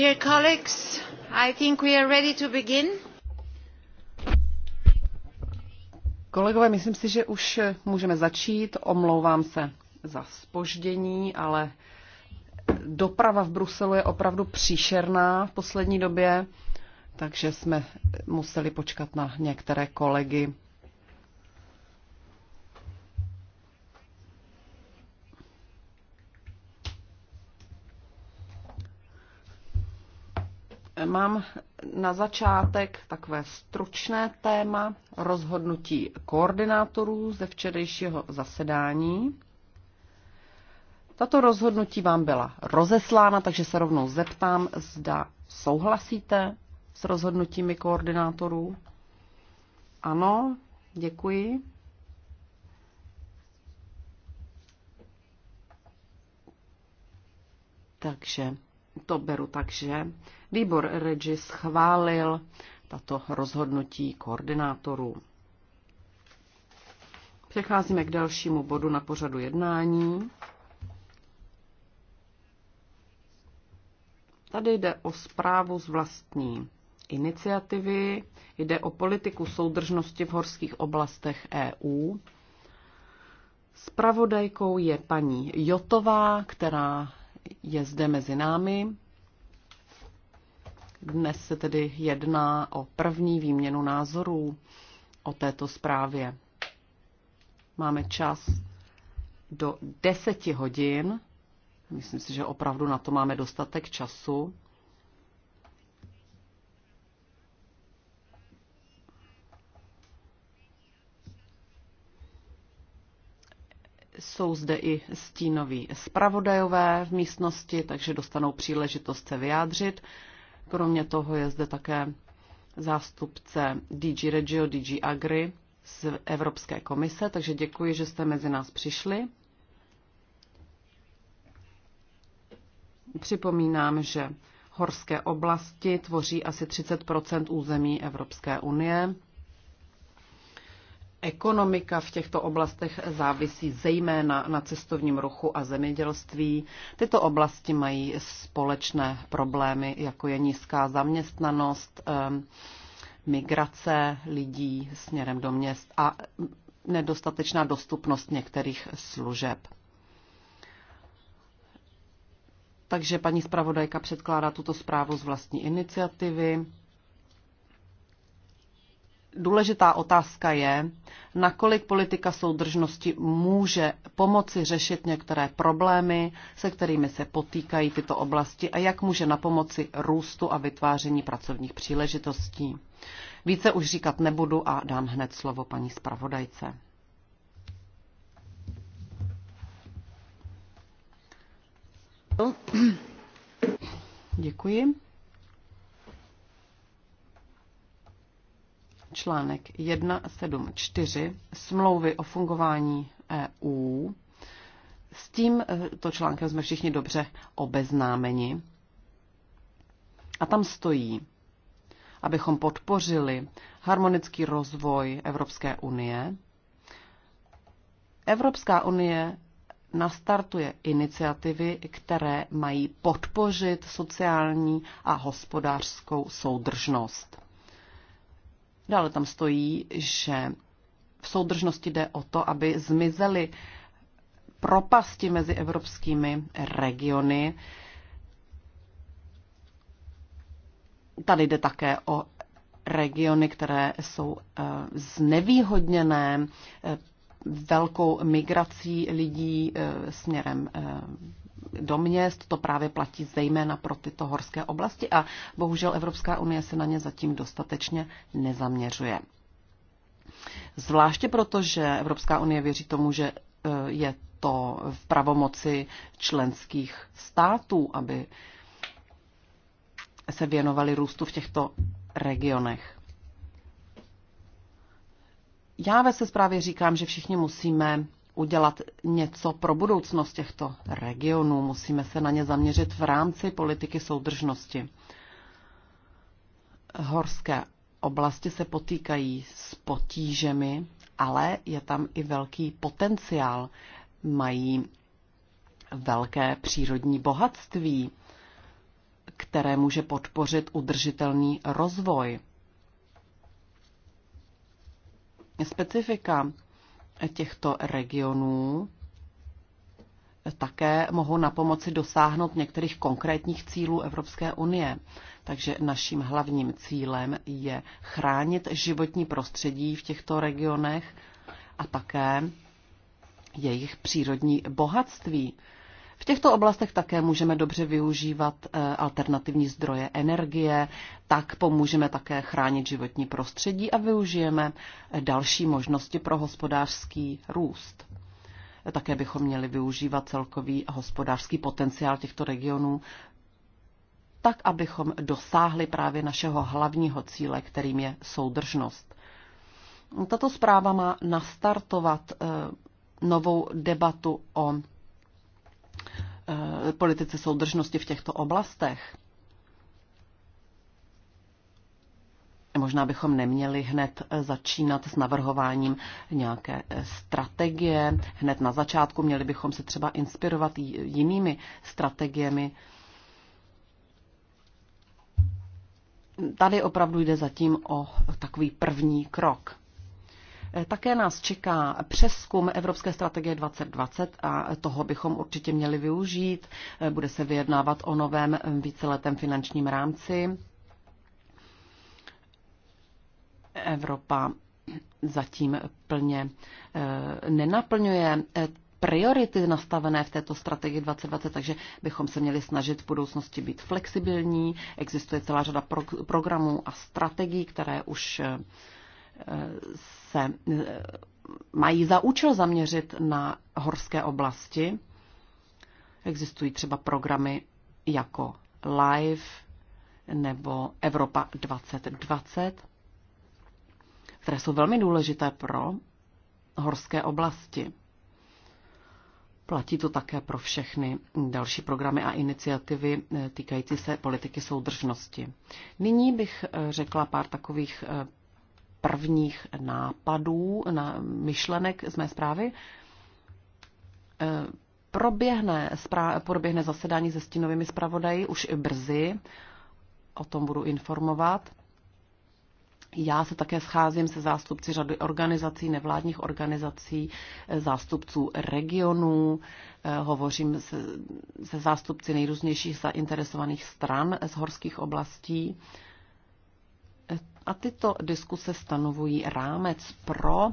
Dear colleagues, I think we are ready to begin. Kolegové, myslím si, že už můžeme začít. Omlouvám se za spoždění, ale doprava v Bruselu je opravdu příšerná v poslední době, takže jsme museli počkat na některé kolegy, Mám na začátek takové stručné téma rozhodnutí koordinátorů ze včerejšího zasedání. Tato rozhodnutí vám byla rozeslána, takže se rovnou zeptám, zda souhlasíte s rozhodnutími koordinátorů. Ano, děkuji. Takže to beru tak, že výbor Regi schválil tato rozhodnutí koordinátorů. Přecházíme k dalšímu bodu na pořadu jednání. Tady jde o zprávu z vlastní iniciativy, jde o politiku soudržnosti v horských oblastech EU. Spravodajkou je paní Jotová, která je zde mezi námi. Dnes se tedy jedná o první výměnu názorů o této zprávě. Máme čas do deseti hodin. Myslím si, že opravdu na to máme dostatek času. Jsou zde i stínoví zpravodajové v místnosti, takže dostanou příležitost se vyjádřit. Kromě toho je zde také zástupce DG Regio, DG Agri z Evropské komise, takže děkuji, že jste mezi nás přišli. Připomínám, že horské oblasti tvoří asi 30 území Evropské unie. Ekonomika v těchto oblastech závisí zejména na cestovním ruchu a zemědělství. Tyto oblasti mají společné problémy, jako je nízká zaměstnanost, migrace lidí směrem do měst a nedostatečná dostupnost některých služeb. Takže paní zpravodajka předkládá tuto zprávu z vlastní iniciativy důležitá otázka je, nakolik politika soudržnosti může pomoci řešit některé problémy, se kterými se potýkají tyto oblasti a jak může na pomoci růstu a vytváření pracovních příležitostí. Více už říkat nebudu a dám hned slovo paní zpravodajce. Děkuji. článek 174 smlouvy o fungování EU. S tím eh, to článkem jsme všichni dobře obeznámeni. A tam stojí, abychom podpořili harmonický rozvoj Evropské unie. Evropská unie nastartuje iniciativy, které mají podpořit sociální a hospodářskou soudržnost. Dále tam stojí, že v soudržnosti jde o to, aby zmizely propasti mezi evropskými regiony. Tady jde také o regiony, které jsou eh, znevýhodněné eh, velkou migrací lidí eh, směrem do měst, to právě platí zejména pro tyto horské oblasti a bohužel Evropská unie se na ně zatím dostatečně nezaměřuje. Zvláště proto, že Evropská unie věří tomu, že e, je to v pravomoci členských států, aby se věnovali růstu v těchto regionech. Já ve se zprávě říkám, že všichni musíme udělat něco pro budoucnost těchto regionů. Musíme se na ně zaměřit v rámci politiky soudržnosti. Horské oblasti se potýkají s potížemi, ale je tam i velký potenciál. Mají velké přírodní bohatství, které může podpořit udržitelný rozvoj. Specifika těchto regionů také mohou na pomoci dosáhnout některých konkrétních cílů Evropské unie. Takže naším hlavním cílem je chránit životní prostředí v těchto regionech a také jejich přírodní bohatství. V těchto oblastech také můžeme dobře využívat eh, alternativní zdroje energie, tak pomůžeme také chránit životní prostředí a využijeme eh, další možnosti pro hospodářský růst. Eh, také bychom měli využívat celkový hospodářský potenciál těchto regionů tak, abychom dosáhli právě našeho hlavního cíle, kterým je soudržnost. Tato zpráva má nastartovat novou debatu o Eh, politice soudržnosti v těchto oblastech. Možná bychom neměli hned eh, začínat s navrhováním nějaké eh, strategie. Hned na začátku měli bychom se třeba inspirovat jinými strategiemi. Tady opravdu jde zatím o takový první krok. Eh, také nás čeká přeskum Evropské strategie 2020 a toho bychom určitě měli využít. Eh, bude se vyjednávat o novém eh, víceletém finančním rámci. Evropa zatím plně nenaplňuje priority nastavené v této strategii 2020, takže bychom se měli snažit v budoucnosti být flexibilní. Existuje celá řada pro- programů a strategií, které už se mají za účel zaměřit na horské oblasti. Existují třeba programy jako LIFE nebo Evropa 2020, které jsou velmi důležité pro horské oblasti. Platí to také pro všechny další programy a iniciativy eh, týkající se politiky soudržnosti. Nyní bych eh, řekla pár takových eh, prvních nápadů, na myšlenek z mé zprávy. E, proběhne, zpráv, proběhne zasedání se stínovými zpravodaji už i brzy, o tom budu informovat. Já se také scházím se zástupci řady organizací, nevládních organizací, e, zástupců regionů, e, hovořím se, se zástupci nejrůznějších zainteresovaných stran z horských oblastí. A tyto diskuse stanovují rámec pro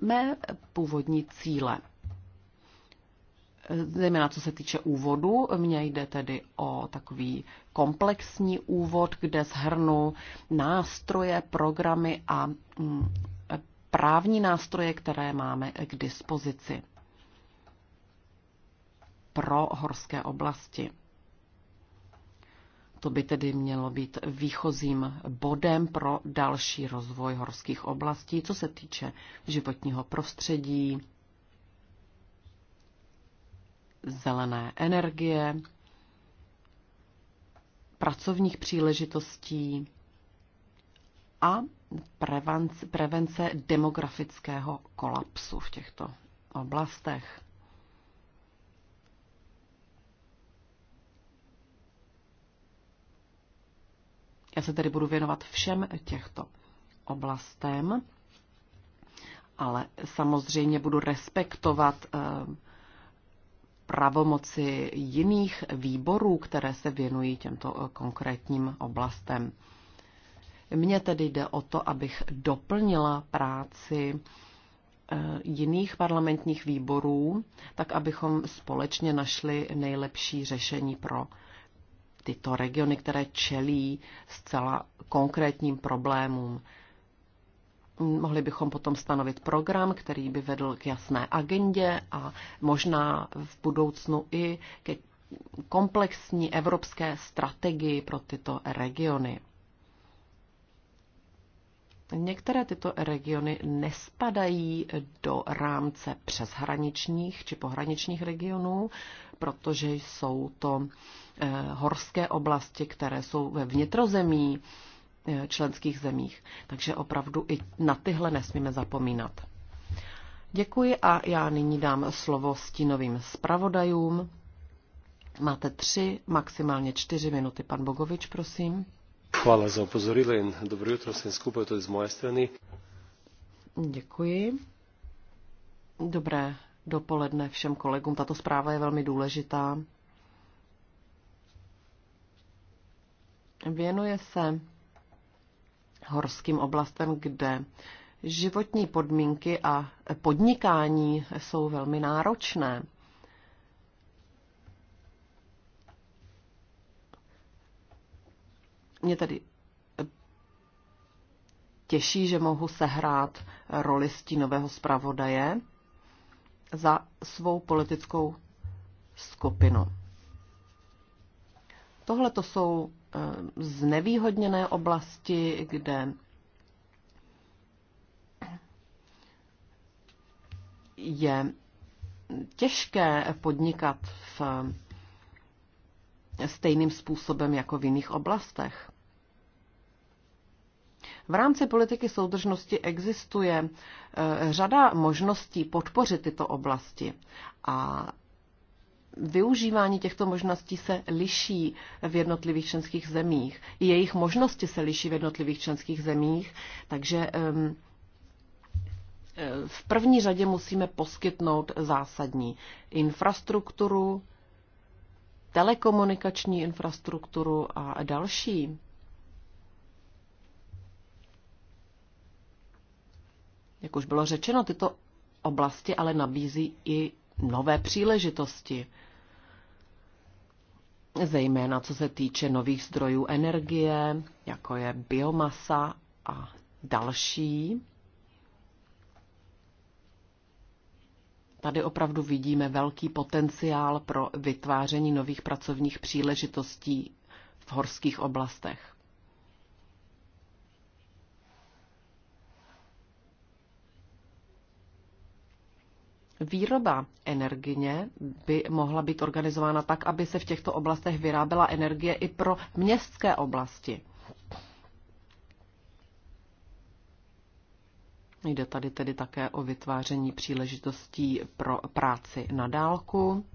mé původní cíle. Zejména co se týče úvodu, mně jde tedy o takový komplexní úvod, kde zhrnu nástroje, programy a mm, právní nástroje, které máme k dispozici pro horské oblasti. To by tedy mělo být výchozím bodem pro další rozvoj horských oblastí, co se týče životního prostředí, zelené energie, pracovních příležitostí a prevence, demografického kolapsu v těchto oblastech. Já se tedy budu věnovat všem těchto oblastem, ale samozřejmě budu respektovat eh, pravomoci jiných výborů, které se věnují těmto eh, konkrétním oblastem. Mně tedy jde o to, abych doplnila práci eh, jiných parlamentních výborů, tak abychom společně našli nejlepší řešení pro tyto regiony, které čelí zcela konkrétním problémům. Mohli bychom potom stanovit program, který by vedl k jasné agendě a možná v budoucnu i ke komplexní evropské strategii pro tyto regiony. Některé tyto regiony nespadají do rámce přeshraničních či pohraničních regionů, protože jsou to eh, horské oblasti, které jsou ve vnitrozemí eh, členských zemích. Takže opravdu i na tyhle nesmíme zapomínat. Děkuji a já nyní dám slovo stínovým zpravodajům. Máte tři, maximálně čtyři minuty. Pan Bogovič, prosím. Hvala za opozorilo in dobro jutro vsem skupaj tudi z moje Děkuji. Dobré dopoledne všem kolegům. Tato zpráva je velmi důležitá. Věnuje se horským oblastem, kde životní podmínky a podnikání jsou velmi náročné. Mě tedy eh, těší, že mohu sehrát roli stínového zpravodaje za svou politickou skupinu. Tohle to jsou eh, znevýhodněné oblasti, kde je těžké podnikat v eh, stejným způsobem jako v jiných oblastech. V rámci politiky soudržnosti existuje eh, řada možností podpořit tyto oblasti a využívání těchto možností se liší v jednotlivých členských zemích. I jejich možnosti se liší v jednotlivých členských zemích, takže ehm, eh, v první řadě musíme poskytnout zásadní infrastrukturu, telekomunikační infrastrukturu a další. Jak už bylo řečeno, tyto oblasti ale nabízí i nové příležitosti. Zejména co se týče nových zdrojů energie, jako je biomasa a další. Tady opravdu vidíme velký potenciál pro vytváření nových pracovních příležitostí v horských oblastech. Výroba energie by mohla být organizována tak, aby se v těchto oblastech vyráběla energie i pro městské oblasti. Jde tady tedy také o vytváření příležitostí pro práci na dálku.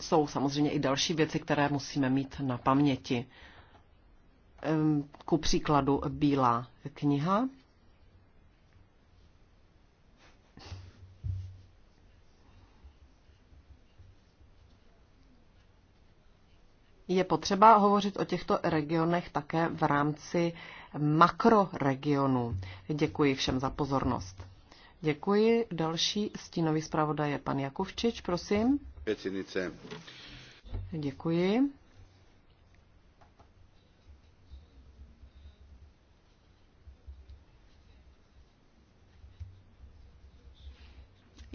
Jsou samozřejmě i další věci, které musíme mít na paměti ku příkladu Bílá kniha. Je potřeba hovořit o těchto regionech také v rámci makroregionu. Děkuji všem za pozornost. Děkuji. Další stínový zpravodaj je pan Jakovčič, prosím. Pěcinice. Děkuji.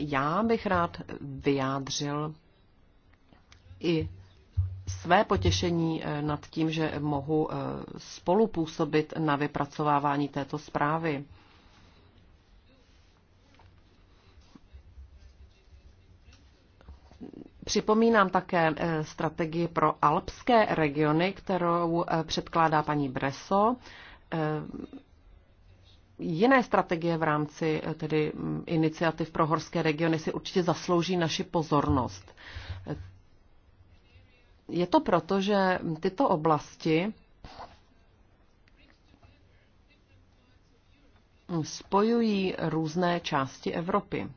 já bych rád vyjádřil i své potěšení eh, nad tím, že mohu eh, spolupůsobit na vypracovávání této zprávy. Připomínám také eh, strategii pro alpské regiony, kterou předkládá paní Breso jiné strategie v rámci eh, tedy mm, iniciativ pro horské regiony si určitě zaslouží naši pozornost. Eh, je to proto, že tyto oblasti spojují různé části Evropy.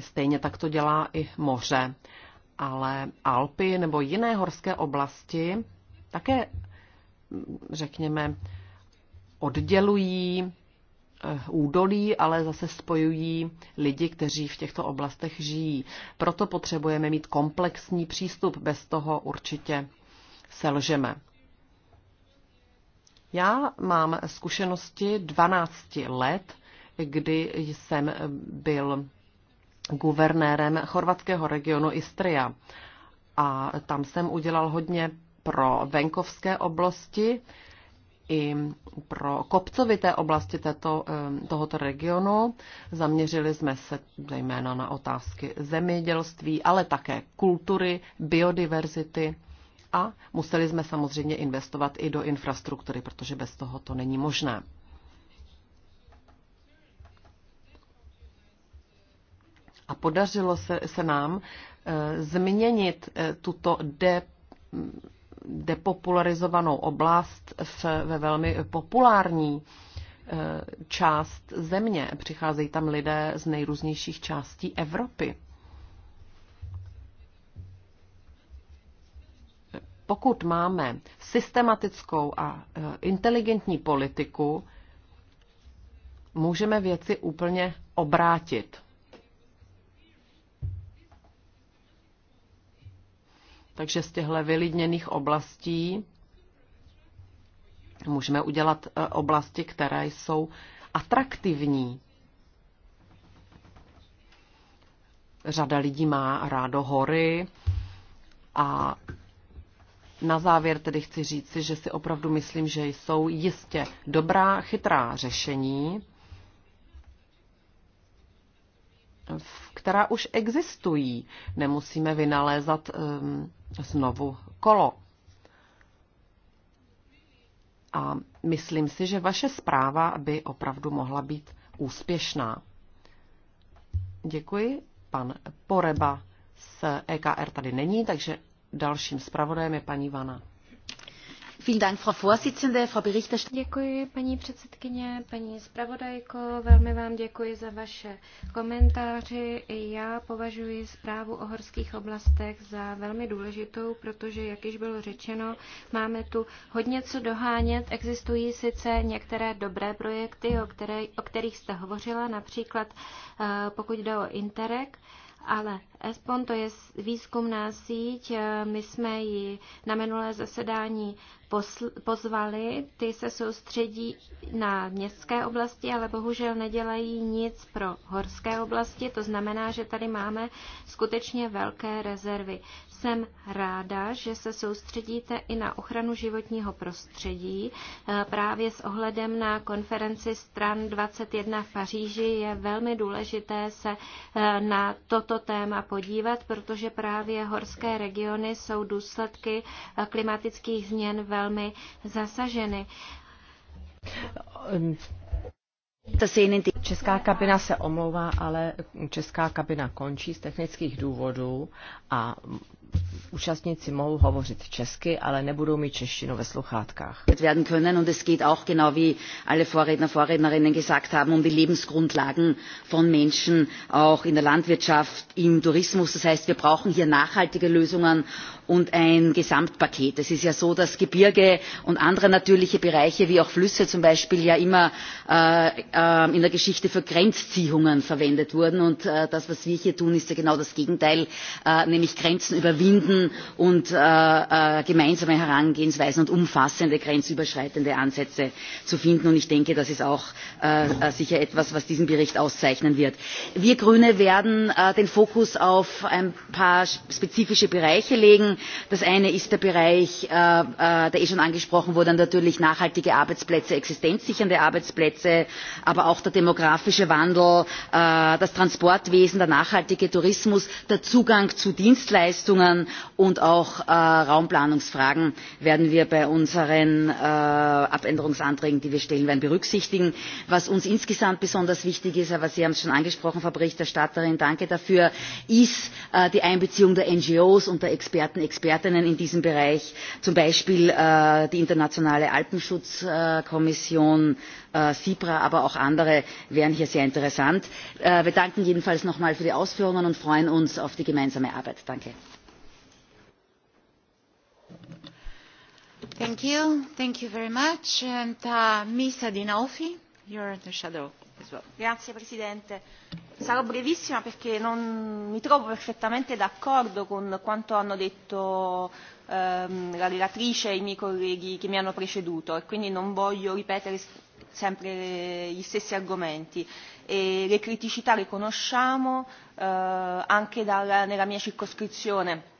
Stejně tak to dělá i moře, ale Alpy nebo jiné horské oblasti také řekněme, oddělují eh, údolí, ale zase spojují lidi, kteří v těchto oblastech žijí. Proto potřebujeme mít komplexní přístup, bez toho určitě selžeme. Já mám zkušenosti 12 let, kdy jsem byl guvernérem chorvatského regionu Istria. A tam jsem udělal hodně pro venkovské oblasti i pro kopcovité oblasti této, eh, tohoto regionu. Zaměřili jsme se zejména na otázky zemědělství, ale také kultury, biodiverzity a museli jsme samozřejmě investovat i do infrastruktury, protože bez toho to není možné. A podařilo se, se nám e, změnit e, tuto de, depopularizovanou oblast v, ve velmi populární e, část země. Přicházejí tam lidé z nejrůznějších částí Evropy. Pokud máme systematickou a e, inteligentní politiku, můžeme věci úplně obrátit. Takže z těchto vylidněných oblastí můžeme udělat eh, oblasti, které jsou atraktivní. Řada lidí má rádo hory a na závěr tedy chci říci, že si opravdu myslím, že jsou jistě dobrá, chytrá řešení, která už existují. Nemusíme vynalézat um, znovu kolo. A myslím si, že vaše zpráva by opravdu mohla být úspěšná. Děkuji. Pan Poreba z EKR tady není, takže dalším zpravodajem je paní Vana. Děkuji, paní předsedkyně, paní zpravodajko, velmi vám děkuji za vaše komentáři. Já považuji zprávu o horských oblastech za velmi důležitou, protože, jak již bylo řečeno, máme tu hodně co dohánět. Existují sice některé dobré projekty, o, které, o kterých jste hovořila, například eh, pokud jde o Interreg, ale ESPON to je výzkumná síť, eh, my jsme ji na minulé zasedání pozvali, ty se soustředí na městské oblasti, ale bohužel nedělají nic pro horské oblasti. To znamená, že tady máme skutečně velké rezervy. Jsem ráda, že se soustředíte i na ochranu životního prostředí. E, právě s ohledem na konferenci stran 21 v Paříži je velmi důležité se e, na toto téma podívat, protože právě horské regiony jsou důsledky e, klimatických změn ve velmi zasaženy. Česká kabina se omlouvá, ale česká kabina končí z technických důvodů a účastníci mohou hovořit česky, ale nebudou mít češtinu ve sluchátkách. werden können und es geht auch genau wie alle Vorredner Vorrednerinnen gesagt haben um die Lebensgrundlagen von Menschen auch in der Landwirtschaft, im Tourismus. Das heißt, wir brauchen hier nachhaltige Lösungen und ein gesamtpaket. es ist ja so dass gebirge und andere natürliche bereiche wie auch flüsse zum beispiel ja immer äh, ähm, in der geschichte für grenzziehungen verwendet wurden und äh, das was wir hier tun ist ja genau das gegenteil äh, nämlich grenzen überwinden und gemeinsame herangehensweisen und umfassende grenzüberschreitende ansätze zu finden ich denke das ist auch sicher etwas was diesen bericht auszeichnen wird. wir grüne werden den fokus auf ein paar spezifische bereiche legen Das eine ist der Bereich, äh, äh, der eh schon angesprochen wurde, natürlich nachhaltige Arbeitsplätze, existenzsichernde Arbeitsplätze, aber auch der demografische Wandel, äh, das Transportwesen, der nachhaltige Tourismus, der Zugang zu Dienstleistungen und auch Raumplanungsfragen werden wir bei unseren änderungsanträgen die wir stellen werden, berücksichtigen. Was uns insgesamt besonders wichtig ist, aber Sie haben es schon angesprochen, Frau Berichterstatterin, danke dafür, ist die Einbeziehung der NGOs und der Experten expertinnen in diesem bereich zum beispiel äh, die internationale alpenschutzkommission cipra äh, aber auch andere wären hier sehr interessant. Äh, wir danken jedenfalls noch einmal für die ausführungen und freuen uns auf die gemeinsame arbeit. danke! Thank you. Thank you very much. And, uh, Misa Grazie Presidente. Sarò brevissima perché non mi trovo perfettamente d'accordo con quanto hanno detto ehm, la relatrice e i miei colleghi che mi hanno preceduto e quindi non voglio ripetere sempre gli stessi argomenti. E le criticità le conosciamo eh, anche dalla, nella mia circoscrizione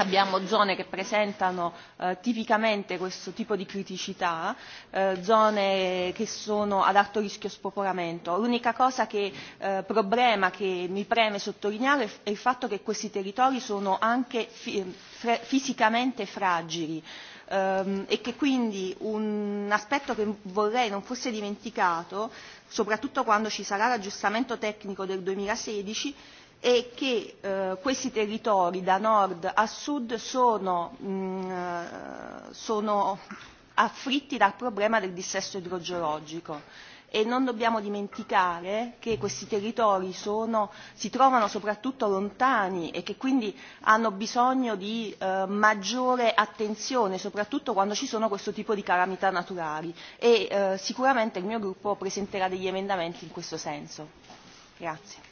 abbiamo zone che presentano eh, tipicamente questo tipo di criticità, eh, zone che sono ad alto rischio spopolamento. L'unica cosa che, eh, problema che mi preme sottolineare è il fatto che questi territori sono anche fi- fre- fisicamente fragili ehm, e che quindi un aspetto che vorrei non fosse dimenticato, soprattutto quando ci sarà l'aggiustamento tecnico del 2016, è e che eh, questi territori da nord a sud sono, mh, mm, eh, sono afflitti dal problema del dissesto idrogeologico e non dobbiamo dimenticare che questi territori sono, si trovano soprattutto lontani e che quindi hanno bisogno di eh, maggiore attenzione, soprattutto quando ci sono questo tipo di calamità naturali e eh, sicuramente il mio gruppo presenterà degli emendamenti in questo senso. Grazie.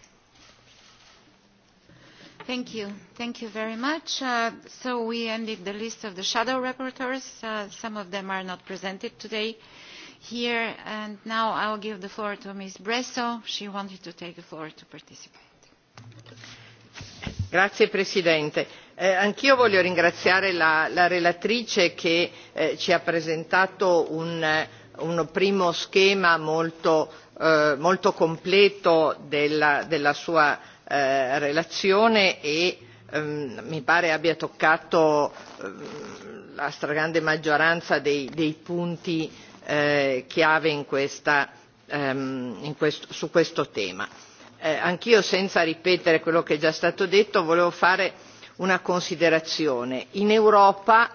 Thank you. Thank you very much. Uh, so we ended the list of the shadow rapporteurs. Uh, some of them are not presented today here. And now I'll give the floor to Ms. Bresso. She wanted to take the floor to participate. Grazie Presidente. Eh, Anch'io voglio ringraziare la, la relatrice che eh, ci ha presentato un, un primo schema molto, eh, molto completo della, della sua Eh, relazione e ehm, mi pare abbia toccato ehm, la stragrande maggioranza dei, dei punti eh, chiave in questa, ehm, in questo, su questo tema. Eh, anch'io, senza ripetere quello che è già stato detto, volevo fare una considerazione. In Europa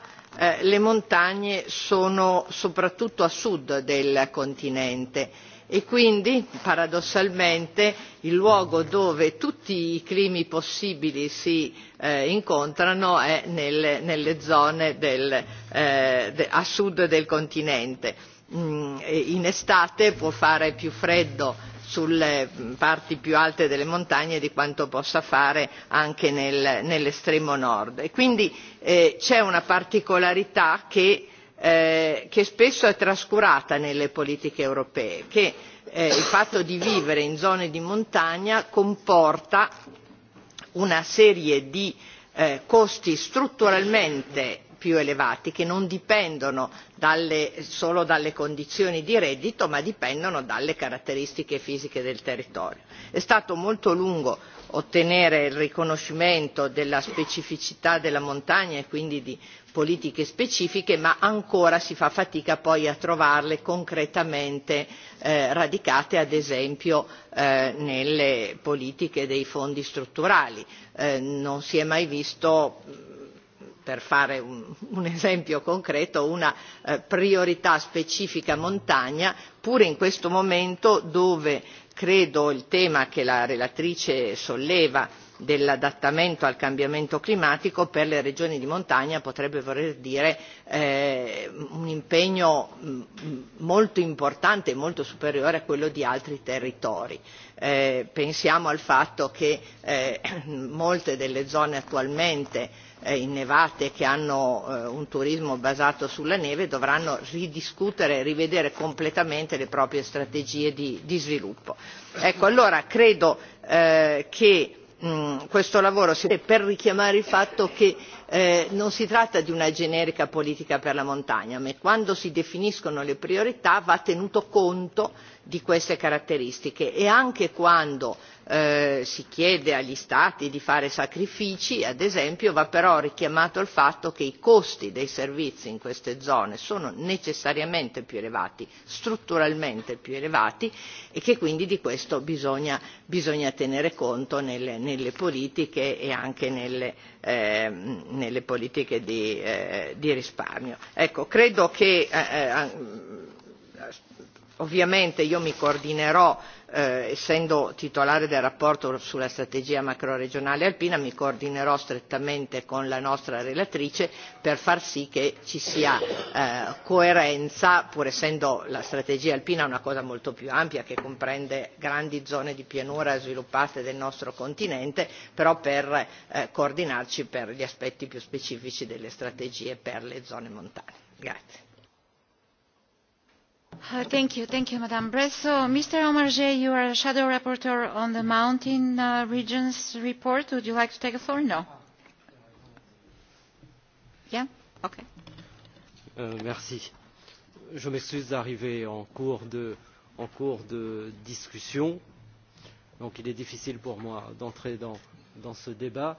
le montagne sono soprattutto a sud del continente e quindi paradossalmente il luogo dove tutti i climi possibili si eh, incontrano è nel, nelle zone del, eh, de, a sud del continente. Mm, e in estate può fare più freddo sulle mm, parti più alte delle montagne di quanto possa fare anche nel, nell'estremo nord. E quindi eh, c'è una particolarità che Eh, che spesso è trascurata nelle politiche europee, che eh, il fatto di vivere in zone di montagna comporta una serie di eh, costi strutturalmente più elevati che non dipendono solo dalle condizioni di reddito ma dipendono dalle caratteristiche fisiche del territorio. È stato molto lungo ottenere il riconoscimento della specificità della montagna e quindi di politiche specifiche ma ancora si fa fatica poi a trovarle concretamente eh, radicate ad esempio eh, nelle politiche dei fondi strutturali. Eh, non si è mai visto mm, per fare un, un esempio concreto una eh, priorità specifica montagna pure in questo momento dove credo il tema che la relatrice solleva dell'adattamento al cambiamento climatico per le regioni di montagna potrebbe voler dire eh, un impegno mm, molto importante e molto superiore a quello di altri territori. Eh, pensiamo al fatto che eh, molte delle zone attualmente innevate che hanno un turismo basato sulla neve dovranno ridiscutere e rivedere completamente le proprie strategie di, sviluppo. Ecco, allora credo che Mm, questo lavoro per richiamare il fatto che eh, non si tratta di una generica politica per la montagna ma quando si definiscono le priorità va tenuto conto di queste caratteristiche e anche quando Eh, si chiede agli stati di fare sacrifici ad esempio va però richiamato il fatto che i costi dei servizi in queste zone sono necessariamente più elevati strutturalmente più elevati e che quindi di questo bisogna, bisogna tenere conto nelle, nelle politiche e anche nelle, eh, nelle politiche di, eh, di risparmio. Ecco, credo che eh, eh ovviamente io mi coordinerò Eh, essendo titolare del rapporto sulla strategia macroregionale alpina mi coordinerò strettamente con la nostra relatrice per far sì che ci sia eh, coerenza pur essendo la strategia alpina una cosa molto più ampia che comprende grandi zone di pianura sviluppate del nostro continente però per eh, coordinarci per gli aspetti più specifici delle strategie per le zone montane. Grazie. Uh, thank you, thank you, Madam Bresso. Mr. Omarjee, you are a shadow rapporteur on the mountain uh, regions report. Would you like to take the floor? No. Yeah? Okay. Uh, merci. Je m'excuse d'arriver en cours de en cours de discussion. Donc il est difficile pour moi d'entrer dans, dans ce débat.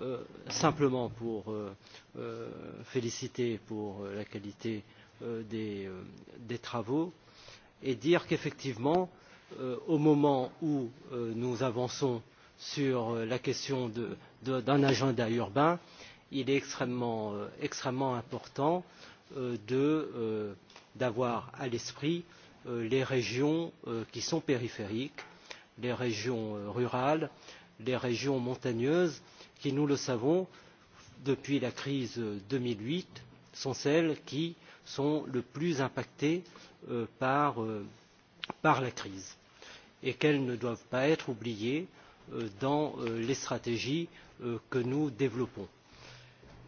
Euh, simplement pour euh, euh, féliciter pour euh, la qualité euh, Euh, euh, des, travaux et dire qu'effectivement euh, au moment où nous avançons sur la question d'un agenda urbain il est extrêmement, extrêmement important d'avoir à l'esprit les régions qui sont périphériques les régions rurales les régions montagneuses qui nous le savons depuis la crise de deux mille huit sont celles qui sont le plus impactés euh, euh, par, la crise et qu'elles ne doivent pas être oubliées euh, dans les stratégies que nous développons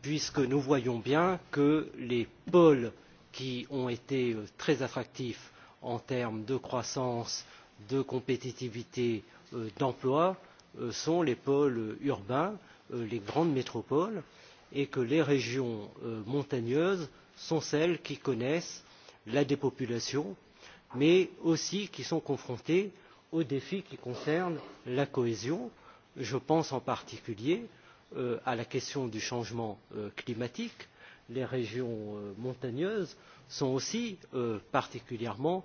puisque nous voyons bien que les pôles qui ont été très attractifs en termes de croissance de compétitivité d'emploi sont les pôles urbains les grandes métropoles et que les régions montagneuses sont celles qui connaissent la dépopulation mais aussi qui sont confrontées aux défis qui concernent la cohésion je pense en particulier euh, à la question du changement euh, climatique les régions euh, montagneuses sont aussi particulièrement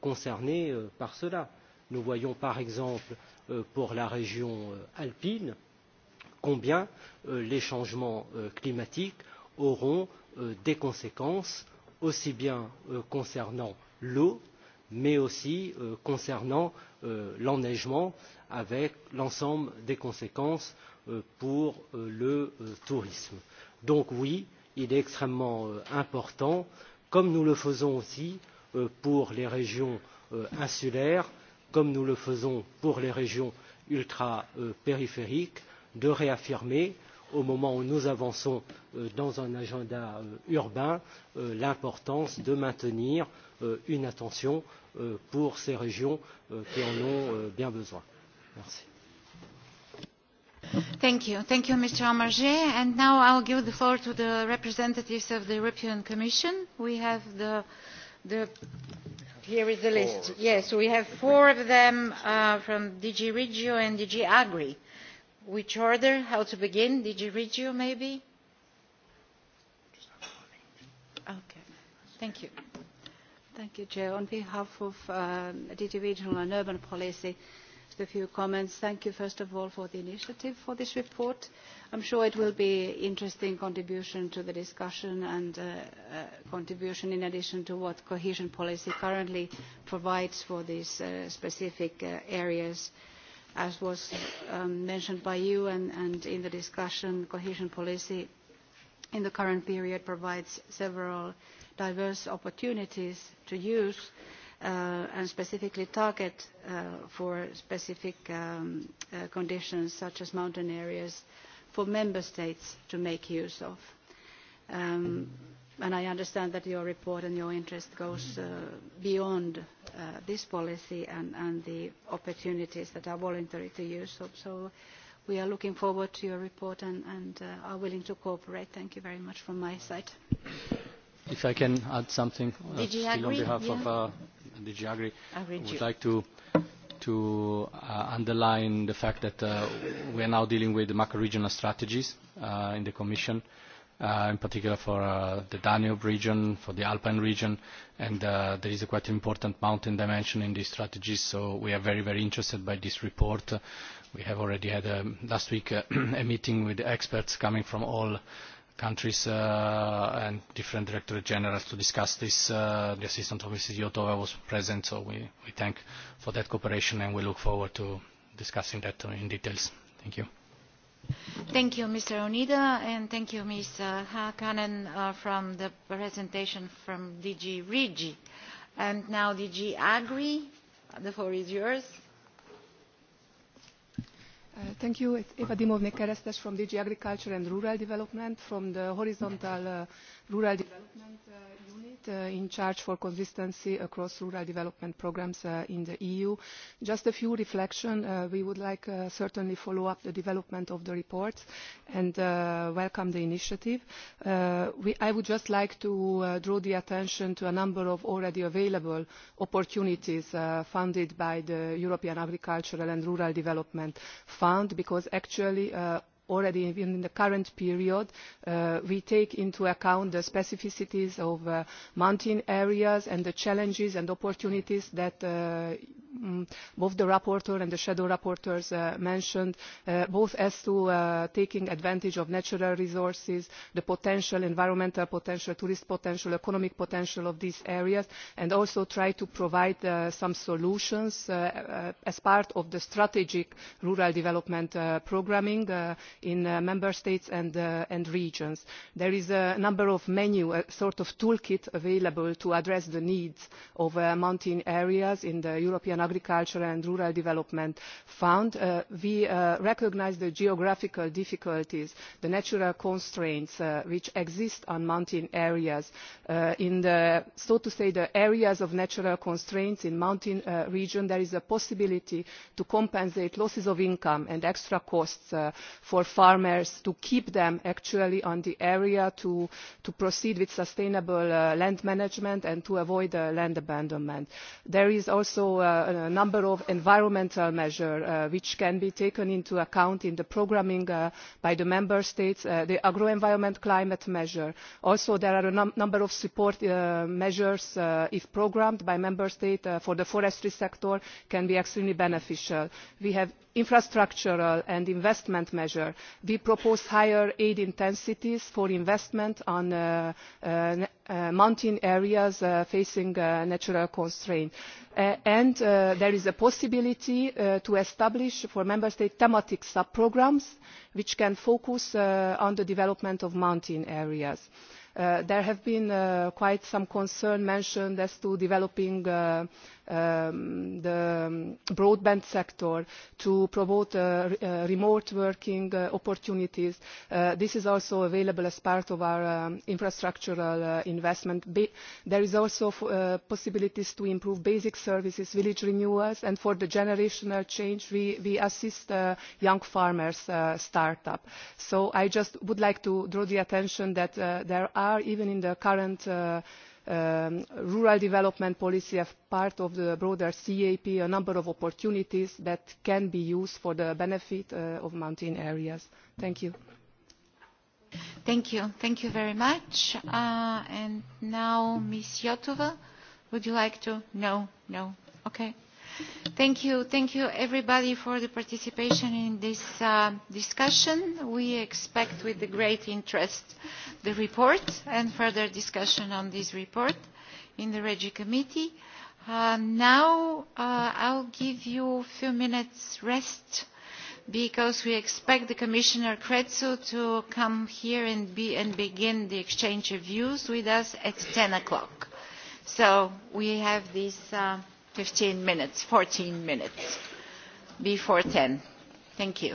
concernées par cela. nous voyons par exemple pour la région alpine combien les changements climatiques auront euh, des conséquences aussi bien euh, concernant l'eau mais aussi euh, concernant l'enneigement avec l'ensemble des conséquences pour le tourisme. donc oui il est extrêmement important comme nous le faisons aussi pour les régions insulaires comme nous le faisons pour les régions ultrapériphériques de réaffirmer au moment où nous avançons euh, dans un agenda euh, urbain euh, l'importance de maintenir une attention pour ces régions qui en ont bien besoin. Merci. Thank you. Thank you, Mr. Amarje. And now I'll give the floor to the representatives of the European Commission. We have the, the here is the list. Yes, we have four of them uh, from DG Regio and DG Agri which order how to begin dg regio maybe okay thank you thank you chair on behalf of uh, um, dg regional and urban policy just a few comments thank you first of all for the initiative for this report i'm sure it will be interesting contribution to the discussion and uh, uh, contribution in addition to what cohesion policy currently provides for these uh, specific uh, areas uh, as was um, mentioned by you and, and in the discussion, cohesion policy in the current period provides several diverse opportunities to use uh, and specifically target uh, for specific um, uh, conditions such as mountain areas for member states to make use of. Um, mm-hmm and I understand that your report and your interest goes uh, beyond uh, this policy and, and the opportunities that are voluntary to you. So, so we are looking forward to your report and, and uh, are willing to cooperate. Thank you very much from my side. If I can add something uh, still agree? on behalf yeah. of uh, DG Agri, I would you. like to to uh, underline the fact that uh, we are now dealing with the macro-regional strategies uh, in the Commission. Uh, uh, in particular for uh, the Danube region, for the Alpine region, and uh, there is a quite important mountain dimension in these strategies, so we are very, very interested by this report. Uh, we have already had um, last week uh, a meeting with experts coming from all countries uh, and different directorate generals to discuss this. Uh, the assistant of Mrs. Yotova was present, so we, we thank for that cooperation and we look forward to discussing that in details. Thank you. Thank you, Mr. Onida, and thank you, Ms. Hakanen, uh, uh, from the presentation from DG Regi. And now DG Agri, the floor is yours. Uh, thank you. Eva Dimovne Kerestes from DG Agriculture and Rural Development from the Horizontal uh, Rural Development Schmidt, uh, in charge for consistency across rural development programs uh, in the EU. Just a few reflections. Uh, we would like uh, certainly follow up the development of the report and uh, welcome the initiative. Uh, we, I would just like to uh, draw the attention to a number of already available opportunities uh, funded by the European Agricultural and Rural Development Fund because actually uh, already in the current period uh, we take into account the specificities of uh, mountain areas and the challenges and opportunities that uh, um, both the rapporteur and the shadow rapporteurs uh, mentioned, uh, both as to uh, taking advantage of natural resources, the potential, environmental potential, tourist potential, economic potential of these areas, and also try to provide uh, some solutions uh, uh, as part of the strategic rural development uh, programming uh, in uh, member states and, uh, and regions. There is a number of menu, a sort of toolkit available to address the needs of uh, mountain areas in the European Agriculture and Rural Development Fund, uh, we uh, recognize the geographical difficulties, the natural constraints uh, which exist on mountain areas. Uh, in the, so to say, the areas of natural constraints in mountain uh, region, there is a possibility to compensate losses of income and extra costs uh, for farmers to keep them actually on the area to, to proceed with sustainable uh, land management and to avoid uh, land abandonment. There is also uh, a number of environmental measures uh, which can be taken into account in the programming uh, by the member states uh, the agro environment climate measure. also there are a number of support measures if programmed by member states for the forestry sector which can be extremely beneficial. we have infrastructural and investment measures. we propose higher aid intensities for investment uh, mountain areas uh, facing uh, natural constraints. Uh, and uh, there is a possibility uh, to establish for member states thematic sub programs which can focus uh, on the development of mountain areas. Uh, there have been uh, quite some concern mentioned as to developing uh, um, the broadband sector, to promote uh, uh, remote working uh, opportunities. Uh, this is also available as part of our um, infrastructural uh, investment. Ba there is also f uh, possibilities to improve basic services, village renewals, and for the generational change, we, we assist uh, young farmers uh, start up. So I just would like to draw the attention that uh, there are, even in the current uh, um, rural development policy as part of the broader cap a number of opportunities that can be used for the benefit uh, of mountain areas. thank you. Thank you. Thank you very much. Uh, and now, Ms. Yotova, would you like to? No, no. Okay. Thank you. Thank you, everybody, for the participation in this uh, discussion. We expect with the great interest the report and further discussion on this report in the Regi Committee. Uh, now uh, I'll give you a few minutes rest because we expect the Commissioner Kretsu to come here and, be, and begin the exchange of views with us at 10 o'clock. So we have this... Uh, 15 minutes, 14 minutes before 10. Thank you.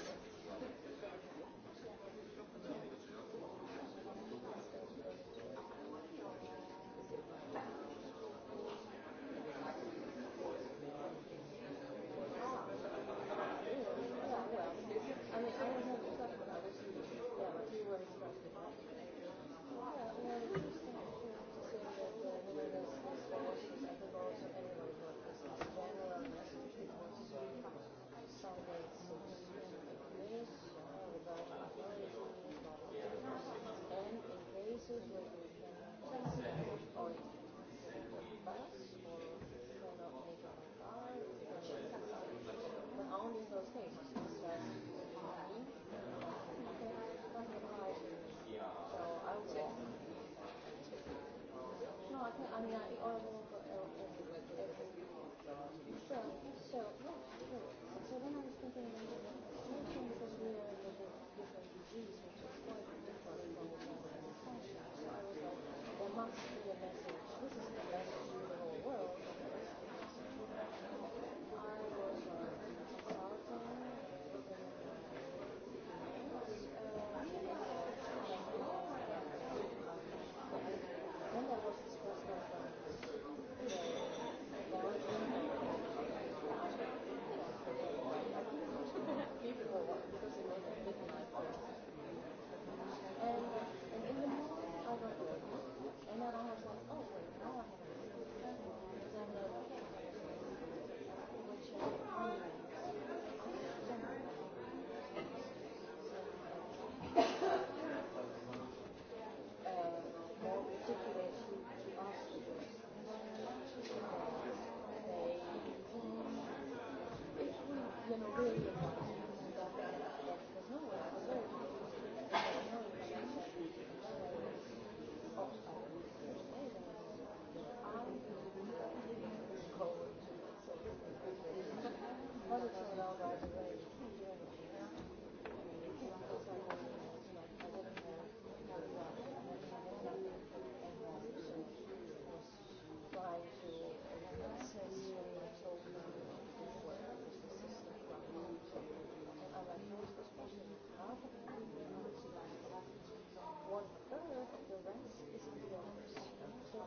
This is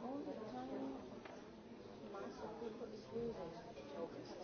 all the time mass of people is using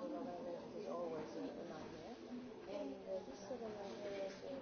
Sodoma area was always a nightmare. And uh, this Sodoma area was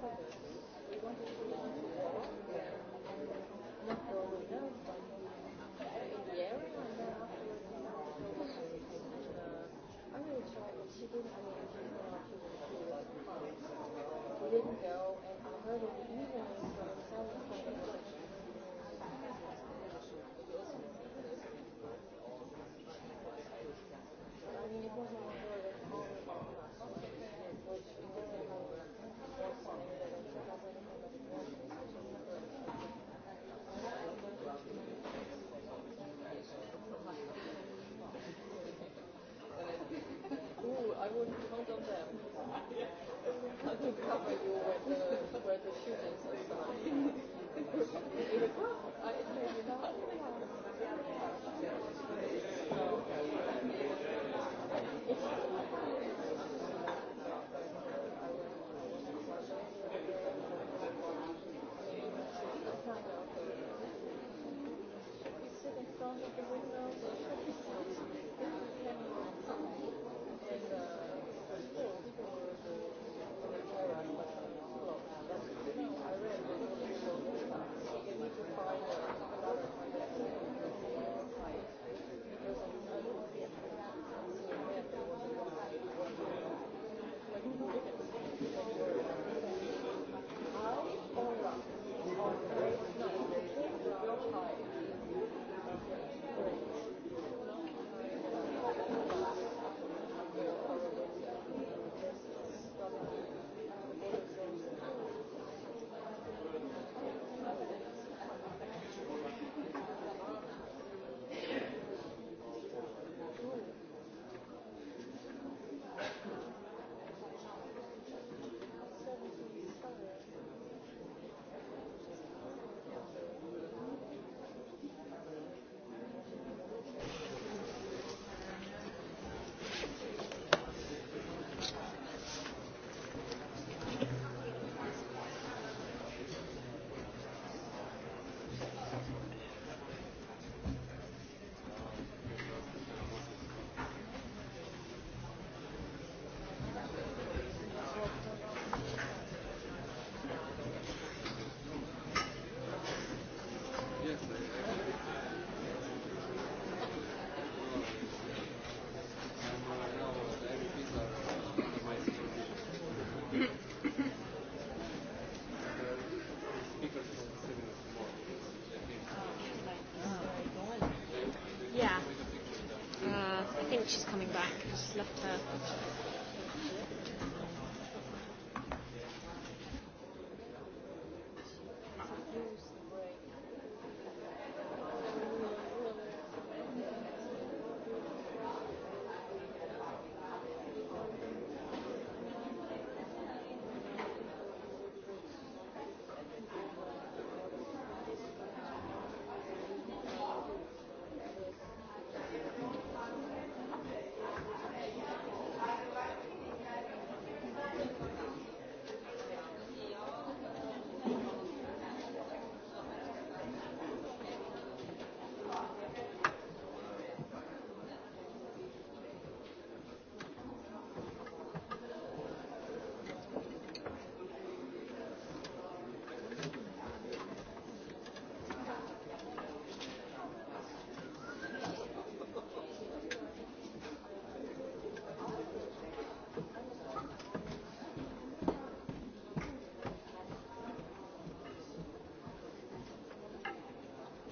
Thank you.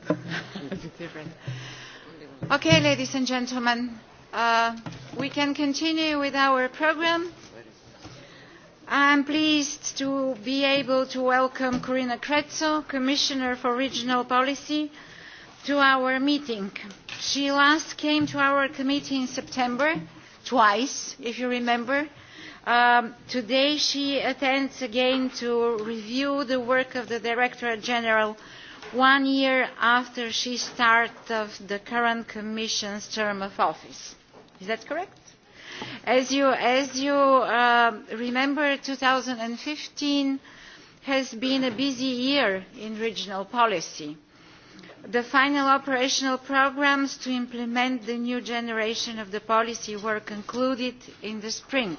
okay, ladies and gentlemen, uh, we can continue with our program. I'm pleased to be able to welcome Corina Kretzo, Commissioner for Regional Policy, to our meeting. She last came to our committee in September, twice, if you remember. Um, today she attends again to review the work of the Director General one year after she started the current commission's term of office. Is that correct? As you, as you uh, remember, 2015 has been a busy year in regional policy. The final operational programmes to implement the new generation of the policy were concluded in the spring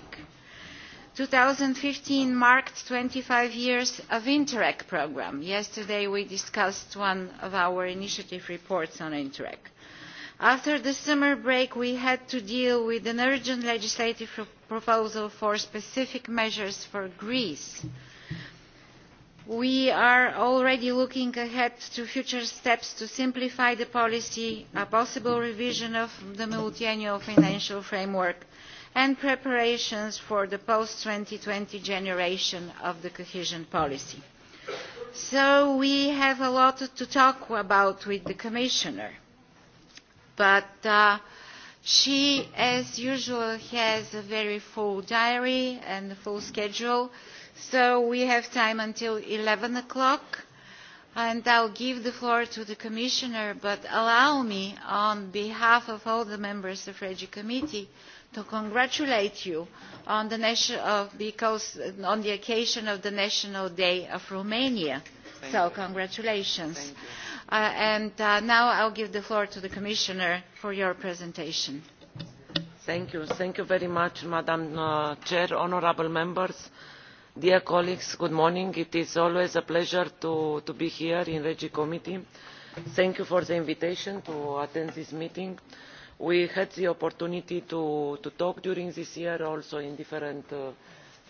two thousand and fifteen marked twenty five years of the interreg programme. yesterday we discussed one of our initiative reports on interreg. after the summer break we had to deal with an urgent legislative proposal for specific measures for greece. we are already looking ahead to future steps to simplify the policy a possible revision of the multiannual financial framework and preparations for the post two thousand and twenty generation of the cohesion policy. so we have a lot to talk about with the commissioner but uh, she as usual has a very full diary and a full schedule so we have time until eleven o'clock and I'll give the floor to the Commissioner, but allow me, on behalf of all the members of the Regi Committee, to congratulate you on the, uh, because, on the occasion of the National Day of Romania. Thank so you. congratulations. Thank you. Uh, and uh, now I'll give the floor to the Commissioner for your presentation. Thank you. Thank you very much, Madam uh, Chair, honorable members. Dear colleagues, good morning. It is always a pleasure to, to be here in Regi Committee. Thank you for the invitation to attend this meeting. Uh, we had the opportunity to, talk during this year also in different uh,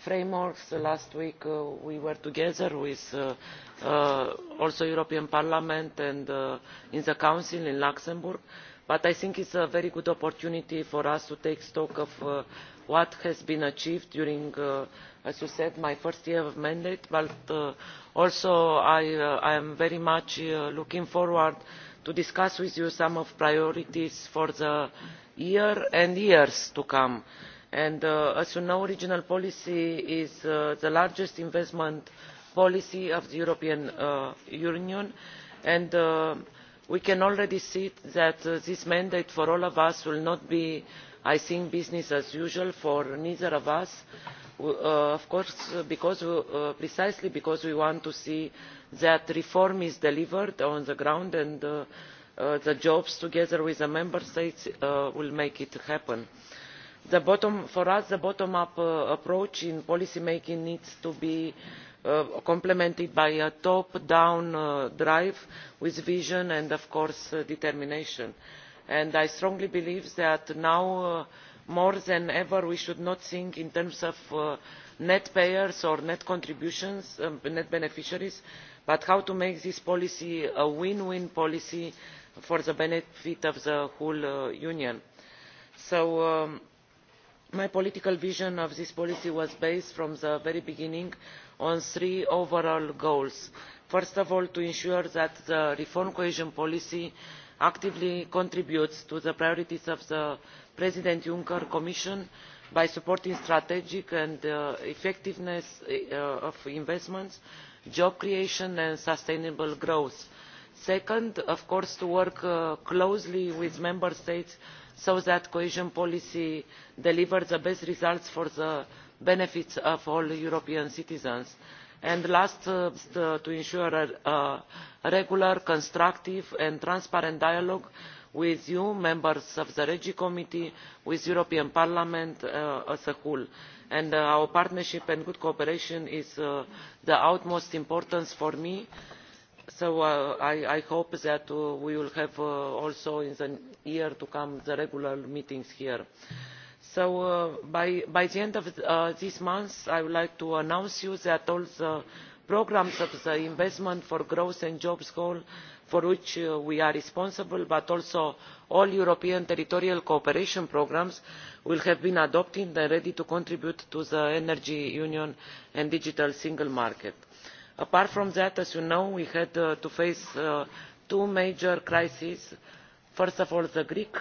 frameworks. last week uh, we were together with uh, uh also european parliament and in the council in luxembourg but i think it is a very good opportunity for us to take stock of what has been achieved during as you said my first year of mandate but also i, I am very much looking forward to to discuss with you some of the priorities for the year and years to come. And, uh, as you know regional policy is uh, the largest investment policy of the european uh, union and we can already see that this mandate for all of us will not be business as usual for either of us but Uh, of course uh, uh, precisely because we want to see that reform is delivered on the ground and the jobs together with the member states will make it happen. for us the bottom up approach in policy making needs to be complemented by a top down drive with vision and of course determination and i strongly believe that now more than ever we should not think in terms of uh, net payers or net contributions um, net beneficiaries but how to make this policy a win win policy for the benefit of the whole uh, union. so um, my political vision of this policy was based from the very beginning on three overall goals first of all to ensure that the reform cohesion policy actively contributes to the priorities of the president juncker commission by supporting strategic and uh, effectiveness uh, of investments job creation and sustainable growth. second of course to work uh, closely with member states so that cohesion policy delivers the best results for the benefit of all european citizens and last uh, to ensure a regular constructive and transparent dialogue with you members of the regi committee with the european parliament uh, as a whole and uh, our partnership and good cooperation is of uh, the utmost importance for me so I, hope that we will have also in the year to come the regular meetings here so by, by the end of this month i would like to announce to you that all the programmes of the investment for growth and jobs goal for which uh, we are responsible but also all european territorial cooperation programmes will have been adopted and ready to contribute to the energy union and digital single market. apart from that as you know we had uh, to face uh, two major crises first of all the greek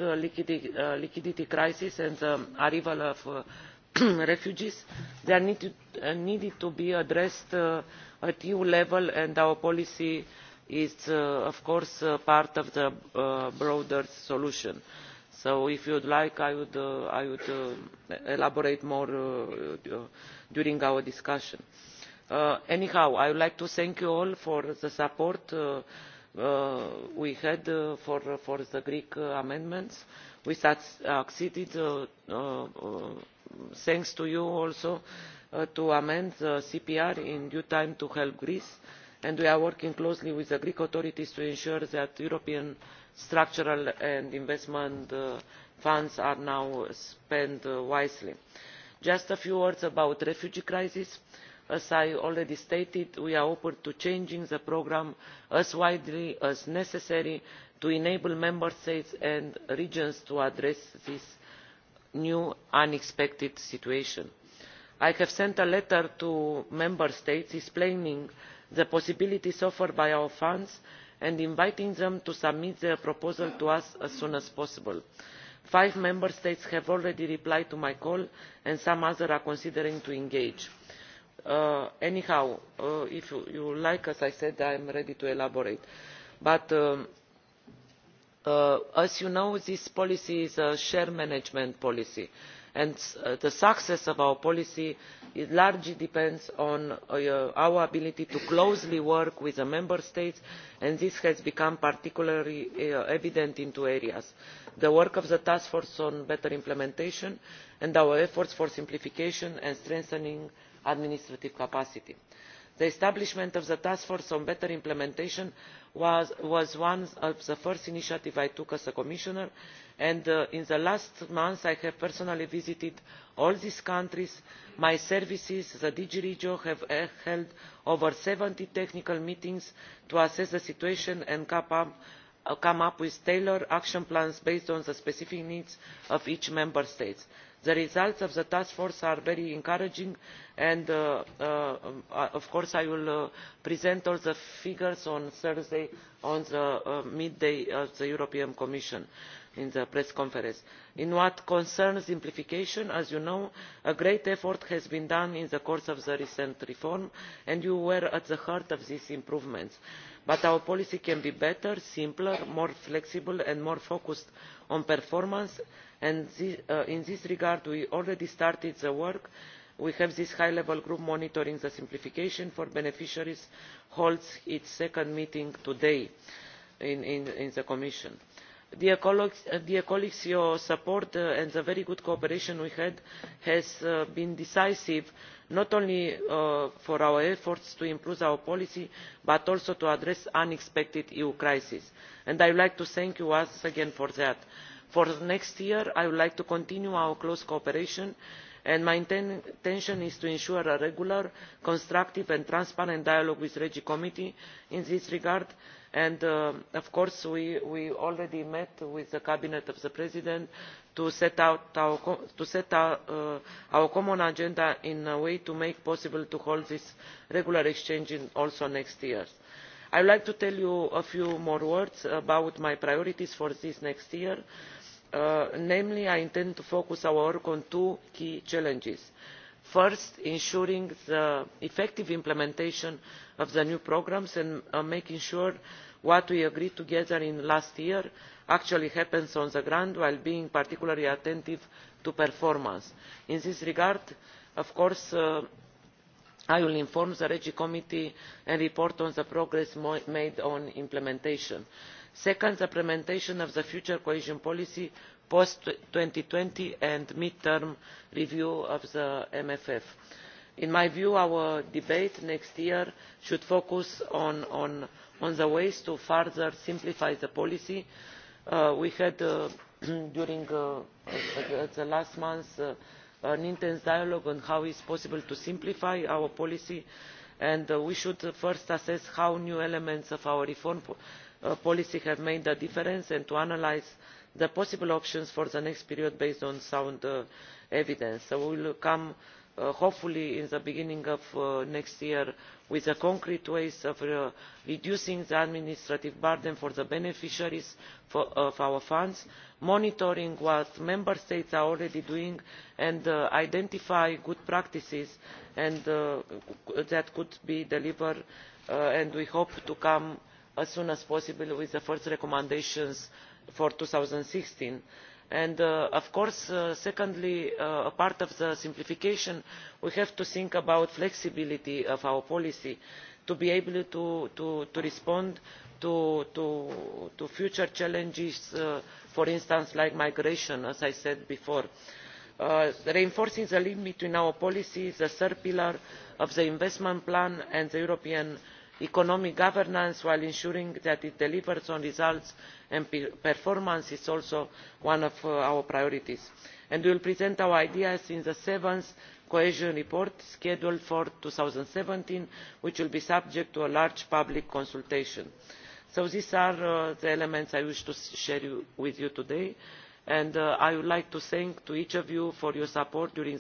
liquidity crisis and the arrival of refugees that needed to be addressed at eu level and our policy is uh, of course uh, part of the uh, broader solution so if you would like i would, elaborate more during our discussion. anyhow i would like to thank you all for the support we had for the greek amendments. we succeeded thanks to you also to amend the cpr in due time to help greece and we are working closely with the greek authorities to ensure that european structural and investment uh, funds are now spent uh, wisely. just a few words about the refugee crisis. as i already stated we are open to changing the programme as widely as necessary to enable member states and regions to address this new unexpected situation. i have sent a letter to member states explaining the possibilities offered by our funds and inviting them to submit their proposal to us as soon as possible. five member states have already replied to my call and some others are considering to engage. Uh, anyhow uh, if you, like as i said i am ready to elaborate but um, uh, as you know this policy is a shared management policy and uh, the success of our policy largely depends on uh, our ability to closely work with the member states and this has become particularly uh, evident in two areas the work of the task force on better implementation and our efforts for simplification and strengthening administrative capacity the establishment of the task force on better implementation was, one of the first initiatives i took as a commissioner and uh, in the last month i have personally visited all these countries. my services the dg regio have uh, held over seventy technical meetings to assess the situation and uh, come up with tailored action plans based on the specific needs of each member state the results of the task force are very encouraging and uh, uh, um, of course i will uh, present all the figures on thursday at the midday of the european commission in the press conference. in what concerns simplification as you know a great effort has been done in the course of the recent reform and you were at the heart of these improvements but our policy can be better simpler more flexible and more focused on performance and uh, in this regard we already started the work we have this high level group monitoring the simplification for beneficiaries holds its second meeting today in, the commission. dear colleagues, your support uh, and the very good cooperation we had has uh, been decisive not only for our efforts to improve our policy but also to address unexpected eu crises and i would like to thank you once again for that for next year i would like to continue our close cooperation and my intention is to ensure a regular constructive and transparent dialogue with the regi committee in this regard and uh, of course we, we already met with the cabinet of the president to set out our uh, common agenda in a way to make it possible to hold this regular exchange also next year. i would like to tell you a few more words about my priorities for this next year. Uh, namely i intend to focus our work on two key challenges first ensuring the effective implementation of the new programmes and uh, making sure what we agreed together last year actually happens on the ground while being particularly attentive to performance. in this regard of course uh, i will inform the regi committee and report on the progress made on implementation second implementation of the future cohesion policy post two thousand and twenty and mid term review of the mff. in my view our debate next year should focus on, the ways to further simplify the policy. Uh, we had uh, during uh, the last month an intense dialogue on how it is possible to simplify our policy and we should first assess how new elements of our reform Uh, policy have made a difference and to analyse the possible options for the next period based on sound uh, evidence. so we will come uh, hopefully at the beginning of next year with concrete ways of reducing the administrative burden for the beneficiaries of our funds monitoring what member states are already doing and identifying good practices that could be delivered and we hope to come as soon as possible with the first recommendations for two thousand and sixteen uh, of course uh, secondly as uh, a part of the simplification we have to think about flexibility of our policy to be able to, to, respond to, to future challenges for instance like migration as i said before. reinforcing the link between our policies, the third pillar of the investment plan and the european economic governance while ensuring that it delivers on results and performance is also one of uh, our priorities and we will present our ideas in the seventh cohesion report scheduled for two thousand and seventeen which will be subject to a large public consultation. so these are uh, the elements i wish to share with you today and uh, i would like to thank to each of you for your support during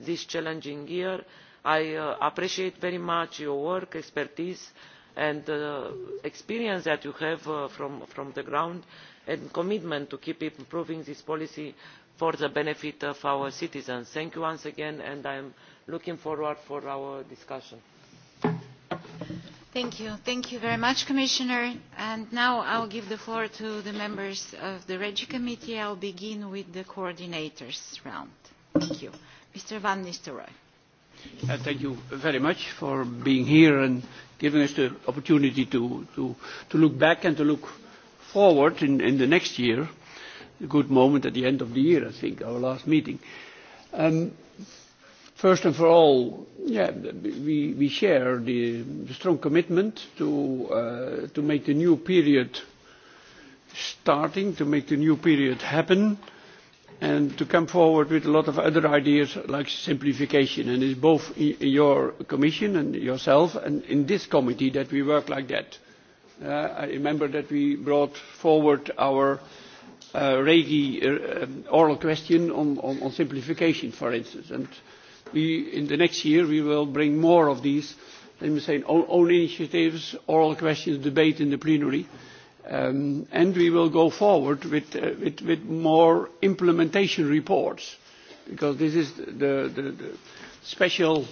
this challenging year and i uh, appreciate very much your work expertise and the uh, experience that you have uh, from, from the ground and commitment to keep improving this policy for the benefit of our citizens. thank you once again and i am looking forward to for our discussion. Thank you. Thank you very much, Commissioner. And now will give the floor to the members of the Regi Committee. I will begin with the coordinators round. Thank you. Mr. Van Nistelrooy. And thank you very much for being here and giving us the opportunity to, to, to look back and to look forward in, in the next year. A good moment at the end of the year, I think, our last meeting. Um, first and for all, yeah, we, we share the, the strong commitment to, uh, to make the new period starting, to make the new period happen and to come forward with a lot of other ideas like simplification. And it is both in your commission and yourself and in this committee that we work like that. Uh, I remember that we brought forward our uh, Regi uh, oral question on, on, on simplification, for instance. And we, in the next year, we will bring more of these, let me say, own initiatives, oral questions, debate in the plenary. Uh, Um, and we will go forward with, uh, with, with more implementation reports because this is the, the, the special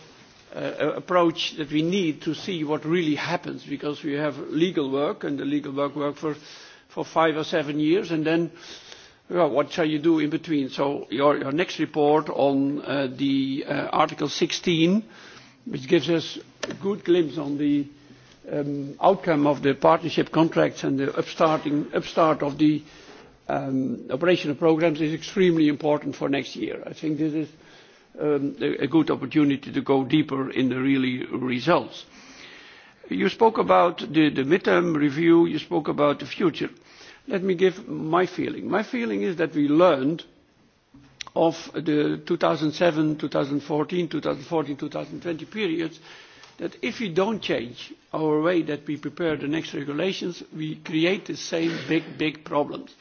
uh, approach that we need to see what really happens because we have legal work and the legal work work for, for five or seven years and then well, what shall you do in between? So your, your next report on uh, the uh, Article 16 which gives us a good glimpse on the um, outcome of the partnership contracts and the upstarting, upstart of the um, operational programs is extremely important for next year. I think this is um, a, a good opportunity to go deeper in the really results. You spoke about the, the midterm review, you spoke about the future. Let me give my feeling. My feeling is that we learned of the 2007, 2014, 2014, 2020 periods that if we don't change our way that we prepare the next regulations, we create the same big, big problems.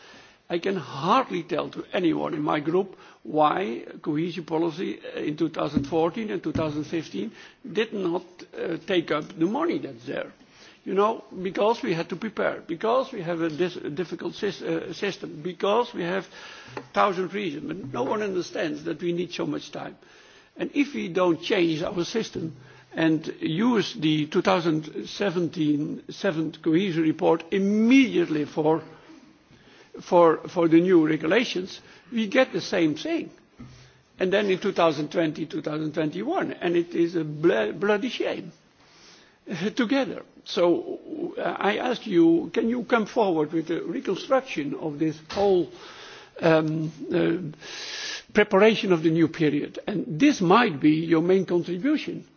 I can hardly tell to anyone in my group why cohesion policy uh, in 2014 and 2015 did not uh, take up the money that's there. You know, because we had to prepare, because we have a, dis- difficult uh, system, because we have thousand reasons, but no one understands that we need so much time. And if we don't change our system, and use the 2017 seventh cohesion report immediately for, for, for the new regulations, we get the same thing. And then in 2020, 2021, and it is a bl bloody shame uh, together. So uh, I ask you, can you come forward with a reconstruction of this whole um, uh, preparation of the new period? And this might be your main contribution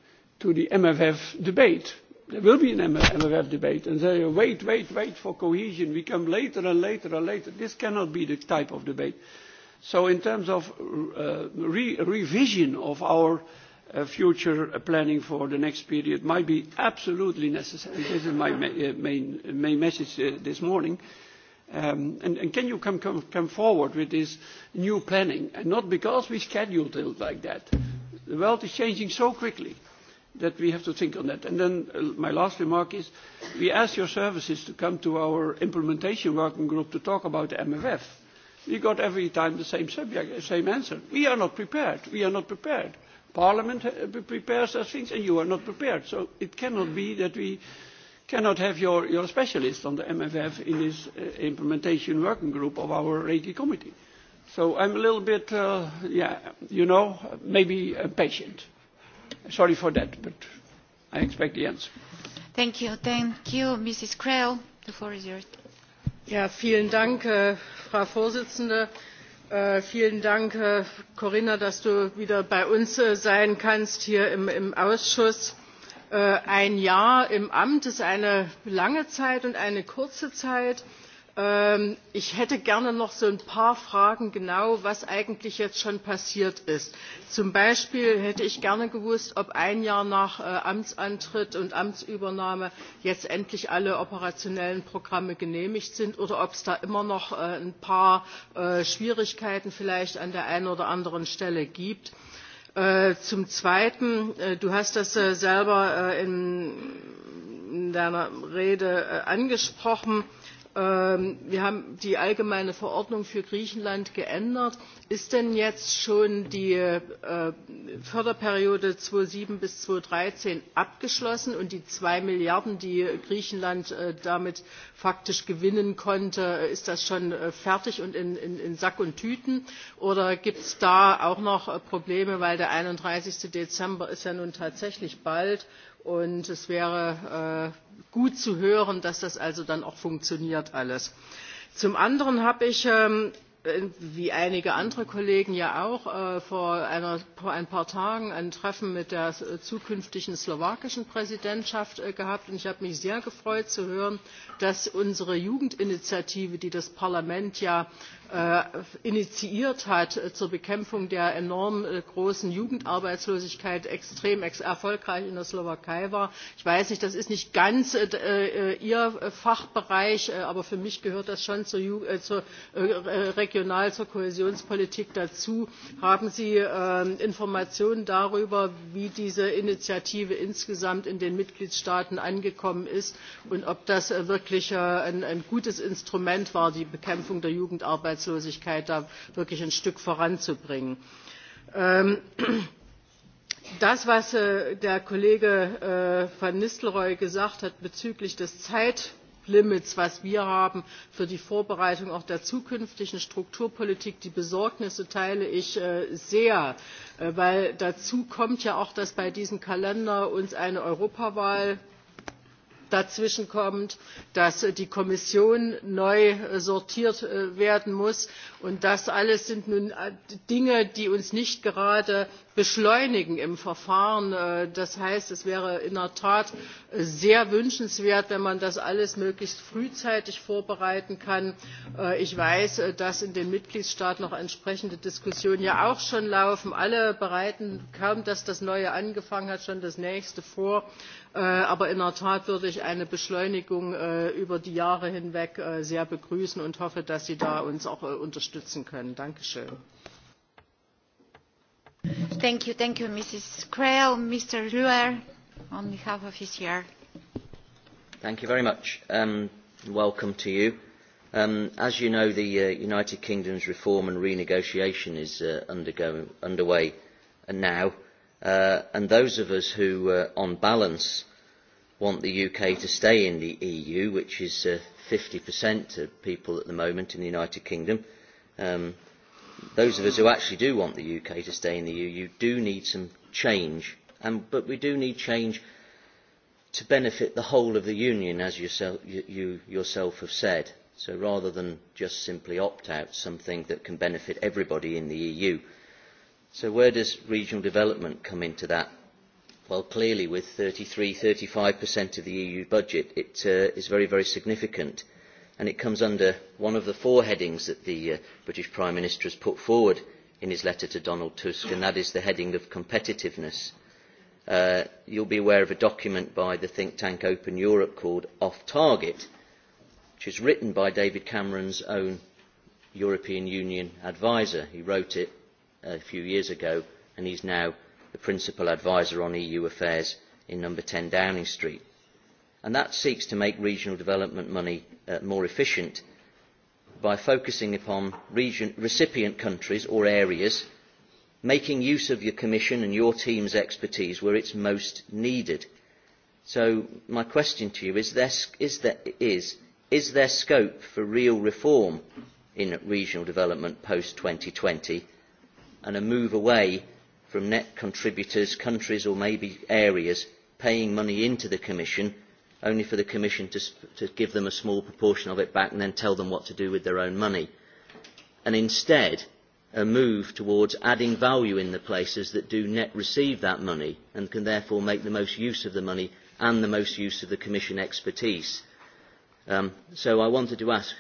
to the MFF debate. There will be an MFF debate, and they wait, wait, wait for cohesion. We come later and later and later. This cannot be the type of debate. So in terms of uh, re revision of our uh, future planning for the next period might be absolutely necessary. This is my ma uh, main, main message uh, this morning. Um, and, and can you come, come, come forward with this new planning? And not because we scheduled it like that. The world is changing so quickly that we have to think on that. And then uh, my last remark is we asked your services to come to our implementation working group to talk about the MFF. We got every time the same subject, uh, same answer. We are not prepared. We are not prepared. Parliament uh, prepares such things and you are not prepared. So it cannot be that we cannot have your, your specialist on the MFF in this uh, implementation working group of our REGI committee. So I'm a little bit, uh, yeah, you know, maybe impatient. Uh, sorry for that but i expect the answer. thank you. Thank you Mrs. Krell. The floor is yours. Ja, vielen dank äh, frau Vorsitzende. Äh, vielen dank äh, corinna dass du wieder bei uns äh, sein kannst hier im, im ausschuss. Äh, ein jahr im amt ist eine lange zeit und eine kurze zeit Ähm, ich hätte gerne noch ein paar fragen genau was eigentlich jetzt schon passiert ist. zum beispiel hätte ich gerne gewusst ob ein jahr nach äh, amtsantritt und amtsübernahme jetzt endlich alle operationellen programme genehmigt sind oder ob es da immer noch äh, ein paar äh, schwierigkeiten vielleicht an der einen oder anderen stelle gibt. zum zweiten du hast das selber in deiner rede angesprochen Ähm, wir haben die allgemeine verordnung für griechenland geändert ist denn jetzt schon die äh, förderperiode zweitausendsieben bis zweitausenddreizehn abgeschlossen und die zwei milliarden die griechenland äh, damit faktisch gewinnen konnte äh, ist das schon fertig und in, sack und tüten oder gibt es da auch noch probleme weil der einunddreißig dezember ist ja nun tatsächlich bald Und es wäre äh, gut zu hören, dass das also dann auch funktioniert alles. Zum anderen habe ich ähm, äh, wie einige andere Kollegen ja auch, äh, vor, einer, vor ein paar Tagen ein Treffen mit der äh, zukünftigen slowakischen Präsidentschaft gehabt. Und ich habe mich sehr gefreut zu hören, dass unsere Jugendinitiative, die das Parlament ja Äh, initiiert hat äh, zur bekämpfung der enorm äh, großen jugendarbeitslosigkeit extrem erfolgreich in der slowakei war. ich weiß nicht das ist nicht ganz ihr fachbereich aber für mich gehört das schon zur regional zur kohäsionspolitik dazu. haben sie ähm, informationen darüber wie diese initiative insgesamt in den mitgliedstaaten angekommen ist und ob das wirklich ein gutes instrument war die bekämpfung der jugendarbeitslosigkeit? arbeitslosigkeit da wirklich ein Stück voranzubringen. Ähm, das, was äh, der Kollege äh, van nistelrooij gesagt hat bezüglich des zeitlimits das wir haben für die vorbereitung auch der zukünftigen strukturpolitik die besorgnisse teile ich äh, sehr weil dazu kommt ja auch dass bei diesem kalender uns eine europawahl dazwischenkommt dass die kommission neu äh, sortiert äh, werden muss und das alles sind nun äh, dinge die uns nicht gerade beschleunigen im verfahren. das heißt es wäre in der tat sehr wünschenswert wenn man das alles möglichst frühzeitig vorbereiten kann. ich weiß dass in den mitgliedstaaten noch entsprechende diskussionen ja auch schon laufen. alle bereiten kaum dass das neue jahr angefangen hat schon das nächste vor. Äh, aber in der tat würde ich eine beschleunigung äh, über die jahre hinweg äh, sehr begrüßen und hoffe dass sie uns da auch unterstützen können. danke schön. Um, welcome to you. Um, as you know, the uh, United Kingdom's reform and renegotiation is uh, undergo underway now Uh, and those of us who, uh, on balance, want the UK to stay in the EU, which is uh, 50% of people at the moment in the United Kingdom, um, those of us who actually do want the UK to stay in the EU do need some change, and, but we do need change to benefit the whole of the Union, as yourself, you yourself have said. So rather than just simply opt out, something that can benefit everybody in the EU. So where does regional development come into that? Well, clearly with 33, 35% of the EU budget, it uh, is very, very significant. And it comes under one of the four headings that the uh, British Prime Minister has put forward in his letter to Donald Tusk, and that is the heading of competitiveness. Uh, you'll be aware of a document by the think tank Open Europe called Off Target, which is written by David Cameron's own European Union advisor. He wrote it a few years ago and he is now the principal adviser on eu affairs in number ten downing street. And that seeks to make regional development money uh, more efficient by focusing upon region, recipient countries or areas making use of your commission and your team's expertise where it's most needed. So my question to you is there, is there, is, is there scope for real reform in regional development post 2020 and a move away from net contributors, countries or maybe areas paying money into the Commission only for the Commission to, to give them a small proportion of it back and then tell them what to do with their own money. And instead, a move towards adding value in the places that do net receive that money and can therefore make the most use of the money and the most use of the Commission expertise. Um, so I wanted to ask,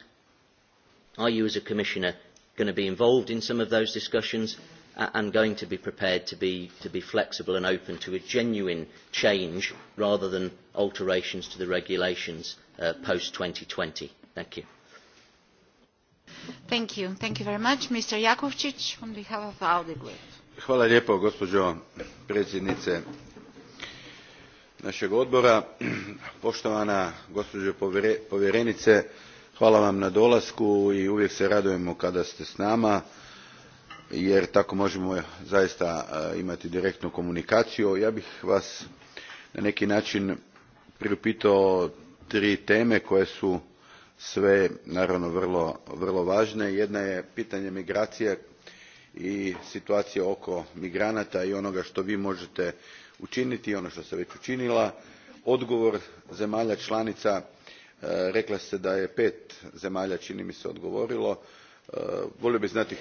are you as a Commissioner going to be involved in some of those discussions and going to be prepared to be, to be flexible and open to a genuine change rather than alterations to the regulations uh, post 2020. Thank you. Thank you. Thank you very much. Mr. Jakovčić, on behalf of Audi Group. Hvala lijepo, gospođo predsjednice našeg odbora. Poštovana gospođo povjerenice, hvala vam na dolasku i uvijek se radujemo kada ste s nama jer tako možemo zaista eh, imati direktnu komunikaciju. ja bih vas na neki način priupitao tri teme koje su sve naravno vrlo, važne. jedna je pitanje migracija i situacija oko migranata i onoga što vi možete učiniti i ono što ste već učinili. odgovor zemalja članica eh, rekli ste da je pet zemalja čini mi se odgovorilo. Eh, volio bih znati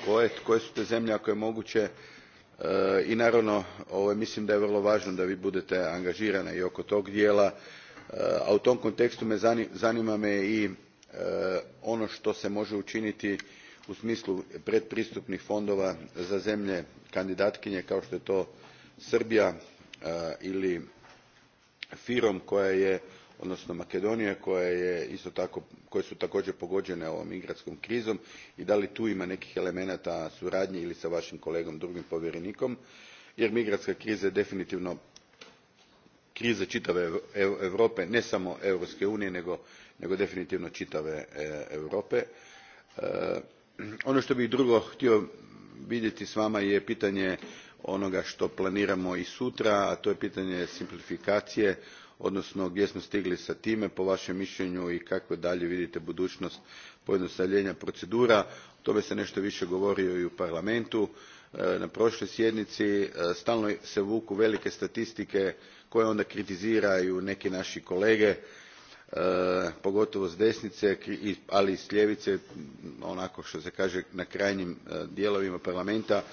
koje su to zemlje ako je moguće eh, i naravno mislim da je vrlo važno da vi budete angažirani i oko tog dijela eh, a u tom kontekstu zanima me i ono što se može učiniti u smislu pretpristupnih fondova za zemlje kandidatkinje kao što je to srbija ili fyrom koja je odnosno makedonija koje su također pogođene ovom migrantskom krizom i da li tu ima nekih elemenata suradnje ili s vašim kolegom drugim povjerenikom jer migrantska kriza je definitivno kriza čitave europe ne samo europske unije nego definitivno čitave e, europe. E, ono što bih drugo htio vidjeti s vama je pitanje onoga što planiramo i sutra a to je pitanje simplifikacije odnosno gdje smo stigli s time po vašem mišljenju i kako dalje vidite budućnost pojednostavljenja procedura. o tome se nešto više govorio i u parlamentu e, na prošloj sjednici. E, stalno se vuku velike statistike koje onda kritiziraju neki naši kolege Eh, pogotovo s desnice ali i s ljevice onako što se kaže na krajnjim eh, dijelovima parlamenta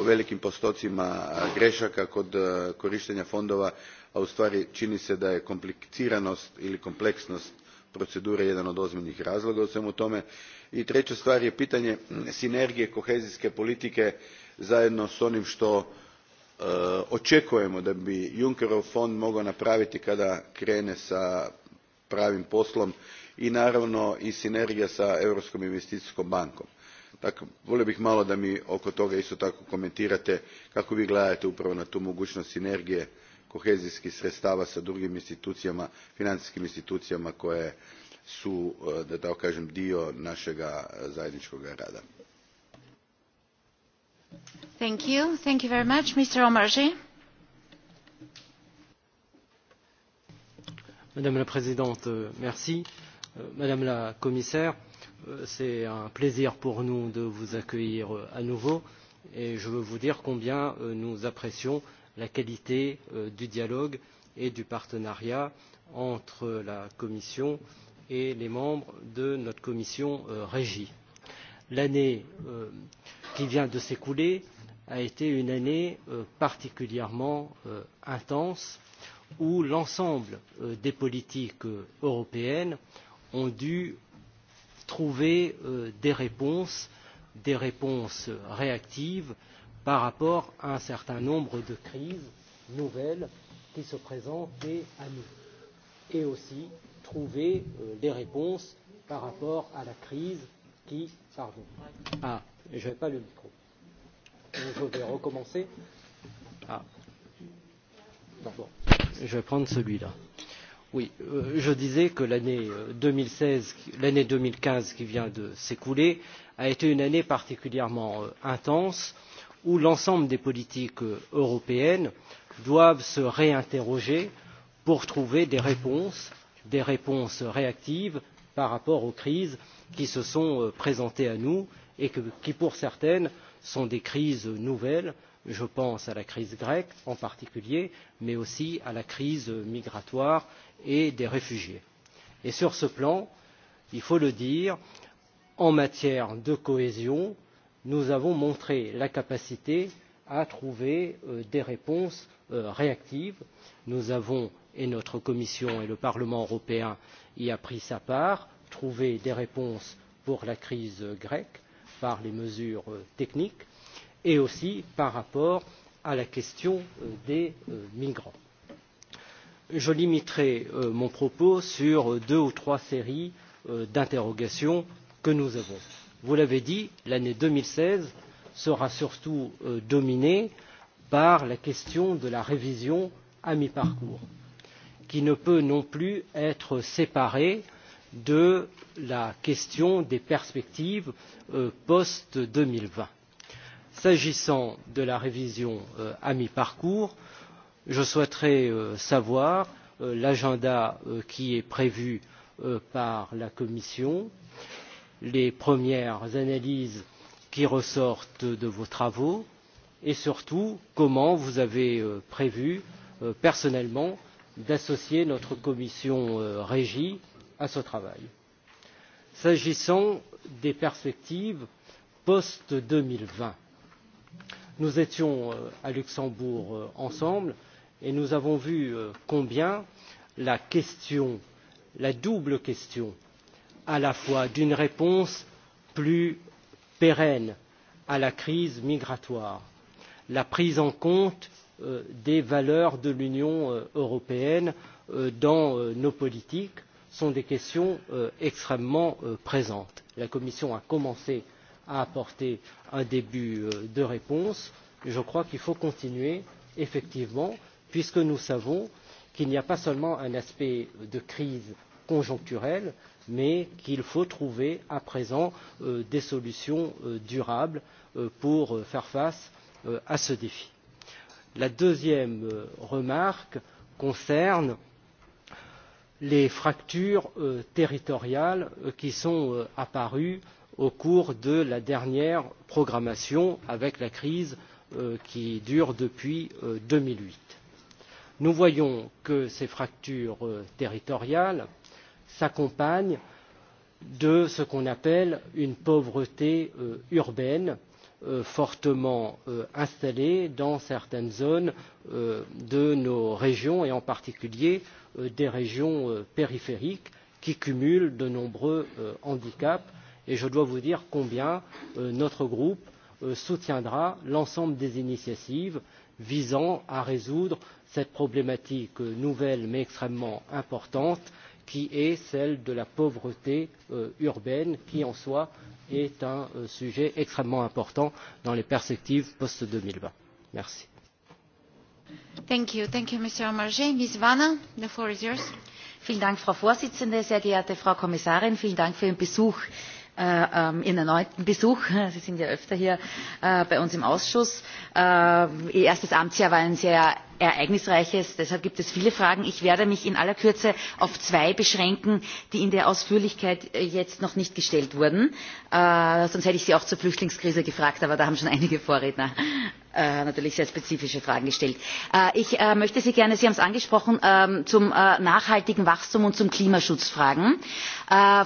o velikim postocima eh, grešaka kod korištenja fondova a ustvari čini se da je kompliciranost ili kompleksnost procedure jedan od ozbiljnih razloga u svemu tome. i treća stvar je pitanje mm, sinergije kohezijske politike zajedno s onim što očekujemo da bi junckerov fond mogao napraviti kada krene s pravim poslom i naravno i sinergija s europskom investicijskom bankom. volio bih malo da mi oko toga isto tako komentirate kako vi gledate upravo na tu mogućnost sinergije kohezijskih sredstava s drugim financijskim institucijama koje su eh, da tako kažem dio našega eh, zajedničkog rada. Madame la Présidente, euh, euh, Madame la Commissaire, euh, c'est un plaisir pour nous de vous accueillir à nouveau et je veux vous dire combien nous apprécions la qualité du dialogue et du partenariat entre la Commission et les membres de notre commission REGI. L'année qui vient de s'écouler a été une année particulièrement intense où l'ensemble euh, des politiques euh, européennes ont dû trouver euh, des réponses des réponses réactives par rapport à un certain nombre de crises nouvelles qui se présentaient à nous et aussi trouver des réponses par rapport à la crise qui pardon ah je n'ai pas le micro je vais recommencer ah bon je vais prendre celui-là. Oui, euh, je disais que l'année 2016, euh, l'année 2015 qui vient de s'écouler a été une année particulièrement euh, intense où l'ensemble des politiques euh, européennes doivent se réinterroger pour trouver des réponses, des réponses réactives par rapport aux crises qui se sont euh, présentées à nous et que, qui, pour certaines, sont des crises nouvelles, je pense à la crise grecque en particulier, mais aussi à la crise migratoire et des réfugiés. Et sur ce plan, il faut le dire, en matière de cohésion, nous avons montré la capacité à trouver euh, des réponses euh, réactives. Nous avons, et notre Commission et le Parlement européen y a pris sa part, trouvé des réponses pour la crise grecque par les mesures euh, techniques et aussi par rapport à la question euh, des euh, migrants. Je limiterai euh, mon propos à deux ou trois séries d'interrogations que nous avons. Vous l'avez dit, l'année deux mille seize sera surtout dominée par la question de la révision à mi-parcours, qui ne peut non plus être séparée de la question des perspectives post deux mille vingt s'agissant de la révision euh, à mi parcours je souhaiterais euh, savoir euh, l'agenda qui est prévu par la commission les premières analyses qui ressortent de vos travaux et surtout comment vous avez prévu personnellement d'associer notre commission regi à ce travail. s'agissant des perspectives post deux mille vingt nous étions euh, à luxembourg euh, ensemble et nous avons vu euh, combien la question la double question à la fois d'une réponse plus pérenne à la crise migratoire et la prise en compte des valeurs de l'union européenne dans nos politiques sont des questions extrêmement prégnantes. la commission a commencé a apporté un début euh, de réponse je crois qu'il faut continuer effectivement puisque nous savons qu'il n'y a pas seulement un aspect de crise conjoncturelle mais qu'il faut trouver à présent euh, des solutions euh, durables pour faire face à ce défi. la deuxième remarque concerne les fractures territoriales qui sont apparues au cours de la dernière programmation avec la crise euh, qui dure depuis. Euh, deux mille huit nous voyons que ces fractures euh, territoriales s'accompagnent de ce qu'on appelle une pauvreté urbaine fortement installée dans certaines zones de nos régions et en particulier des régions périphériques qui cumulent de nombreux handicaps et je dois vous dire combien euh, notre groupe euh, soutiendra l'ensemble des initiatives visant à résoudre cette problématique nouvelle mais extrêmement importante qui est celle de la pauvreté euh, urbaine qui en soi est un sujet extrêmement important dans les perspectives post deux mille vingt merci. Thank you. Thank you, Mr. Amarje. Ms. Vanna, the floor is yours. Vielen Dank, Frau Vorsitzende, sehr geehrte Frau Kommissarin, vielen Dank für Ihren Besuch Äh, ähm, ihren erneuten besuch sie sind ja öfter hier äh, bei uns im ausschuss. Äh, ihr erstes amtsjahr war ein sehr ereignisreiches deshalb gibt es viele fragen. ich werde mich in aller kürze auf zwei beschränken die in der ausführlichkeit äh, jetzt noch nicht gestellt wurden äh, sonst hätte ich sie auch zur flüchtlingskrise gefragt aber da haben schon einige vorredner äh, natürlich sehr spezifische fragen gestellt. ich möchte sie gerne sie haben es angesprochen ähm, zum nachhaltigen wachstum und zum klimaschutz fragen.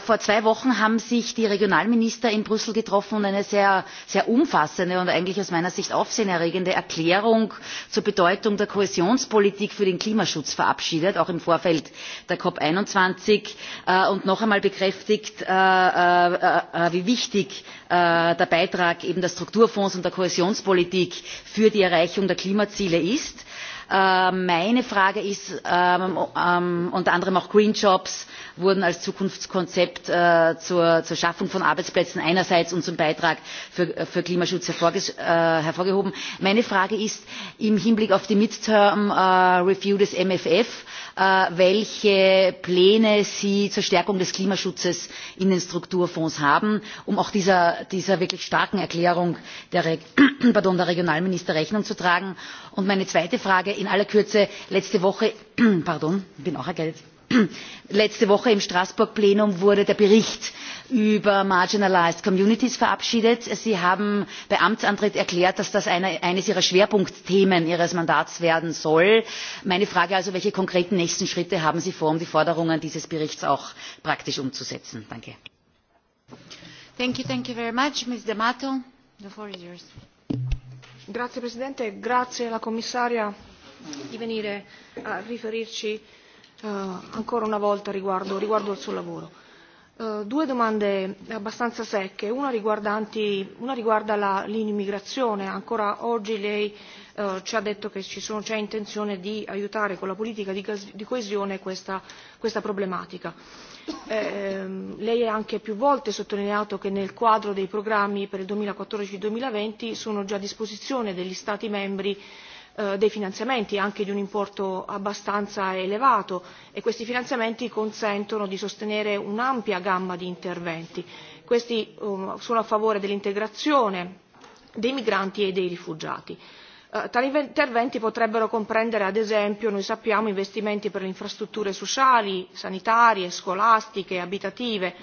vor zwei wochen haben sich die regionalminister in brüssel getroffen und eine sehr, umfassende und eigentlich aus meiner sicht aufsehenerregende erklärung zur bedeutung kohäsionspolitik für den klimaschutz verabschiedet auch im vorfeld der cop einundzwanzig äh, und noch einmal bekräftigt äh, äh, wie wichtig der beitrag der strukturfonds und der kohäsionspolitik für die erreichung der klimaziele ist. Äh, meine frage ist ähm, ähm, unter anderem auch green jobs wurden als zukunftskonzept äh, zur, schaffung von arbeitsplätzen einerseits und zum beitrag für, klimaschutz äh, hervorgehoben. meine frage ist im hinblick auf die midterm review des mfr Äh, welche pläne sie zur stärkung des klimaschutzes in den strukturfonds haben um auch dieser, wirklich starken erklärung der, regionalminister rechnung zu tragen. und meine zweite frage in aller kürze letzte woche ich bin auch erkältet letzte woche im straßburg plenum wurde der bericht über marginalised communities verabschiedet. sie haben bei amtsantritt erklärt dass das eines ihrer schwerpunktthemen ihres mandats werden soll. meine frage also welche konkreten nächsten schritte haben sie vor um die forderungen dieses berichts auch praktisch umzusetzen? grazie presidente grazie alla commissaria di venire a riferirci eh, ancora una volta riguardo, riguardo al suo lavoro. Eh, due domande abbastanza secche, una, riguardanti, una riguarda la, l'immigrazione. Ancora oggi lei eh, ci ha detto che ci sono, c'è intenzione di aiutare con la politica di, di coesione questa, questa problematica. Eh, lei ha anche più volte sottolineato che nel quadro dei programmi per il 2014-2020 sono già a disposizione degli Stati membri Eh, dei finanziamenti anche di un importo abbastanza elevato e questi finanziamenti consentono di sostenere un'ampia gamma di interventi. Questi um, sono a favore dell'integrazione dei migranti e dei rifugiati. Eh, tali interventi potrebbero comprendere, ad esempio, noi sappiamo, investimenti per le infrastrutture sociali, sanitarie, scolastiche, abitative,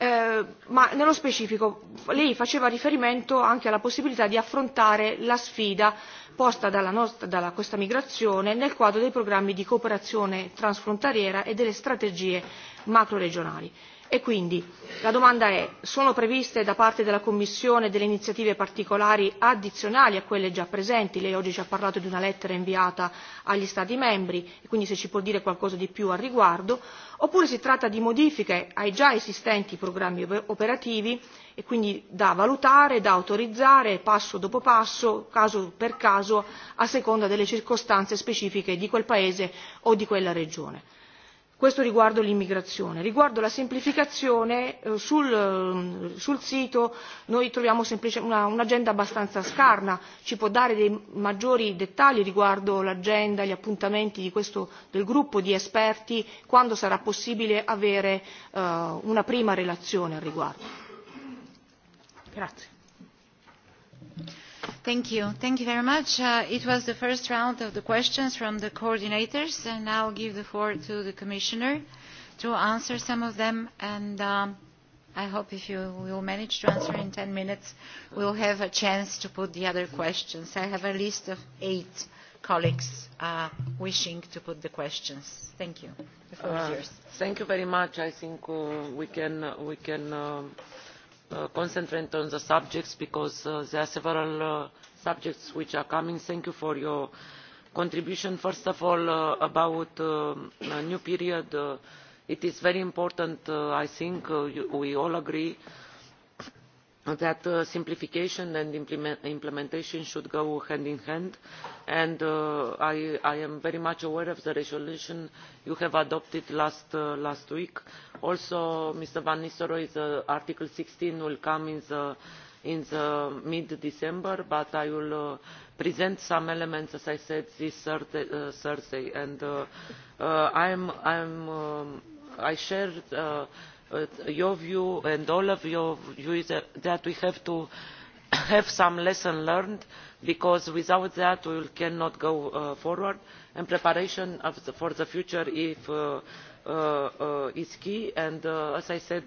Eh, ma nello specifico lei faceva riferimento anche alla possibilità di affrontare la sfida posta da questa migrazione nel quadro dei programmi di cooperazione transfrontaliera e delle strategie macroregionali E quindi la domanda è sono previste da parte della Commissione delle iniziative particolari addizionali a quelle già presenti? Lei oggi ci ha parlato di una lettera inviata agli Stati membri e quindi se ci può dire qualcosa di più al riguardo, oppure si tratta di modifiche ai già esistenti programmi operativi e quindi da valutare, da autorizzare passo dopo passo, caso per caso, a seconda delle circostanze specifiche di quel Paese o di quella regione questo riguardo l'immigrazione. riguardo la semplificazione eh, eh, sul, sito noi troviamo un'agenda abbastanza scarna ci può dare dei maggiori dettagli riguardo l'agenda gli appuntamenti del gruppo di esperti quando sarà possibile avere eh, una prima relazione al riguardo? Thank you. Thank you very much. Uh, it was the first round of the questions from the coordinators, and I'll give the floor to the Commissioner to answer some of them. And um, I hope if you will manage to answer in 10 minutes, we'll have a chance to put the other questions. I have a list of eight colleagues uh, wishing to put the questions. Thank you. The floor is uh, yours. Thank you very much. I think we can, um, Uh, concentrate on the subjects because uh, there are several uh, subjects which are coming. Thank you for your contribution. First of all, about the um, new period, it is very important, I think we all agree, that uh, simplification and implementation should go hand in hand and uh, I, am very much aware of the resolution you have adopted last, uh, last week. also mr van nistelrooij article sixteen will come in, the, mid december but i will present some elements as i said this thursday and i, am, I um, share Uh, your view and all of your views is that we have to have some lesson learned because without that we cannot go uh, forward and preparation for the future uh, is key and as i said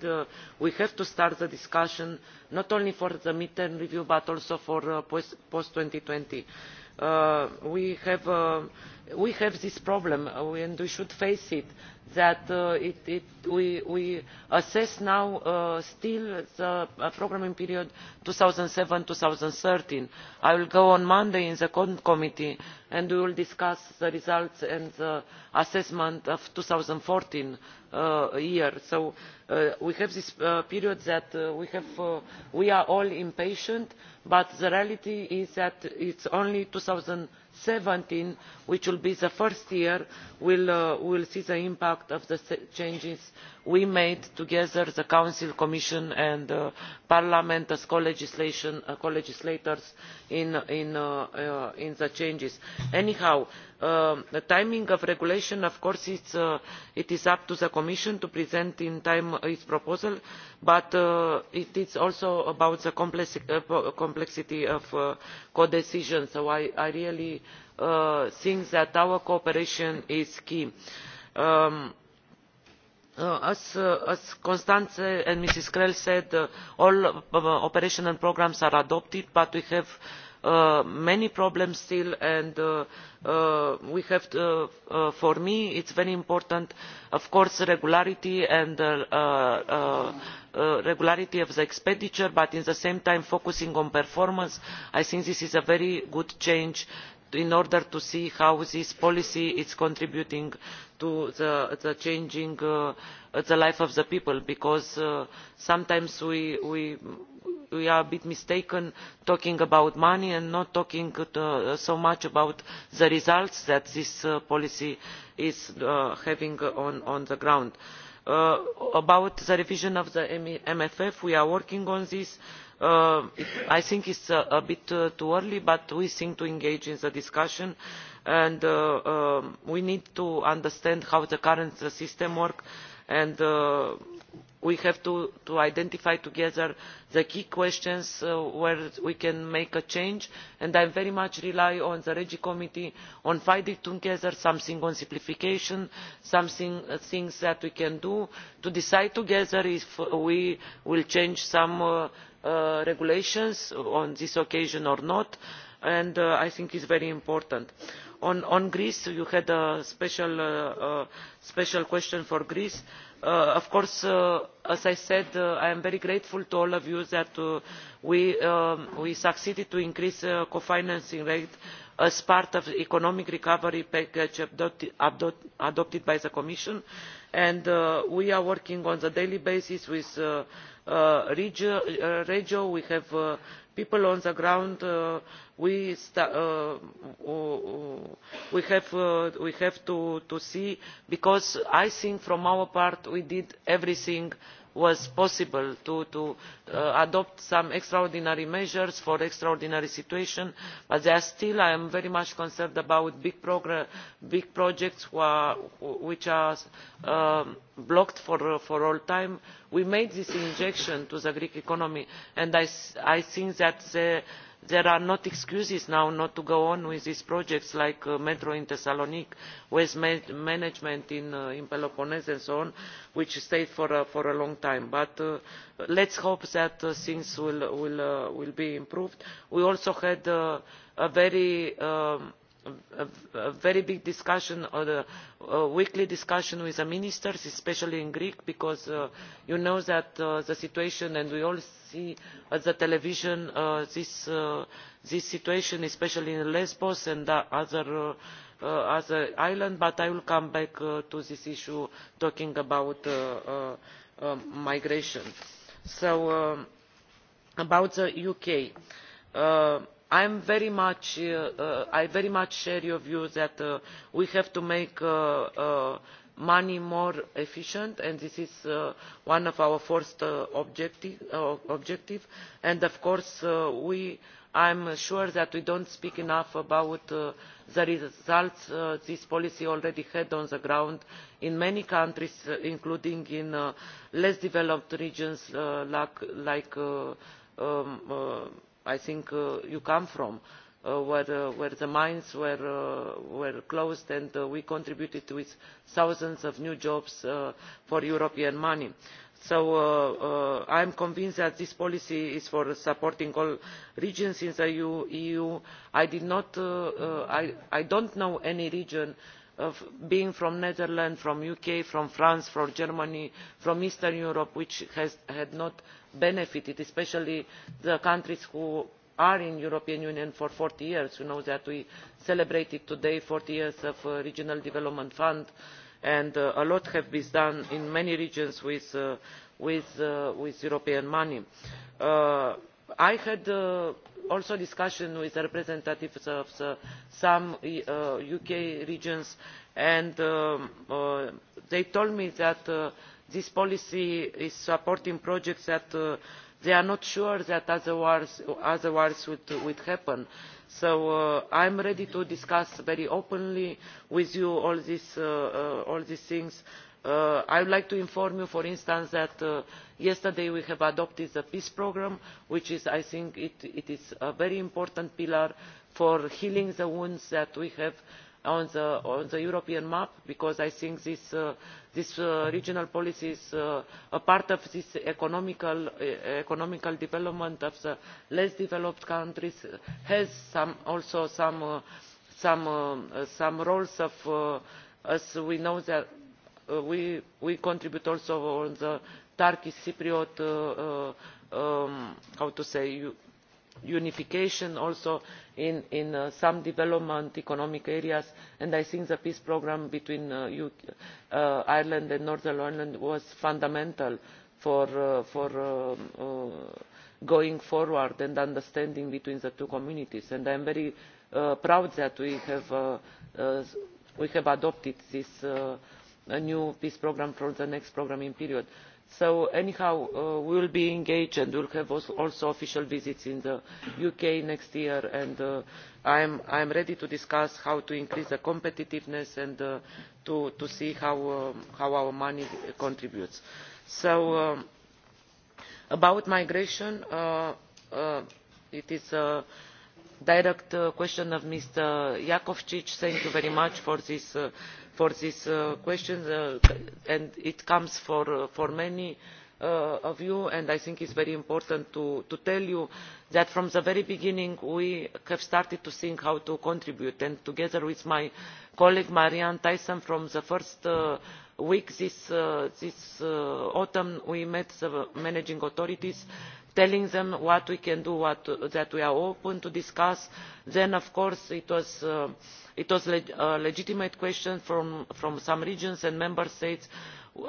we have to start the discussion not only for the mid term review but also for post two thousand and twenty Uh, uh, we, have, this problem uh, and we should face it that we, assess now still the programming period two thousand and seven two thousand and thirteen i will go on monday in the cont committee and we will discuss the results and the assessment of the two thousand and fourteen year so we have this period that we, are all impatient but the reality is that it is only two thousand and seventeen which will be the first year we will uh, see the impact of the changes we made together the council the commission and uh, parliament as co uh, legislators in, in the changes. anyhow Uh, the timing of regulation of course uh, it is up to the commission to present in time its proposal but uh, it is also about the complexity of codecision so i, really think that our cooperation is key. Um, as, Ms. as constanze and Mrs. krehl said all operational programmes are adopted but we have Uh, many problems still and uh, uh, we have for me it is very important of course regularity and regularity of the expenditure but at the same time focusing on performance. i think this is a very good change in order to see how this policy is contributing to the, changing the life of the people because sometimes we we are a bit mistaken talking about money and not talking uh, so much about the results that this uh, policy is uh, having on, on the ground. about the revision of the mff e, we are working on this. i think it is a, bit too early but we seem to engage in the discussion and um, we need to understand how the current system works and we have to, identify together the key questions uh, where we can make a change and i very much rely on the regi committee on finding together something on simplification some uh, things that we can do to decide together if we will change some uh, regulations on this occasion or not and i think it is very important. on, on greece you had a special, special question for greece. Uh, of course uh, as i said uh, i am very grateful to all of you that um, we, succeeded in increasing the co financing rate as part of the economic recovery package adopted, adopted by the commission and we are working on a daily basis with regio. we have people on the ground uh, uh, uh, we, have, to, to see because i think from our part we did everything was possible to, uh, adopt some extraordinary measures for extraordinary situations but there are still i am very much concerned about big, projects which are um, blocked for, all time. we made this injection to the greek economy and i, think that the there are no excuses now not to go on with these projects like uh, metro in thessaloniki waste management in, uh, peloponnese and so on which stayed for, for a long time. but uh, let us hope that things will, will, will be improved. we also had a very um, a, very big discussion or a weekly discussion with the ministers especially in greek because uh, you know that uh, the situation and we all see on the television uh, this, situation especially in lesbos and other, other islands but i will come back to this issue talking about um, migration. so um, about the uk very much, uh, uh, i very much share your view that uh, we have to make money more efficient and this is one of our first objectives objective. and of course i am sure that we do not speak enough about the results this policy already had on the ground in many countries including in less developed regions like, like um, i think uh, you come from uh, where, the mines were, uh, closed and we contributed with thousands of new jobs for european money so i am convinced that this policy is for supporting all regions in the eu. E i, I do not know any region being from the netherlands from the uk from france from germany from eastern europe which had not benefited especially the countries who are in the european union for forty years. you know that we celebrated today forty years of the uh, regional development fund and uh, a lot has been done in many regions with uh, european money i had uh, also discussion with representatives of some uk uh, regions and um, uh, they told me that this policy is supporting projects that they are not sure that otherwise, otherwise would, happen. so i am ready to discuss very openly with you all, all these things Uh, i would like to inform you for instance that uh, yesterday we adopted the peace programme which is i think it, is a very important pillar for healing the wounds that we have on the, european map because i think this, uh, regional policy is a part of this economical, economical development of the less developed countries has also some, some, um, some roles of, as we know that we, contribute also on the turkish cypriot uh, uh, um, how to say unification also in, uh, some development economic areas and i think the peace programme between ireland and northern ireland was fundamental for, um, going forward and understanding between the two communities and i am very proud that we have adopted this a new peace programme for the next programming period. so anyhow uh, we will be engaged and we will have also, official visits in the uk next year and uh, i am ready to discuss how to increase the competitiveness and uh, to, see how, um, how our money contributes. so um, about migration it is a direct question of mr jakovi. thank you very much for this for this uh, question uh, and it comes for, uh, for many of you and i think it is very important to, to tell you that from the very beginning we have started to think how to contribute and together with my colleague marianne thyssen from the first week this, this autumn we met the managing authorities telling them what we can do what, that we are open to discuss then of course it was, uh, it was a legitimate question from, from some regions and member states Uh,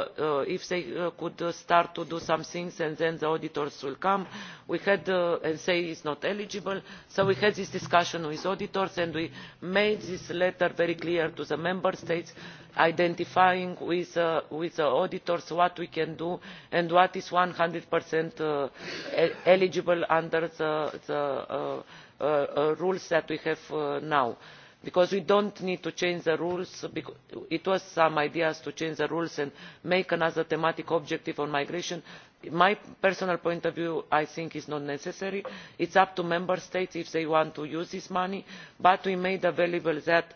uh, if they uh, could start to do some things and then the auditors will come we had, and say it's not eligible so we had this discussion with auditors and we made this letter very clear to the member states identifying with, the auditors what we can do and what is one hundred e-, eligible under the rules that we have now because we do not need to change the rules it was some ideas to change the rules and make another thematic objective on migration. my personal point of view i think is not necessary it is up to member states if they want to use this money but we made available that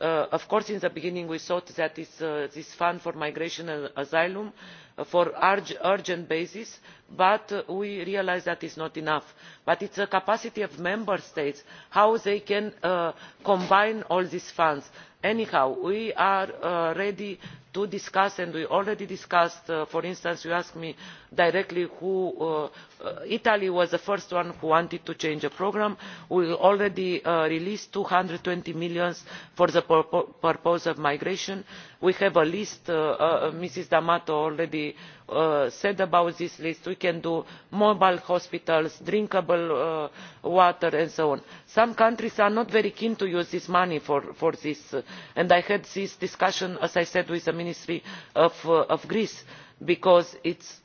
uh, of course in the beginning we thought that uh, this fund for migration and asylum for an urgent basis but we realise that is not enough. but it is the capacity of member states how they can uh, combine all these funds. anyhow we are uh, ready to discuss and we already discussed uh, for instance you asked me directly who uh, uh, italy was the first one who wanted to change the programme. we already uh, released eur two hundred and twenty million for the purpose of migration. we have a list Mrs. d'amato already said about this list we can do mobile hospitals drinkable water and so on. some countries are not very keen to use this money for, for this and i had this discussion as i said with the ministry of, of greece because it's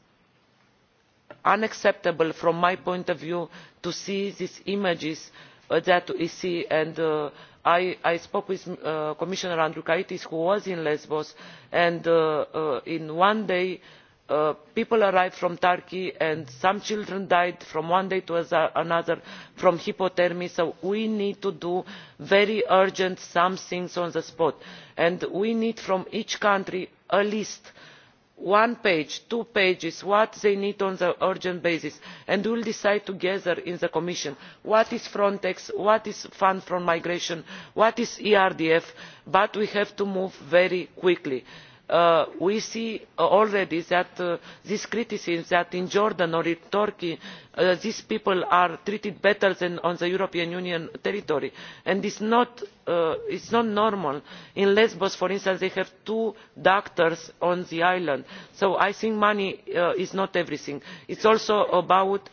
unacceptable from my point of view to see these images uh, that we see and uh, I, spoke with uh, commissioner andriukaitis who was in lesbos and in one day people arrived from turkey and some children died from one day to another from hypothermia so we need to do very urgent some things on the spot and we need from each country a list of one page two pages what they need on an urgent basis and we will decide together in the commission what is frontex what is the fund for migration what is erdf but we have to move very quickly. Uh, we see already that these uh, this criticism that in jordan or in turkey Uh, these people are treated better than on the european union territory and it uh, is not, normal. in lesbos for instance they have two doctors on the island so i think money uh, is not everything. it is also about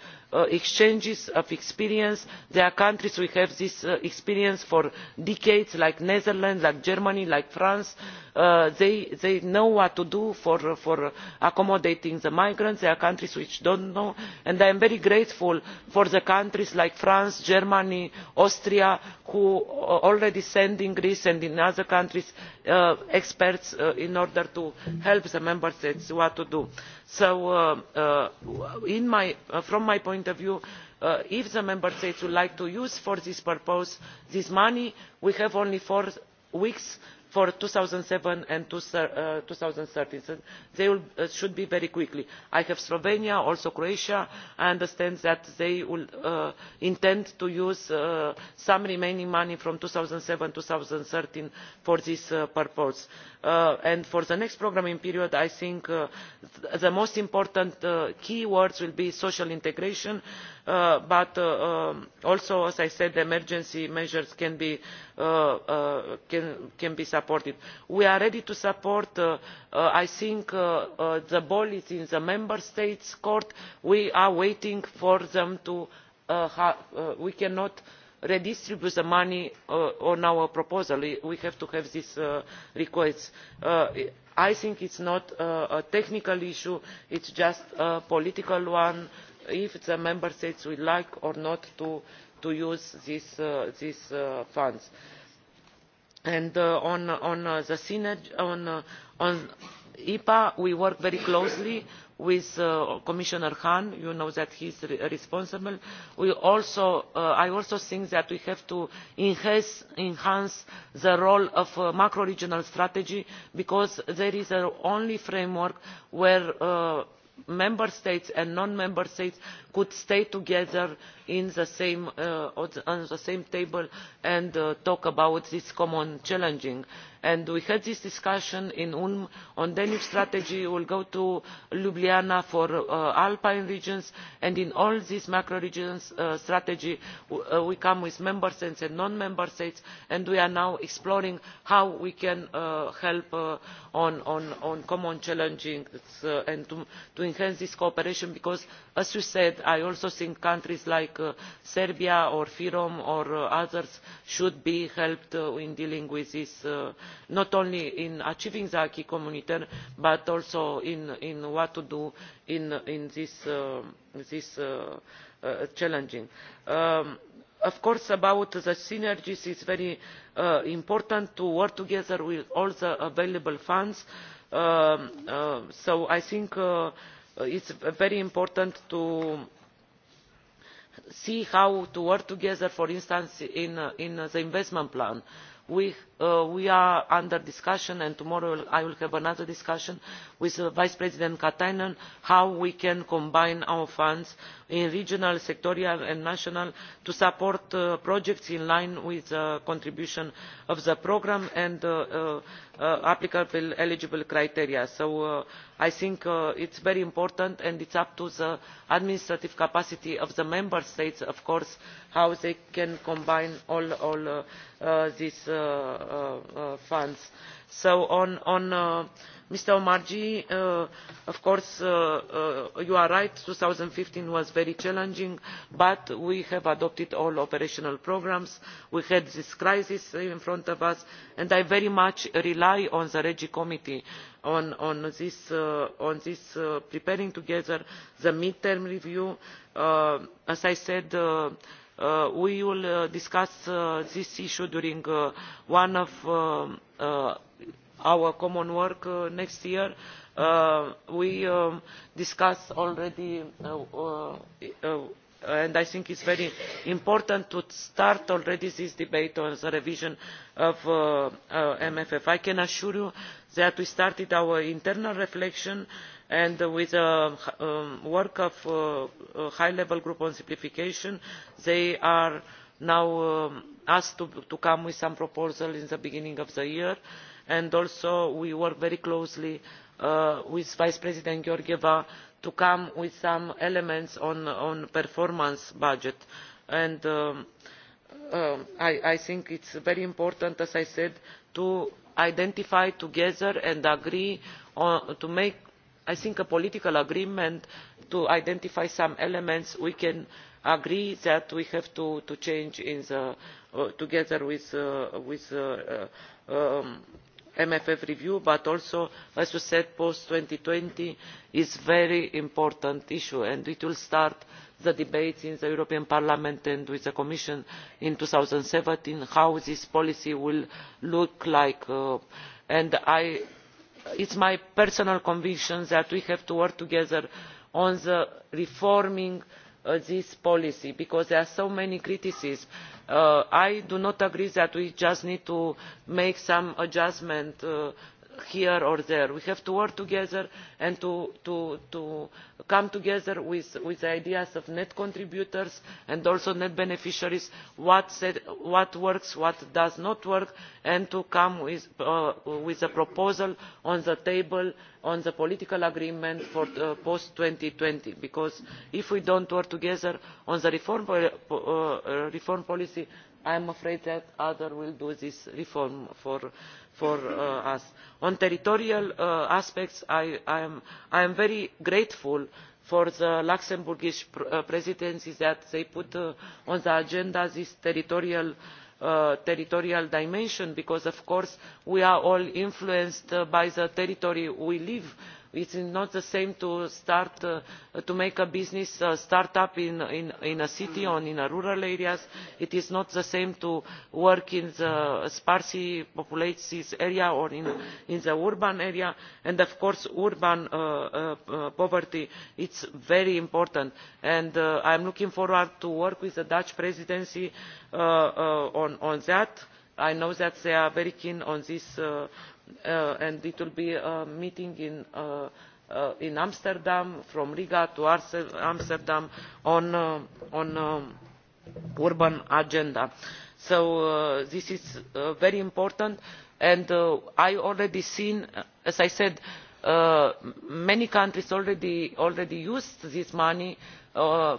exchanges of experience. there are countries which have this experience for decades like the netherlands like germany like france. They, know what to do for accommodating the migrants. there are countries which do not know and i am very grateful for the countries like france germany austria who uh, already send in greece and in other countries uh, experts uh, in order to help the member states what to do. so from my point of view if the member states would like to use for this purpose this money we have only four weeks for two thousand and seven and two uh, thousand and thirteen they uh, should be very quickly. i have slovenia also croatia i understand that they uh, intend to use some remaining money from two thousand and seven two thousand and thirteen for this purpose and for the next programming period i think the most important key words will be social integration Uh, but uh, also as i said emergency measures can be, uh, supported. we are ready to support i think the ball is in the member states' court. we are waiting for them to we cannot redistribute the money on our proposal we have to have this request i think it is not a technical issue it is just a political one if the member states would like or not to, use these, uh, uh, funds. And uh, on, the epa we work very closely with commissioner hahn you know that he is responsible. Also, i also think that we have to enhance, the role of uh, macro regional strategy because there is only a framework where member states and non member states could stay together at uh, on the same table and uh, talk about these common challenges. we had this discussion in ulm on the danube strategy we will go to ljubljana for uh, alpine regions and in all these macro regions strategy we come with member states and non member states and we are now exploring how we can help on, common challenges and to enhance this cooperation because as you said i also think countries like uh, serbia or fyrom or uh, others should be helped uh, in dealing with this not only in achieving the acquis communautaire but also in, in what to do in, in this, this challenging. Um, of course about the synergies it is very important to work together with all the available funds um, so i think it is very important to see how to work together for instance in, the investment plan. Uh, we, are under discussion and tomorrow i will have another discussion with uh, vice president katainen on how we can combine our funds in regional sectoral and national to support uh, projects in line with the contribution of the programme and Uh, applicable eligible criteria so uh, i think uh, it is very important and it is up to the administrative capacity of the member states of course how they can combine all, all these funds so on, on uh, mr omarjee uh, of course uh, you are right two thousand and fifteen was very challenging but we have adopted all operational programmes we had this crisis in front of us and i very much rely on the regi committee on, this, preparing together the mid term review. as i said we will discuss this issue during one of um, our common work uh, next year uh, we um, discussed already uh, and i think it is very important to start already this debate on the revision of the mff. i can assure you that we started our internal reflection and with the um, work of a high level group on simplification they are now um, asked to, to come with some proposals at the beginning of the year and and also we work very closely uh, with vice president georgieva to come with some elements on the performance budget and um, um, I, think it is very important as i said to identify together and agree on, to make i think a political agreement to identify some elements we can agree that we have to, to change the, uh, together with, uh, with um, mff review but also as you said post two thousand and twenty is a very important issue and it will start the debate in the european parliament and with the commission in two thousand and seventeen how this policy will look like uh, and it is my personal conviction that we have to work together on the reforming Uh, this policy because there are so many criticisms. Uh, i do not agree that we just need to make some adjustments uh, here or there. we have to work together and to, come together with, the ideas of net contributors and also net beneficiaries what, works what does not work and to come uh, with, a proposal on the table on the political agreement for post two thousand and twenty because if we do not work together on the reform uh, uh, policy i am afraid that others will do this reform for, uh, us. on territorial uh, aspects I, am, very grateful for the luxembourgish uh, presidency that they put on the agenda this territorial dimension because of course we are all influenced by the territory we live it is not the same to start uh, to make a business a uh, start up in, a city or in a rural area it is not the same to work in a sparsely populated area or in, an urban area and of course urban uh, poverty is very important and i am looking forward to working with the dutch presidency on, that i know that they are very keen on this Uh, and it will be a meeting in, uh, uh, in amsterdam from riga to amsterdam on, the on urban agenda. so this is very important and i i already seen as i said Uh, many countries already, already use this money uh, uh,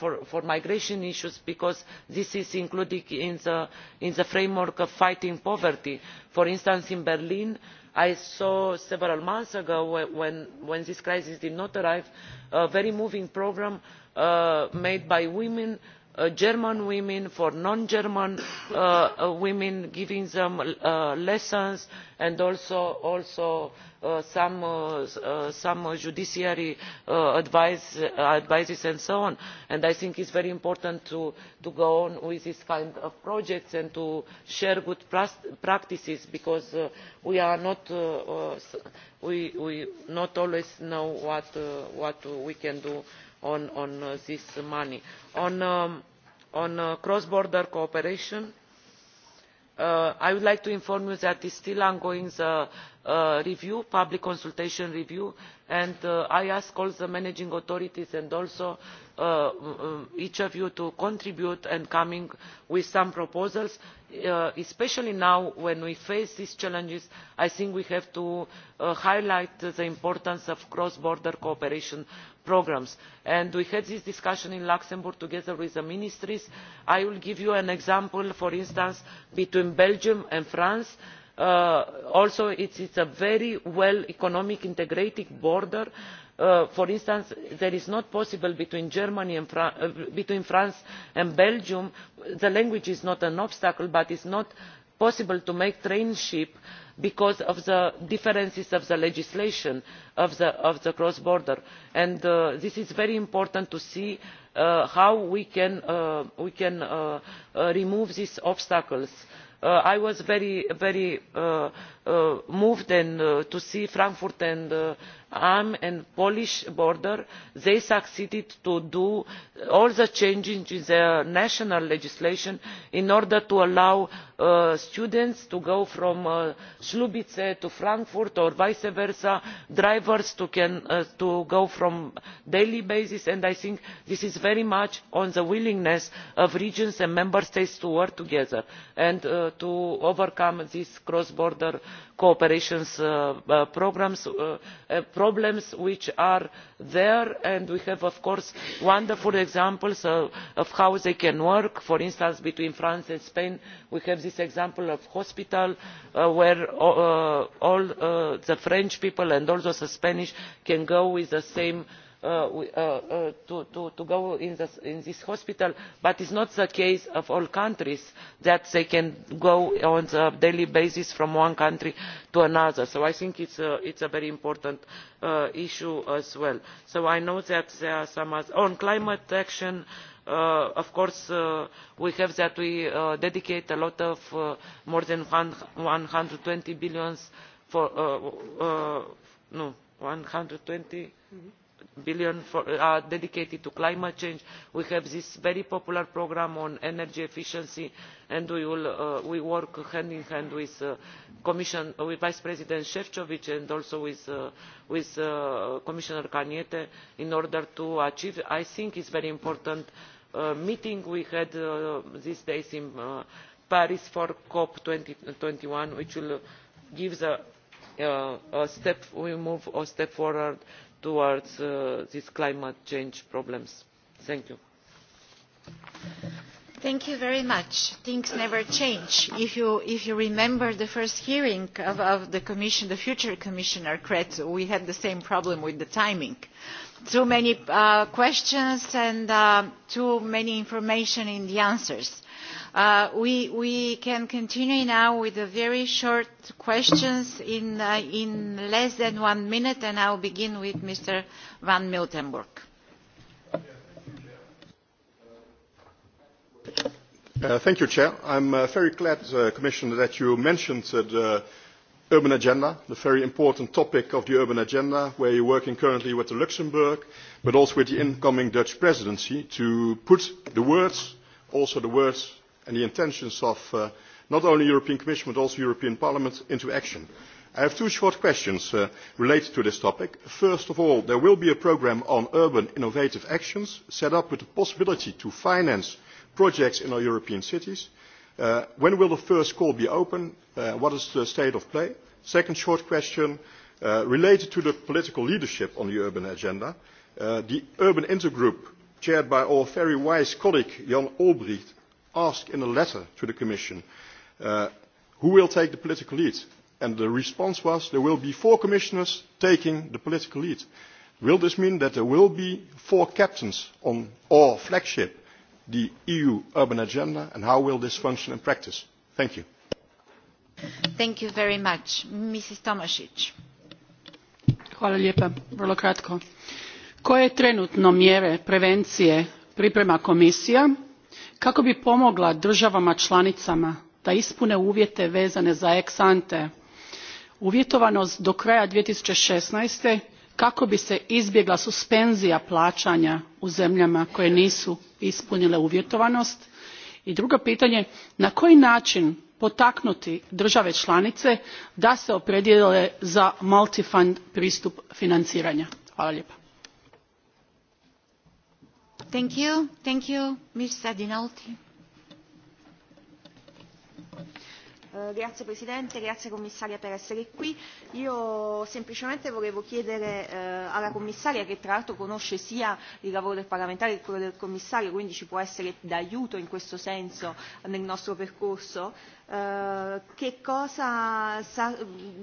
for, migration issues because this is included in the, framework of fighting poverty. for instance in berlin i saw several months ago when, this crisis did not arrive a very moving programme made by women german women for non german women giving them lessons and also, also Uh, some, uh, uh, some judiciary advices and so on and i think it is very important to, to go on with this kind of projects and to share good practices because we are not we, not always know what, what we can do on, on this money. on, um, on cross border cooperation Uh, i would like to inform you that is still ongoing the uh, review public consultation review and uh, i ask all the managing authorities and also each of you to contribute and come with some proposals especially now when we face these challenges i think we have to highlight the importance of cross border cooperation programmes and we had this discussion in luxembourg together with the ministries. i will give you an example for instance between belgium and france uh, also it is a very well economically integrated border uh, for instance it is not possible between, and France, uh, between france and belgium the language is not an obstacle but it is not possible to make traineeships because of the differences of the legislation of the, of the cross border and uh, this is very important to see uh, how we can, uh, we can remove these obstacles. i was very, very Uh, moved and, uh, to see frankfurt and the uh, am and polish border they succeeded in do all the changes in their national legislation in order to allow students to go from schlubice to frankfurt or vice versa drivers to, can, to go from a daily basis and i think this is very much on the willingness of regions and member states to work together and to overcome these cross border cooperation uh, uh, programmes uh, problems which are there and we have of course wonderful examples of how they can work for instance between france and spain we have this example of a hospital where all the french people and also the spanish can go with the same Uh, uh, uh, to, go in this, hospital but it is not the case of all countries that they can go on a daily basis from one country to another so i think it is a very important issue as well. so i know that there are some others. on climate action of course we have that we dedicate a lot of more than one hundred and twenty billion for no one hundred and twenty mm-hmm billion for, dedicated to climate change we have this very popular programme on energy efficiency and uh, we, work hand in hand with, uh, Commission, uh, with vice president efovi and also with, with commissioner caete in order to achieve i think it is very important meeting we had these days in paris for cop twenty one which will give a, a step forward towards uh, these climate change problems. thank you. thank you very much. things never change. if you, if you remember the first hearing of, of the commission, the future commissioner creu, we had the same problem with the timing. too many uh, questions and uh, too many information in the answers Uh, we, we can continue now with the very short questions in, uh, in less than one minute, and I'll begin with Mr. van Miltenburg. Uh, thank you, Chair. I'm uh, very glad, uh, Commissioner, that you mentioned uh, the urban agenda, the very important topic of the urban agenda, where you're working currently with the Luxembourg, but also with the incoming Dutch presidency to put the words, also the words and the intentions of uh, not only the European Commission but also European Parliament into action. I have two short questions uh, related to this topic. First of all, there will be a programme on urban innovative actions set up with the possibility to finance projects in our European cities. Uh, when will the first call be open? Uh, what is the state of play? Second short question uh, related to the political leadership on the urban agenda. Uh, the urban intergroup chaired by our very wise colleague Jan Olbricht ask in a letter to the Commission uh, who will take the political lead. And the response was there will be four commissioners taking the political lead. Will this mean that there will be four captains on our flagship the EU urban agenda and how will this function in practice? Thank you. Thank you very much. Mrs. Tomasic. Koje trenutno mjere prevencije priprema komisija? kako bi pomogla državama članicama da ispune uvjete vezane za ex ante uvjetovanost do kraja. two thousand and sixteen kako bi se izbjegla suspenzija plaćanja u zemljama koje nisu ispunile uvjetovanost i drugo pitanje na koji način potaknuti države članice da se opredijele za multifund pristup financiranja? hvala lijepa. Thank you. Thank you, eh, Grazie Presidente, grazie Commissaria per essere qui. Io semplicemente volevo chiedere eh, alla Commissaria, che tra l'altro conosce sia il lavoro del parlamentare che quello del Commissario, quindi ci può essere d'aiuto in questo senso nel nostro percorso, Eh, che cosa, sa,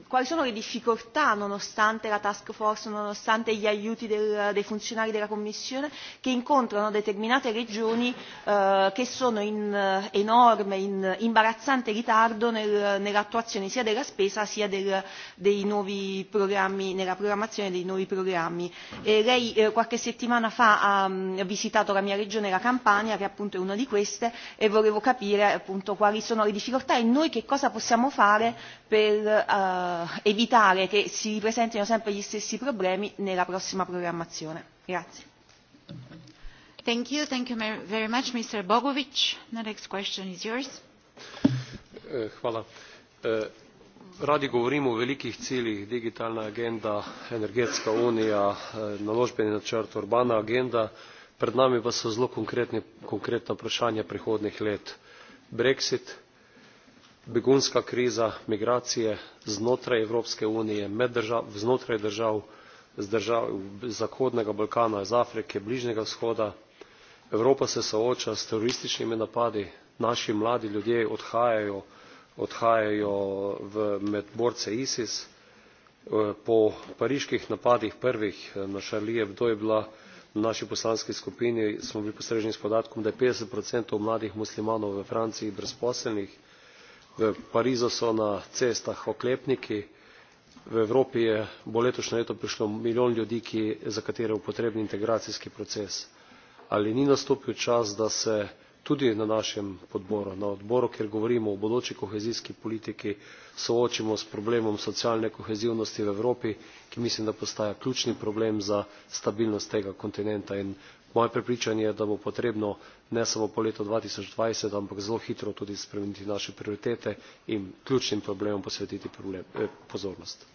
quali sono le difficoltà, nonostante la task force, nonostante gli aiuti del, dei funzionari della Commissione, che incontrano determinate regioni eh, che sono in enorme, in imbarazzante ritardo nel, nell'attuazione sia della spesa sia del, dei nuovi programmi, nella programmazione dei nuovi programmi. E lei eh, qualche settimana fa ha, ha mm, visitato la mia regione, la Campania, che appunto è una di queste, e volevo capire appunto quali sono le difficoltà realtà e noi che cosa possiamo fare per eh, evitare che si ripresentino sempre gli stessi problemi nella prossima programmazione. Grazie. Thank you. Thank you very much, Mr. Bogovic. The next question is yours. Eh, hvala. Eh, radi govorimo o velikih ciljih, digitalna agenda, energetska unija, eh, naložbeni načrt, urbana agenda. Pred nami pa so zelo konkretni, konkretna vprašanja prihodnih let. Brexit, begunska kriza migracije znotraj evropske unije držav, znotraj držav z držav zahodnega balkana iz afrike bližnjega vzhoda evropa se sooča s terorističnimi napadi naši mladi ljudje odhajajo odhajajo v, med borce isis eh, po pariških napadih prvih eh, na charlie hebdo je bila v naši poslanski skupini smo bili postreženi s podatkom da je petdeset mladih muslimanov v franciji brezposelnih v Parizu so na cestah oklepniki, v Evropi je, bo letošnje leto prišlo milijon ljudi, ki, za katere bo potreben integracijski proces. Ali ni nastopil čas, da se tudi na našem podboru, na odboru, kjer govorimo o bodoči kohezijski politiki, soočimo s problemom socialne kohezivnosti v Evropi, ki mislim, da postaja ključni problem za stabilnost tega kontinenta in moje prepričanje je da bo potrebno ne samo po letu dva tisoč dvajset ampak zelo hitro tudi spremeniti naše prioritete in ključnim problemom posvetiti eh, pozornost.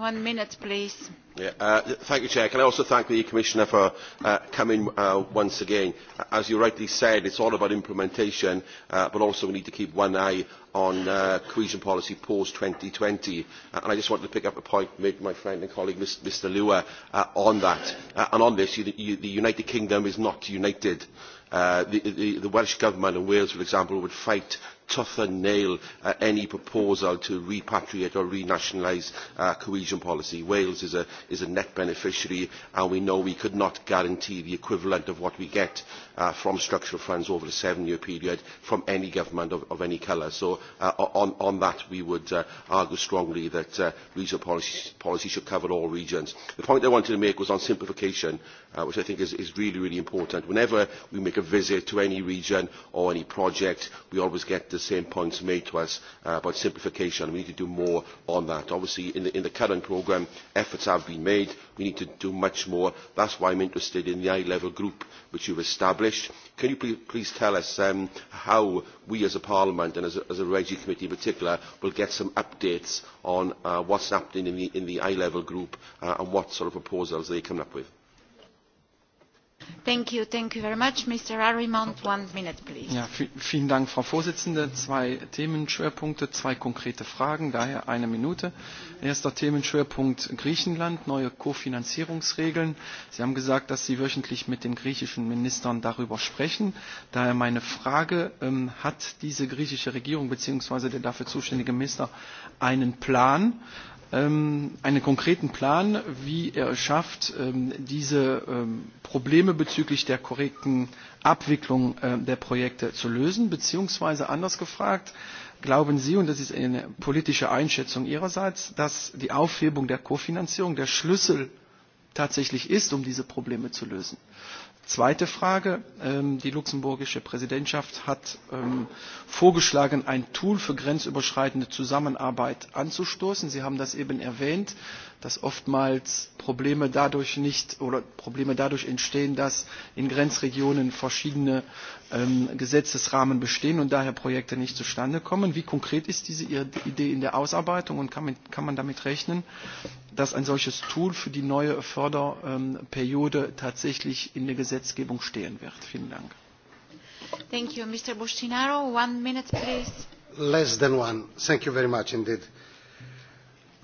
One minute, please. Yeah, uh, thank you, Chair. Can I also thank the Commissioner for uh, coming uh, once again? As you rightly said, it's all about implementation, uh, but also we need to keep one eye on uh, cohesion policy post 2020. Uh, and I just wanted to pick up a point made by my friend and colleague, Mr. Lua, uh, on that. Uh, and on this, you, you, the United Kingdom is not united. Uh, the, the, the Welsh Government and Wales, for example, would fight tougher nail uh, any proposal to repatriate or renationalise uh, cohesion policy. Wales is a, is a net beneficiary and we know we could not guarantee the equivalent of what we get uh, from structural funds over a seven-year period from any government of, of any colour. So uh, on, on that we would uh, argue strongly that uh, regional policy, policy should cover all regions. The point I wanted to make was on simplification uh, which I think is, is really, really important. Whenever we make a visit to any region or any project, we always get the same points made to us uh, about simplification. We need to do more on that. Obviously, in the, in the current programme, efforts have been made. We need to do much more. That's why I'm interested in the eye-level group which you've established. Can you please, please tell us um, how we as a Parliament and as a, as a Regi Committee in particular will get some updates on uh, what's happening in the, in the eye-level group uh, and what sort of proposals they come up with? Frau präsidentin! Zwei Themenschwerpunkte, zwei konkrete Fragen, daher eine Minute. Erster Themenschwerpunkt Griechenland, neue Kofinanzierungsregeln. Sie haben gesagt, dass Sie wöchentlich mit den griechischen Ministern darüber sprechen. Daher meine Frage, ähm, hat diese griechische Regierung beziehungsweise der dafür zuständige Minister einen Plan, Ähm, einen konkreten Plan, wie er es schafft, ähm, diese ähm, Probleme bezüglich der korrekten Abwicklung äh, der Projekte zu lösen, beziehungsweise anders gefragt, Glauben Sie, und das ist eine politische Einschätzung Ihrerseits, dass die Aufhebung der Kofinanzierung der Schlüssel tatsächlich ist, um diese Probleme zu lösen? Zweite Frage. Ähm, die luxemburgische Präsidentschaft hat ähm, vorgeschlagen, ein Tool für grenzüberschreitende Zusammenarbeit anzustoßen. Sie haben das eben erwähnt dass oftmals Probleme dadurch nicht oder Probleme dadurch entstehen, dass in Grenzregionen verschiedene ähm, Gesetzesrahmen bestehen und daher Projekte nicht zustande kommen. Wie konkret ist diese Idee in der Ausarbeitung und kann man, kann man damit rechnen, dass ein solches Tool für die neue Förderperiode ähm, tatsächlich in der Gesetzgebung stehen wird? Vielen Dank. Thank you, Mr. Bustinaro. One minute, please. Less than one. Thank you very much indeed.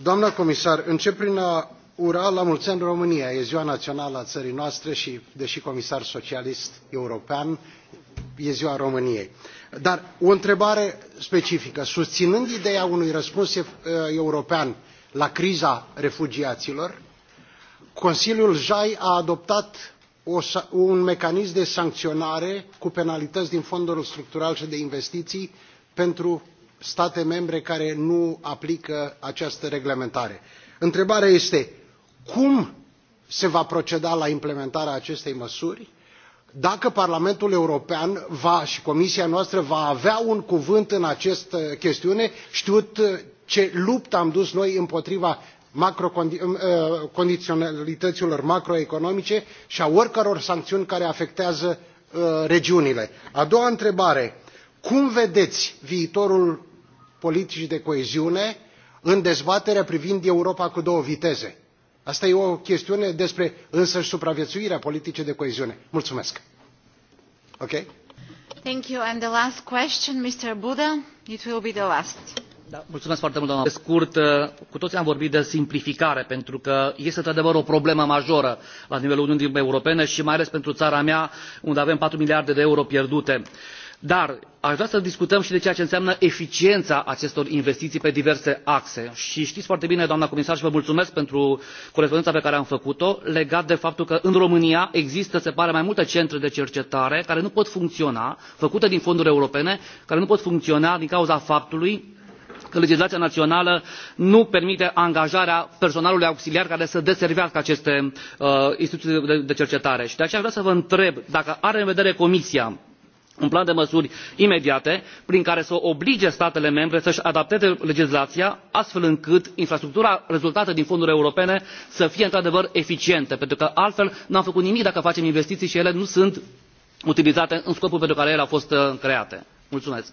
Doamnă comisar, încep prin a ura la mulți ani România. E ziua națională a țării noastre și, deși comisar socialist european, e ziua României. Dar o întrebare specifică. Susținând ideea unui răspuns e, e, european la criza refugiaților, Consiliul JAI a adoptat un mecanism de sancționare cu penalități din fondul structural și de investiții pentru state membre care nu aplică această reglementare. Întrebarea este cum se va proceda la implementarea acestei măsuri, dacă Parlamentul European va, și Comisia noastră va avea un cuvânt în această chestiune, știut ce luptă am dus noi împotriva uh, condiționalităților macroeconomice și a oricăror sancțiuni care afectează uh, regiunile. A doua întrebare Cum vedeți viitorul politicii de coeziune în dezbaterea privind Europa cu două viteze? Asta e o chestiune despre însăși supraviețuirea politicii de coeziune. Mulțumesc. Ok? Thank you. And the last question, Mr. Buda. It will be the last. Da, mulțumesc foarte mult, doamna. Pe scurt, cu toții am vorbit de simplificare, pentru că este într-adevăr o problemă majoră la nivelul Uniunii Europene și mai ales pentru țara mea, unde avem 4 miliarde de euro pierdute. Uh, dar aș vrea să discutăm și de ceea ce înseamnă eficiența acestor investiții pe diverse axe și știți foarte bine doamnă comisar și vă mulțumesc pentru corespondența pe care am făcut o legat de faptul că în românia există se pare mai multe centre de cercetare care nu pot funcționa făcute din fonduri europene care nu pot funcționa din cauza faptului că legislația națională nu permite angajarea personalului auxiliar care să deservească aceste uh, instituții de, de cercetare și de aceea vreau să vă întreb dacă are în vedere comisia un plan de măsuri imediate prin care să oblige statele membre să își adapteze legislația astfel încât infrastructura rezultată din fonduri europene să fie într adevăr eficientă pentru că altfel nu am făcut nimic dacă facem investiții și ele nu sunt utilizate în scopul pentru care ele au fost uh, create. mulțumesc.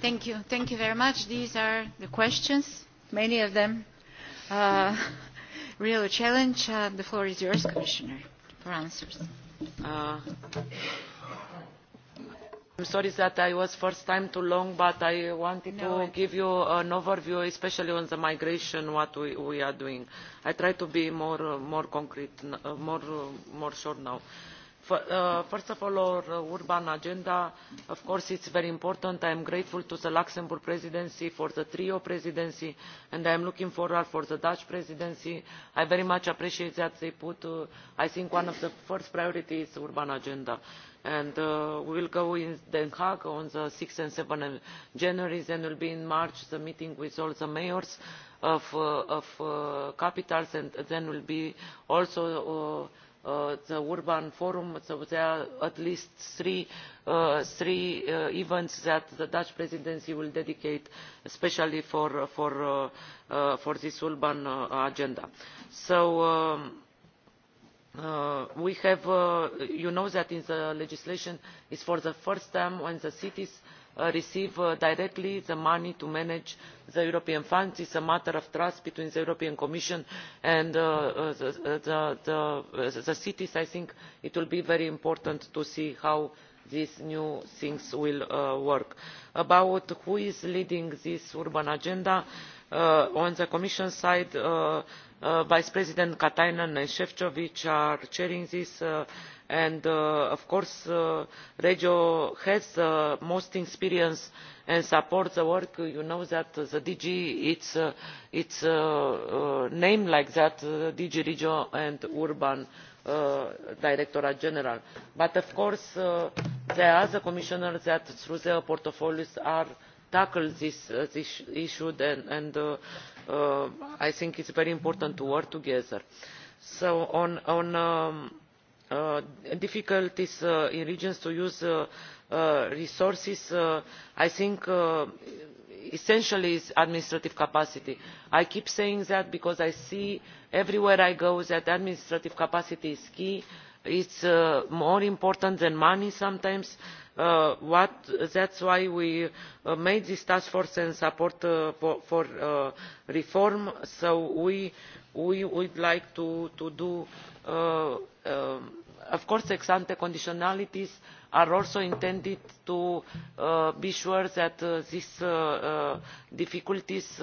Thank you. Thank you very much. These are the questions, many of them. Uh, real challenge. Uh, the floor is yours, Commissioner, for answers. Uh, I'm sorry that I was first time too long, but I wanted to no give you an overview, especially on the migration, what we, are doing. I try to be more, more concrete, uh, more, more short now. Uh, first of all our urban agenda of course is very important. i am grateful to the luxembourg presidency for the trio presidency and i am looking forward to for the dutch presidency. i very much appreciate that they put uh, i think one of the first priorities is the urban agenda and uh, we will go to den haag on six and seven january then will be in march the meeting with all the mayors of, uh, uh, capitals and then will be also the urban forum so there are at least three, events that the dutch presidency will dedicate especially for, this urban agenda. Um, Uh, we have uh, you know that in the legislation it is for the first time when the cities uh, receive directly the money to manage the european funds. it is a matter of trust between the european commission and the cities. i think it will be very important to see how these new things will work. about who is leading this urban agenda on the commission side Uh, vice president katainen uh, uh, and efovi are chairing this and of course regio has the most experience and supports the work. you know that the dg is it's named like that dg regio and urban directorate general but of course there are other commissioners that through their portfolios are tackling this issue and Uh, i think it's very important to work together. so on, um, uh, difficulties uh, in regions to use resources i think essentially is administrative capacity. i keep saying that because i see everywhere i go that administrative capacity is key it is uh, more important than money sometimes. Uh, that is why we uh, made this task force and support for, reform so we, would like to, do um, of course ex ante conditionalities are also intended to be sure that these difficulties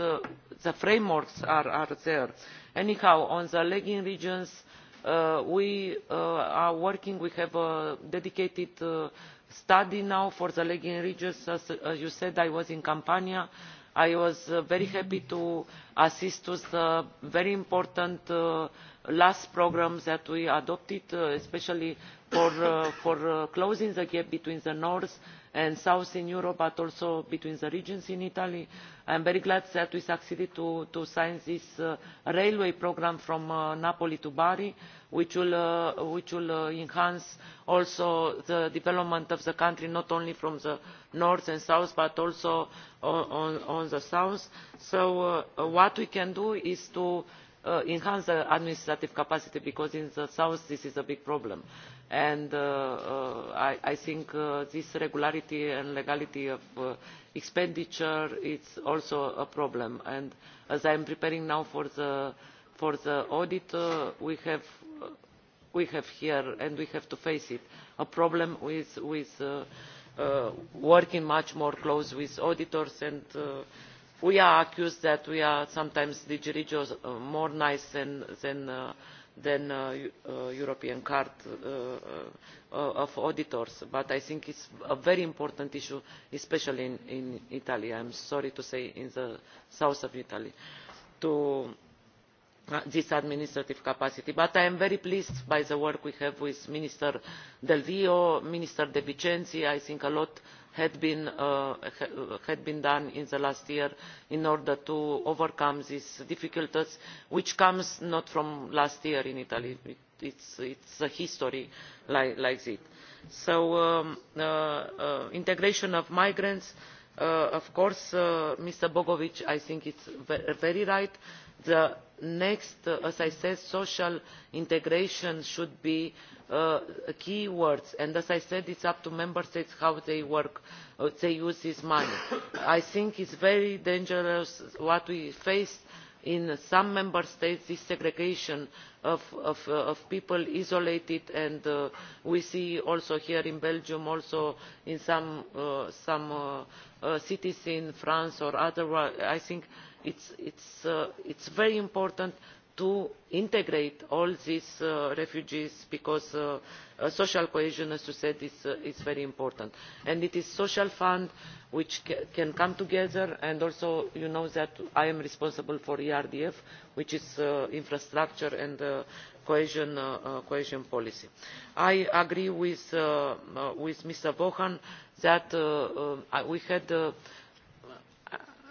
the frameworks are there. anyhow on the lagging regions Uh, we uh, are working we have a dedicated uh, study now for the lagging regions. As, you said i was in campania. i was very happy to assist with the very important last programme that we adopted especially for closing the gap between the north and south in europe but also between the regions in italy. i am very glad that we succeeded in signing this uh, railway programme from uh, napoli to bari uh, which will, uh, enhance also the development of the country not only from the north and south but also on, the south. so what we can do is Uh, enhance the administrative capacity because in the south this is a big problem and uh, uh, I, think this regularity and legality of expenditure is also a problem and as i am preparing now for the, for the audit we have, we have here and we have to face it a problem with, with working much more closely with auditors and we are accused that we are sometimes dg regio uh, more nice than, the uh, uh, european court of auditors but i think it is a very important issue especially in, italy i am sorry to say in the south of italy this administrative capacity. but i am very pleased by the work we have with minister delvio minister de vincenzi i think a lot had been, uh, had been done in the last year in order to overcome these difficulties which come not from last year in italy it is a history like, like that. so um, uh, uh, integration of migrants of course mr bogovi i think is very right the next as i said social integration should be a uh, key words and as i said it is up to member states how they work how uh, they use this money. i think it is very dangerous what we face in some member states this segregation of, uh, people isolated and we see also here in belgium also in some, some cities in france or otherwise i think it is uh, very important to integrate all these uh, refugees because uh, social cohesion as you said is, very important and it is the social fund which can come together and also you know that i am responsible for erdf which is infrastructure and Cohesion, policy. i agree with, mr vaughan that um, we had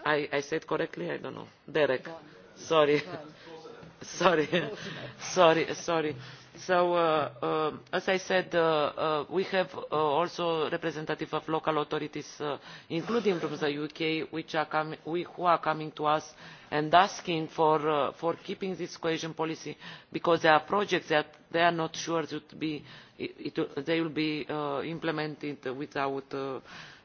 i, said correctly? I don't know. Derek. Sorry. sorry. sorry. Sorry. So, uh, uh, as I said, uh, uh, we have uh, also representatives of local authorities, uh, including from the UK, which are coming, we, who are coming to us and asking for, uh, for keeping this cohesion policy because there are projects that they are not sure that be, it, it, they will be uh, implemented without, uh,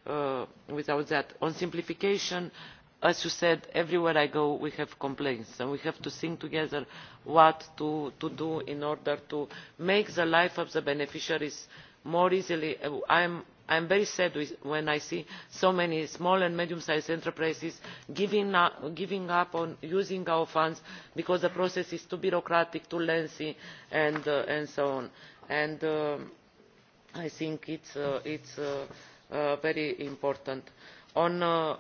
uh, without that. On simplification, uh, as you said everywhere i go we have complaints and we have to think together what to, do in order to make the life of the beneficiaries more easily uh, i am very sad when i see so many small and medium sized enterprises giving up, on using our funds because the process is too bureaucratic too lengthy and, uh, so on. And, um, i think it uh, is very important. Uh, uh,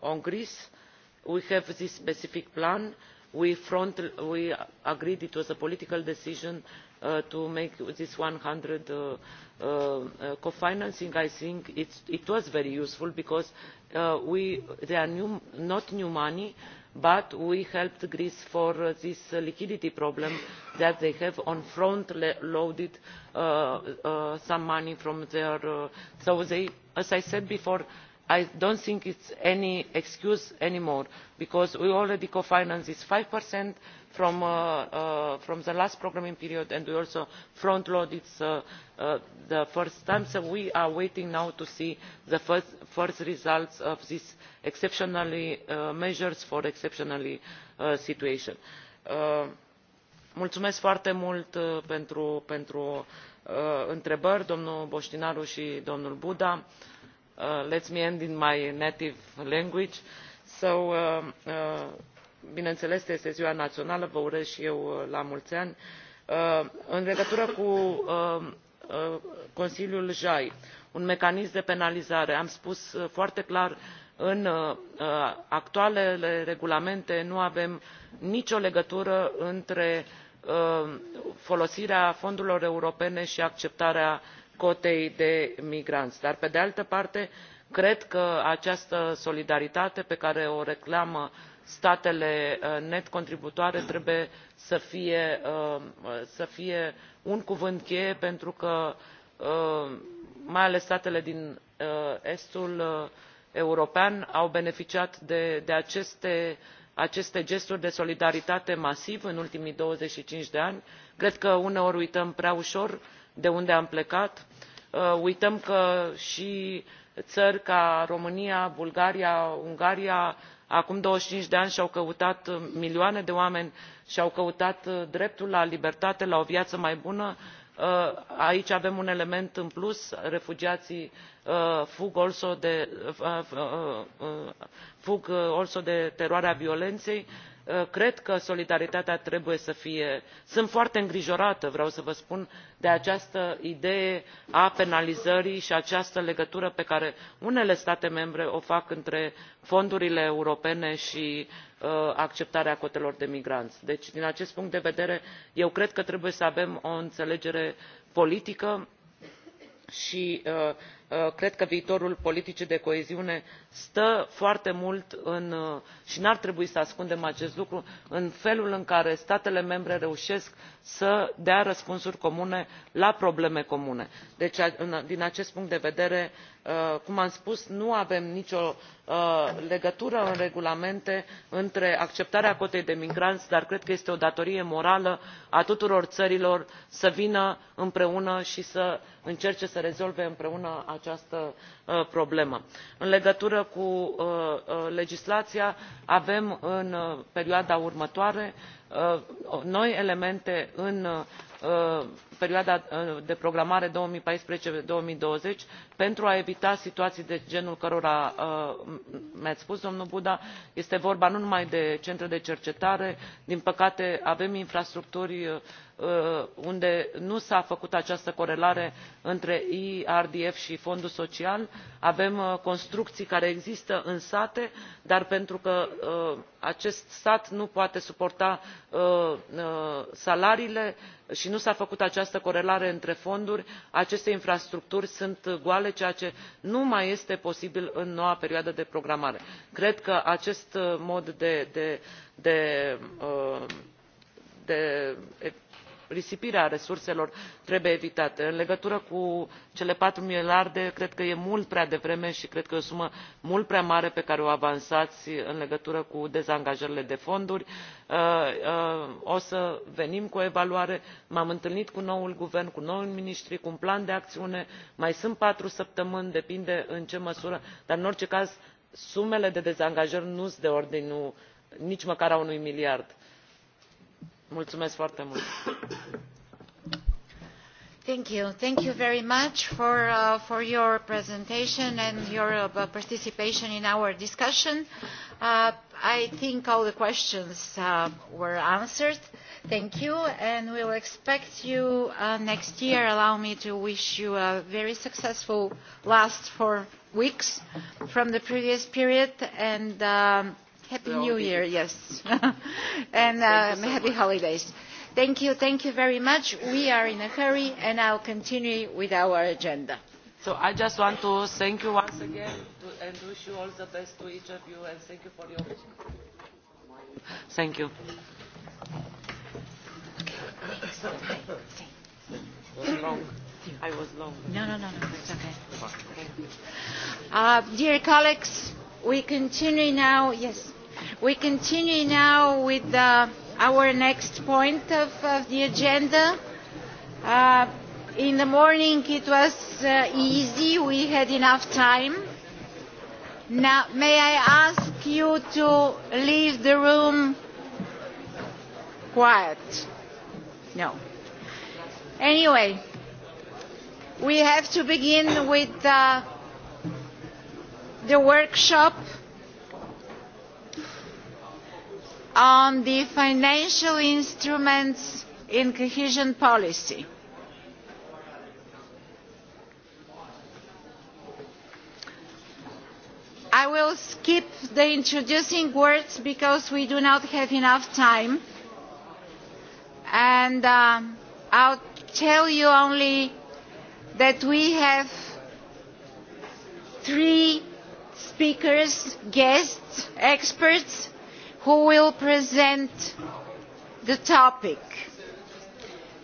on, greece we have this specific plan. we, agreed it was a political decision uh, to make this one hundred co financing. i think it was very useful because they are not new money but we helped greece for this liquidity problem that they have on front loaded some money from there. so as i said before i do not think it is any excuse any more because we already co finance this five from, uh, uh, from the last programming period and we also front loaded for uh, the first time so we are waiting now to see the first, results of these exceptional measures for exceptional situations. mulțumesc foarte mult pentru, pentru întrebări domnul botinaru și domnul buda. Uh, let me end in my native language so um, uh, bineînțeles este, este ziua națională vă urez și eu uh, la mulți ani în legătură cu um, consiliul jai un mecanism de penalizare am spus foarte clar în actualele regulamente nu avem nicio legătură între folosirea fondurilor europene și acceptarea cotei de migranți dar pe de altă parte cred că această solidaritate pe care o reclamă statele uh, net contributoare trebuie uh, să fie, un cuvânt cheie pentru că uh, mai ales statele din estul european au beneficiat de, de aceste gesturi de solidaritate masiv în ultimii douăzeci și cinci de ani. cred că uneori uităm prea ușor de unde am plecat Uh, uităm că și țări ca românia bulgaria ungaria acum douăzeci și cinci de ani și au căutat uh, milioane de oameni și au căutat uh, dreptul la libertate la o viață mai bună aici avem un element în plus refugiații fug also de, de teroarea violenței și Eh, cred că solidaritatea trebuie să fie sunt foarte îngrijorată vreau să vă spun de această idee a penalizării și această legătură pe care unele state membre o fac între fondurile europene și eh, acceptarea cotelor de migranți. deci din acest punct de vedere eu cred că trebuie să avem o înțelegere politică și eh, Uh, cred că viitorul politicii de coeziune stă foarte mult uh, și nu ar trebui să ascundem acest lucru în felul în care statele membre reușesc să dea răspunsuri comune la probleme comune. deci din acest punct de vedere uh, cum am spus nu avem nicio legătură în regulamente între acceptarea cotei de migranți dar cred că este o datorie morală a tuturor țărilor să vină împreună și să încerce să rezolve împreună această uh, problemă. în legătură cu uh, uh, legislația avem în perioada următoare noi elemente în perioada de programare două mii paisprezece două mii douăzeci pentru a evita situații de genul cărora mi ați spus domnul buda este vorba nu numai de centre de cercetare din păcate avem infrastructuri Uh, unde nu s a făcut această corelare între erdf și fondul social avem uh, construcții care există în sate dar pentru că uh, acest sat nu poate suporta salariile și nu s a făcut această corelare între fonduri aceste infrastructuri sunt goale ceea ce nu mai este posibil în noua perioadă de programare. cred că acest mod de, risipirea resurselor trebuie evitate. în legătură cu cele patru miliarde cred că e mult prea devreme și cred că e o sumă mult prea mare pe care o avansați în legătură cu dezangajările de fonduri. Uh, uh, o să venim cu o evaluare m am întâlnit cu noul guvern cu noii miniștri cu un plan de acțiune mai sunt patru săptămâni depinde în ce măsură dar în orice caz sumele de dezangajări nu sunt de ordinul nici măcar al unui miliard Mulțumesc foarte mult! Thank you. Thank you very much for, uh, for your presentation and your uh, participation in our discussion. Uh, I think all the questions uh, were answered. Thank you, and we'll expect you uh, next year. Allow me to wish you a very successful last four weeks from the previous period, and um, Happy New Year, yes. and um, so happy much. holidays. Thank you, thank you very much. We are in a hurry and I'll continue with our agenda. So I just want to thank you once again to, and wish you all the best to each of you and thank you for your... Thank you. Okay. Was long. I was long. No, no, no, no. It's okay. okay. Uh, dear colleagues, we continue now. Yes. We continue now with uh, our next point of, of uh, the agenda. Uh, in the morning it was uh, easy, we had enough time. Now, may I ask you to leave the room quiet? No. Anyway, we have to begin with uh, the workshop on the financial instruments in cohesion policy. i will skip the introducing words because we do not have enough time and uh, i'll tell you only that we have three speakers guests experts who will present the topic.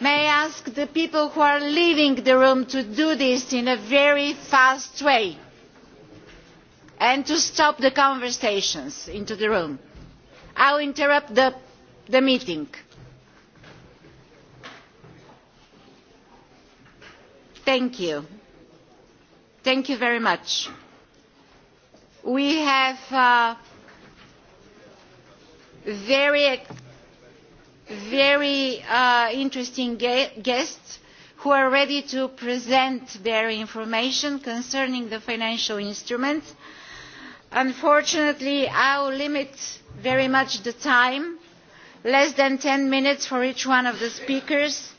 May I ask the people who are leaving the room to do this in a very fast way and to stop the conversations into the room. I will interrupt the, the meeting. Thank you. Thank you very much. We have uh, very, very uh, interesting guests who are ready to present their information concerning the financial instruments. Unfortunately, I will limit very much the time, less than 10 minutes for each one of the speakers,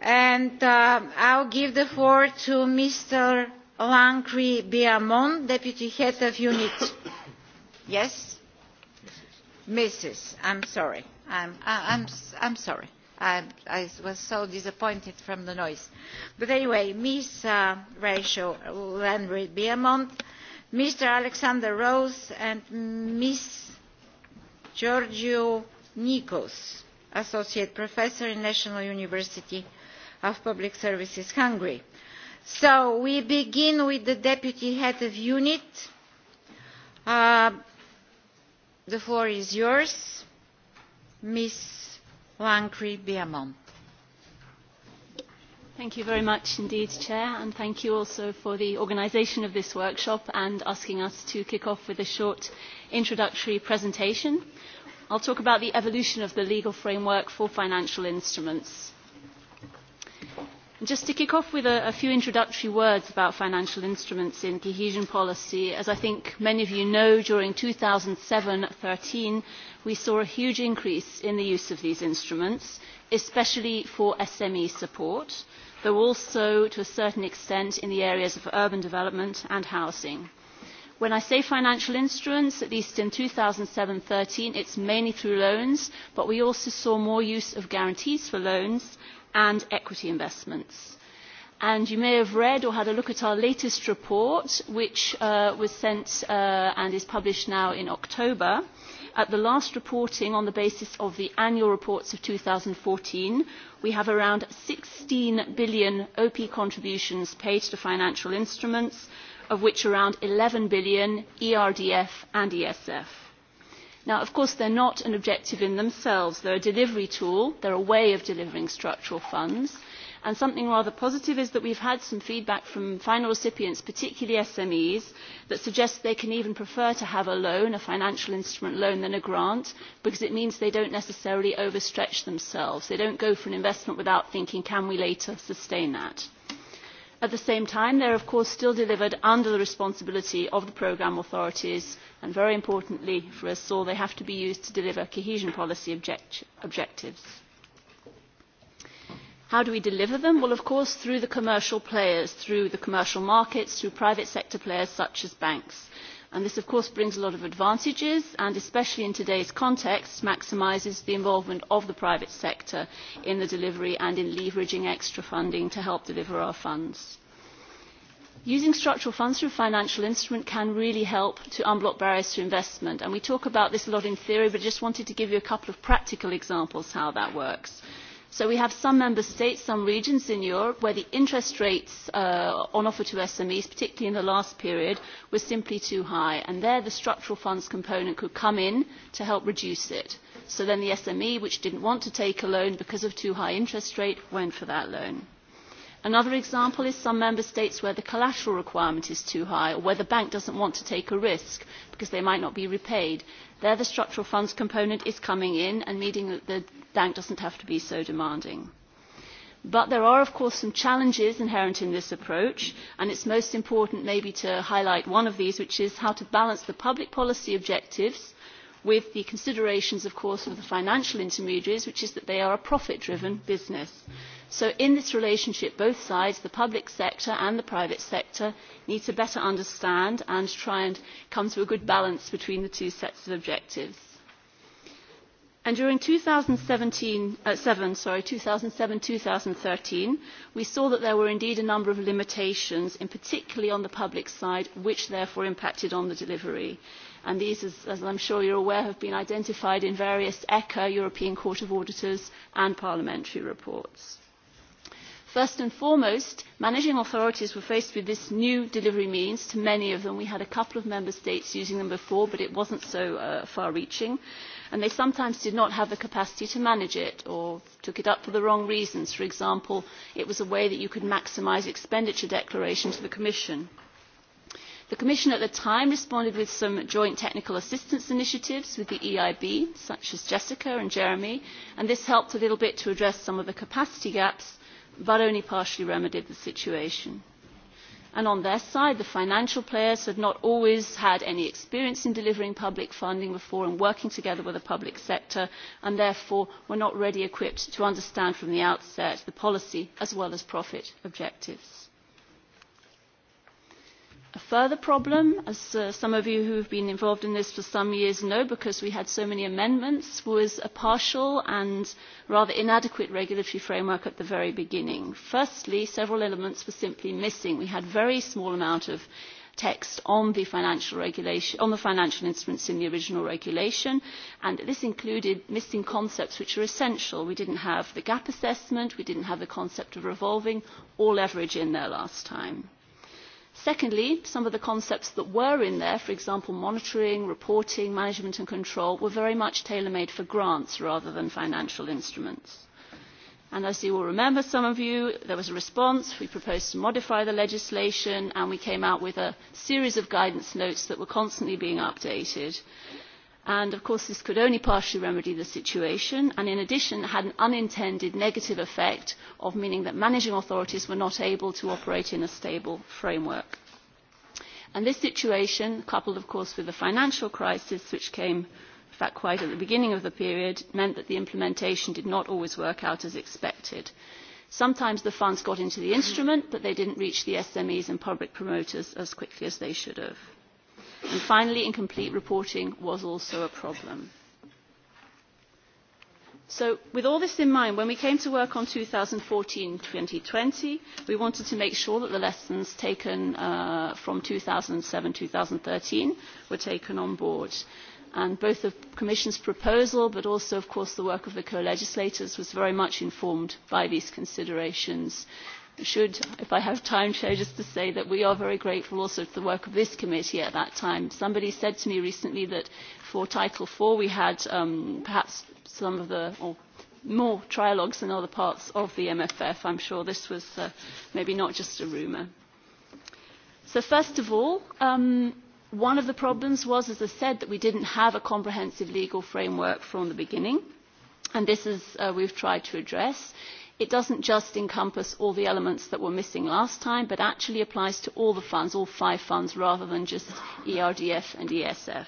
and uh, I'll give the floor to Mr. Lankri Biamon, Deputy Head of Unit. yes? Mrs. I'm sorry. I'm, I'm, I'm sorry. I, I was so disappointed from the noise. But anyway, Ms. Uh, Rachel Landry Beaumont, Mr. Alexander Rose, and Ms. Giorgio Nikos, Associate Professor in National University of Public Services, Hungary. So we begin with the Deputy Head of Unit. Uh, the floor is yours ms lankri beamont thank you very much indeed chair and thank you also for the organisation of this workshop and asking us to kick off with a short introductory presentation. I'll talk about the evolution of the legal framework for financial instruments. Just to kick off with a, a few introductory words about financial instruments in cohesion policy, as I think many of you know, during 2007-13, we saw a huge increase in the use of these instruments, especially for SME support, though also to a certain extent in the areas of urban development and housing. When I say financial instruments, at least in 2007-13, it's mainly through loans, but we also saw more use of guarantees for loans and equity investments. you may have read or had a look at our latest report, which uh, was sent uh, and is published now in October, at the last reporting on the basis of the annual reports of 2014, we have around 16 billion OP contributions paid to financial instruments, of which around 11 billion ERDF and ESF Now, of course, they are not an objective in themselves. They are a delivery tool. They are a way of delivering structural funds. And something rather positive is that we have had some feedback from final recipients, particularly SMEs, that suggests they can even prefer to have a loan, a financial instrument loan, than a grant, because it means they don't necessarily overstretch themselves. They don't go for an investment without thinking, can we later sustain that? at the same time they are of course still delivered under the responsibility of the programme authorities and very importantly for us all they have to be used to deliver cohesion policy objectives. how do we deliver them? well of course through the commercial players through the commercial markets through private sector players such as banks this of course brings a lot of advantages and especially in today's context maximises the involvement of the private sector in the delivery and in leveraging extra funding to help deliver our funds. Using structural funds through a financial instrument can really help to unblock barriers to investment and we talk about this a lot in theory but I just wanted to give you a couple of practical examples of how that works. So we have some member states, some regions in Europe where the interest rates uh, on offer to SMEs, particularly in the last period, were simply too high. And there the structural funds component could come in to help reduce it. So then the SME, which did not want to take a loan because of too high interest rate, went for that loan another example is some member states where the collateral requirement is too high or where the bank does not want to take a risk because they might not be repaid. there the structural funds component is coming in and meaning that the bank does not have to be so demanding. but there are of course some challenges inherent in this approach and it is most important maybe to highlight one of these which is how to balance the public policy objectives with the considerations of course of the financial intermediaries which is that they are a profit driven business. Mm so in this relationship both sides the public sector and the private sector need to better understand and try and come to a good balance between the two sets of objectives. during two thousand uh, and seven two thousand and thirteen we saw that there were indeed a number of limitations and particularly on the public side which therefore impacted on the delivery and these as i am sure you are aware have been identified in various echa european court of auditors and parliamentary reports first and foremost managing authorities were faced with this new delivery means to many of them we had a couple of member states using them before but it was not so uh, far reaching and they sometimes did not have the capacity to manage it or took it up for the wrong reasons for example it was a way that you could maximise expenditure declarations to the commission. the commission at the time responded with some joint technical assistance initiatives with the eib such as jessica and jeremie and this helped a little bit to address some of the capacity gaps but only partially remedied the situation. And on their side the financial players had not always had any experience in delivering public funding before and working together with the public sector and therefore were not ready equipped to understand from the outset the policy as well as profit objectives a further problem, as uh, some of you who have been involved in this for some years know, because we had so many amendments, was a partial and rather inadequate regulatory framework at the very beginning. Firstly, several elements were simply missing. We had a very small amount of text on the financial regulation on the financial instruments in the original regulation and this included missing concepts which are essential we didn't have the gap assessment we didn't have the concept of revolving or leverage in there last time secondly some of the concepts that were in there for example monitoring reporting management and control were very much tailor made for grants rather than financial instruments. And as you will remember some of you there was a response we proposed to modify the legislation and we came out with a series of guidance notes that were constantly being updated and of course this could only partially remedy the situation and in addition had an unintended negative effect of meaning that managing authorities were not able to operate in a stable framework. this situation coupled of course with the financial crisis which came in fact quite at the beginning of the period meant that the implementation did not always work out as expected. sometimes the funds got into the instrument but they did not reach the smes and public promoters as quickly as they should have And finally, incomplete reporting was also a problem. So with all this in mind, when we came to work on 2014-2020, we wanted to make sure that the lessons taken uh, from 2007-2013 were taken on board. And both the Commission's proposal, but also, of course, the work of the co-legislators was very much informed by these considerations should, if I have time, chair just to say that we are very grateful also for the work of this committee at that time. Somebody said to me recently that for Title IV we had um, perhaps some of the, or more trialogues than other parts of the MFF. i am sure this was uh, maybe not just a rumour. So first of all, um, one of the problems was, as I said, that we didn't have a comprehensive legal framework from the beginning and this is uh, we've tried to address it doesn't just encompass all the elements that were missing last time, but actually applies to all the funds, all five funds, rather than just ERDF and ESF.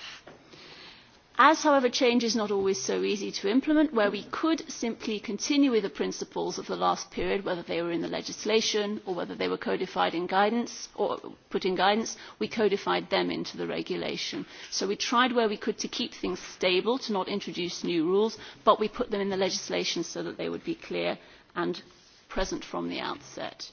As, however, change is not always so easy to implement, where we could simply continue with the principles of the last period, whether they were in the legislation or whether they were codified in guidance or put in guidance, we codified them into the regulation. So we tried where we could to keep things stable, to not introduce new rules, but we put them in the legislation so that they would be clear and present from the outset.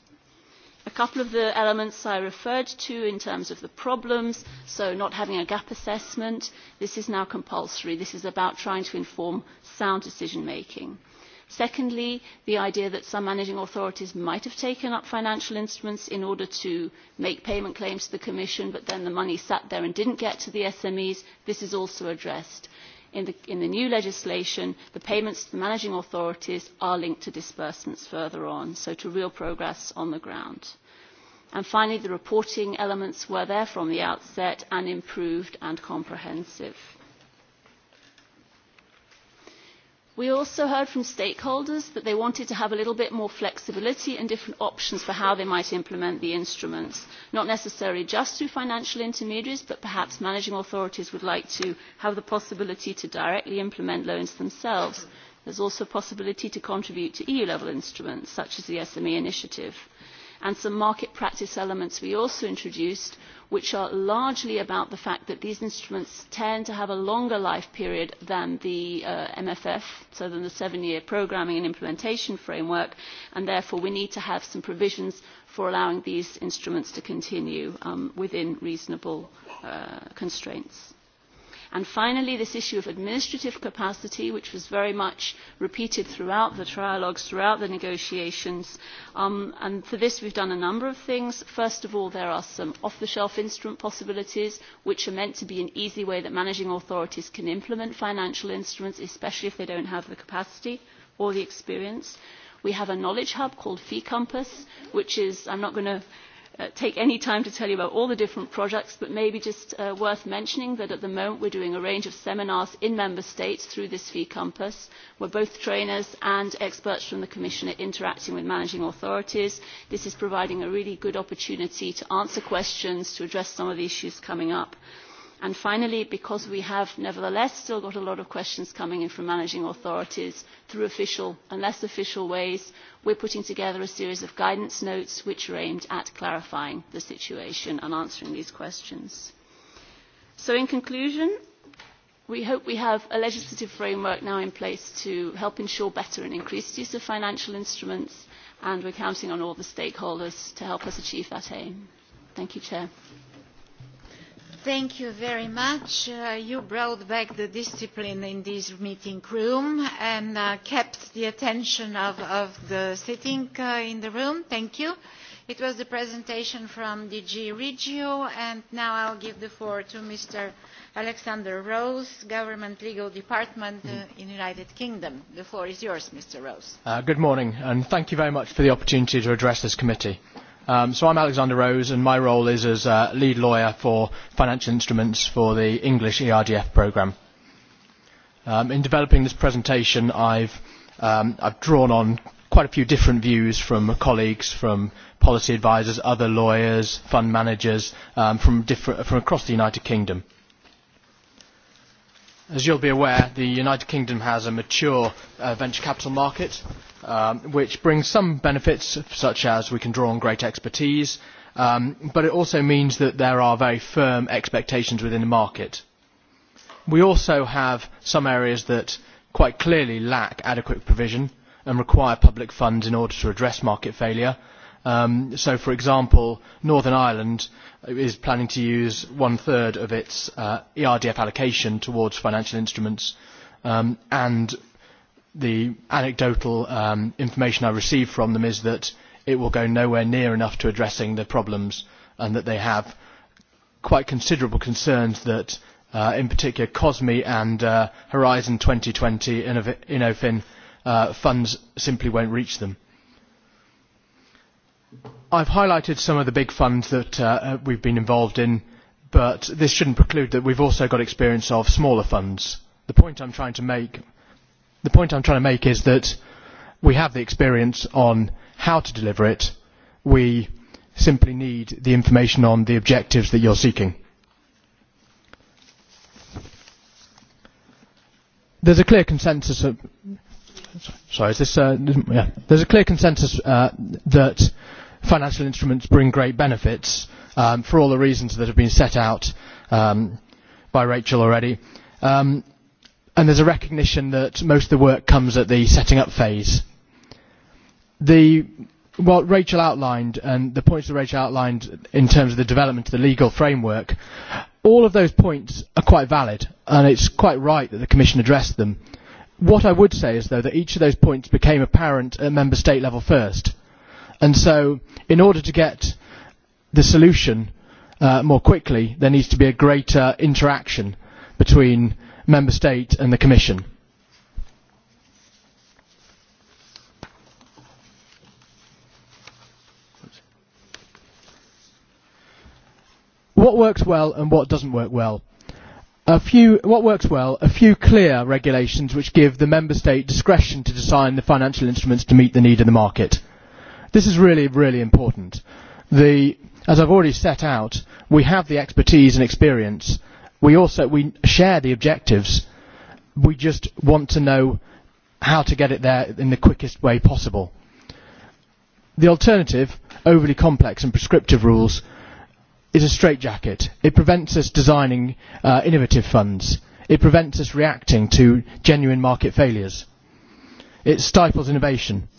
A couple of the elements I referred to in terms of the problems, so not having a gap assessment, this is now compulsory. This is about trying to inform sound decision making. Secondly, the idea that some managing authorities might have taken up financial instruments in order to make payment claims to the Commission, but then the money sat there and didn't get to the SMEs, this is also addressed in the, new legislation, the payments to the managing authorities are linked to disbursements further on, so to real progress on the ground. finally, the reporting elements were there from the outset and improved and comprehensive we also heard from stakeholders that they wanted to have a little bit more flexibility and different options for how they might implement the instruments not necessarily just through financial intermediaries but perhaps managing authorities would like to have the possibility to directly implement loans themselves. there is also a possibility to contribute to eu level instruments such as the sme initiative and some market practice elements we also introduced which are largely about the fact that these instruments tend to have a longer life period than the uh, MFF, so than the seven-year programming and implementation framework, and therefore we need to have some provisions for allowing these instruments to continue um, within reasonable uh, constraints. And finally, this issue of administrative capacity, which was very much repeated throughout the trialogues, throughout the negotiations. Um, and for this, we've done a number of things. First of all, there are some off-the-shelf instrument possibilities, which are meant to be an easy way that managing authorities can implement financial instruments, especially if they don't have the capacity or the experience. We have a knowledge hub called Fee Compass, which is, I'm not going to Uh, take any time to tell you about all the different projects but maybe just uh, worth mentioning that at the moment we are doing a range of seminars in member states through this fee compass where both trainers and experts from the commission are interacting with managing authorities. this is providing a really good opportunity to answer questions to address some of the issues coming up. And finally, because we have nevertheless still got a lot of questions coming in from managing authorities through official and less official ways, we are putting together a series of guidance notes which are aimed at clarifying the situation and answering these questions. So in conclusion, we hope we have a legislative framework now in place to help ensure better and increased use of financial instruments, and we are counting on all the stakeholders to help us achieve that aim. Thank you, Chair. Thank you very much. Uh, you brought back the discipline in this meeting room and uh, kept the attention of, of the sitting uh, in the room. Thank you. It was the presentation from DG Regio, and now I'll give the floor to Mr. Alexander Rose, Government Legal Department uh, in the United Kingdom. The floor is yours, Mr. Rose. Uh, good morning, and thank you very much for the opportunity to address this committee. Uh, Um, so I'm Alexander Rose, and my role is as uh, lead lawyer for financial instruments for the English ERDF programme. Um, in developing this presentation, I've, um, I've drawn on quite a few different views from colleagues, from policy advisors, other lawyers, fund managers um, from, different, from across the United Kingdom. As you'll be aware, the United Kingdom has a mature uh, venture capital market, um, which brings some benefits, such as we can draw on great expertise, um, but it also means that there are very firm expectations within the market. We also have some areas that quite clearly lack adequate provision and require public funds in order to address market failure. Um, so, for example, Northern Ireland is planning to use one third of its uh, ERDF allocation towards financial instruments, um, and the anecdotal um, information I received from them is that it will go nowhere near enough to addressing the problems, and that they have quite considerable concerns that, uh, in particular, COSME and uh, Horizon 2020 Innofin uh, funds simply won't reach them i have highlighted some of the big funds that uh, uh we have been involved in but this should not preclude that we have also got experience of smaller funds. the point i am trying to make the point I'm trying to make is that we have the experience on how to deliver it. We simply need the information on the objectives that you're seeking. There's a clear consensus. Of, sorry, is this? Uh, yeah. There's a clear consensus uh, that financial instruments bring great benefits um, for all the reasons that have been set out um, by Rachel already. Um, and there is a recognition that most of the work comes at the setting up phase. what Rachel outlined and the points that Rachel outlined in terms of the development of the legal framework, all of those points are quite valid and it's quite right that the Commission addressed them. What I would say is though that each of those points became apparent at member state level first And so in order to get the solution uh, more quickly, there needs to be a greater interaction between Member State and the Commission. What works well and what doesn't work well? A few, what works well? A few clear regulations which give the member state discretion to design the financial instruments to meet the need of the market This is really, really important. The, as I've already set out, we have the expertise and experience. We also we share the objectives. We just want to know how to get it there in the quickest way possible. The alternative, overly complex and prescriptive rules, is a straitjacket. It prevents us designing uh, innovative funds. It prevents us reacting to genuine market failures. It stifles innovation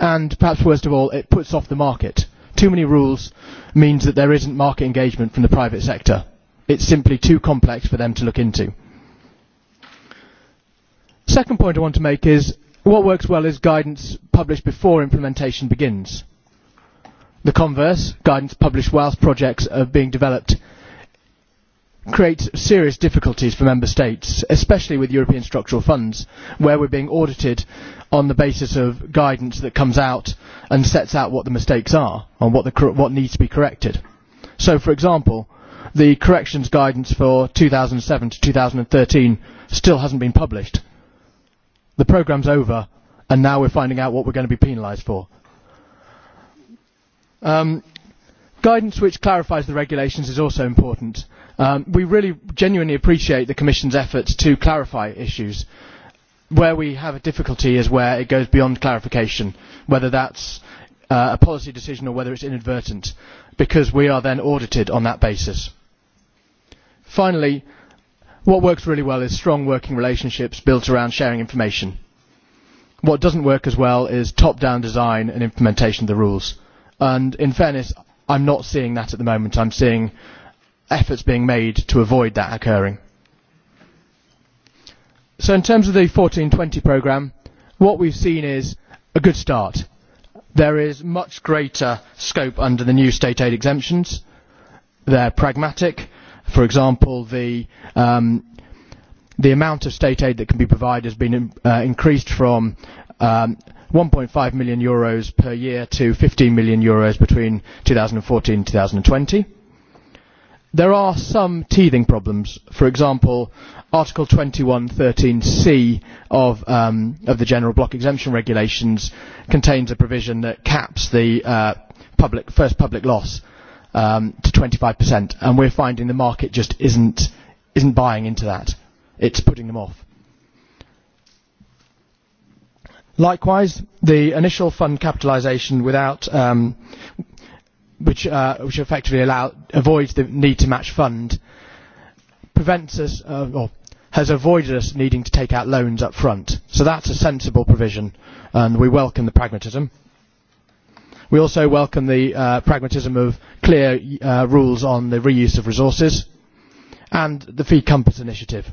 and perhaps worst of all it puts off the market. too many rules means that there is not market engagement from the private sector. it is simply too complex for them to look into. the second point i want to make is what works well is guidance published before implementation begins. the converse guidance published whilst projects are being developed creates serious difficulties for member states, especially with European structural funds, where we're being audited on the basis of guidance that comes out and sets out what the mistakes are and what, the, what needs to be corrected. So, for example, the corrections guidance for 2007 to 2013 still hasn't been published. The programme's over, and now we're finding out what we're going to be penalised for. Um, guidance which clarifies the regulations is also important Um, we really genuinely appreciate the Commission's efforts to clarify issues. Where we have a difficulty is where it goes beyond clarification, whether that is uh, a policy decision or whether it is inadvertent, because we are then audited on that basis. Finally, what works really well is strong working relationships built around sharing information. What does not work as well is top-down design and implementation of the rules. And in fairness, i am not seeing that at the moment. i am seeing efforts being made to avoid that occurring. So in terms of the 1420 programme, what we've seen is a good start. There is much greater scope under the new state aid exemptions. They're pragmatic. For example, the, um, the amount of state aid that can be provided has been uh, increased from um, 1.5 million euros per year to 15 million euros between 2014 and 2020 there are some teething problems. For example, Article 21.13c of, um, of the General Block Exemption Regulations contains a provision that caps the uh, public, first public loss um, to 25%, and we're finding the market just isn't, isn't buying into that. It's putting them off. Likewise, the initial fund capitalisation without um, which, uh, which effectively allow, avoids the need to match fund, prevents us uh, or has avoided us needing to take out loans up front. So that's a sensible provision, and we welcome the pragmatism. We also welcome the uh, pragmatism of clear uh, rules on the reuse of resources and the Fee Compass Initiative.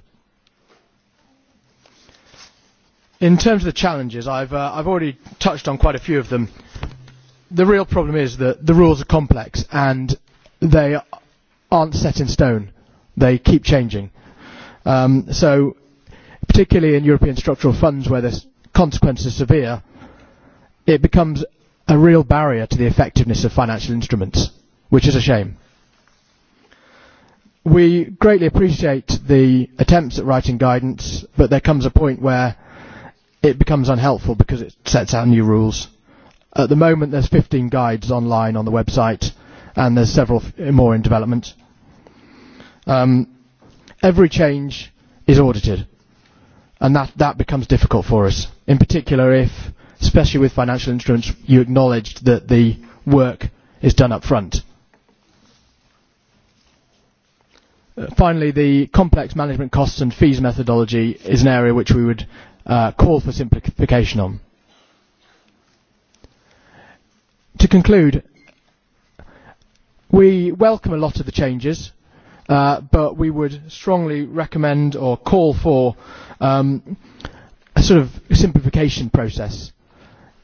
In terms of the challenges, I've, uh, I've already touched on quite a few of them the real problem is that the rules are complex and they aren't set in stone. They keep changing. Um, so, particularly in European structural funds where the consequences are severe, it becomes a real barrier to the effectiveness of financial instruments, which is a shame. We greatly appreciate the attempts at writing guidance, but there comes a point where it becomes unhelpful because it sets out new rules. At the moment, there's 15 guides online on the website, and there's several more in development. Um, every change is audited, and that, that becomes difficult for us. In particular, if, especially with financial instruments, you acknowledged that the work is done up front. Uh, finally, the complex management costs and fees methodology is an area which we would uh, call for simplification on to conclude, we welcome a lot of the changes, uh, but we would strongly recommend or call for um, a sort of simplification process.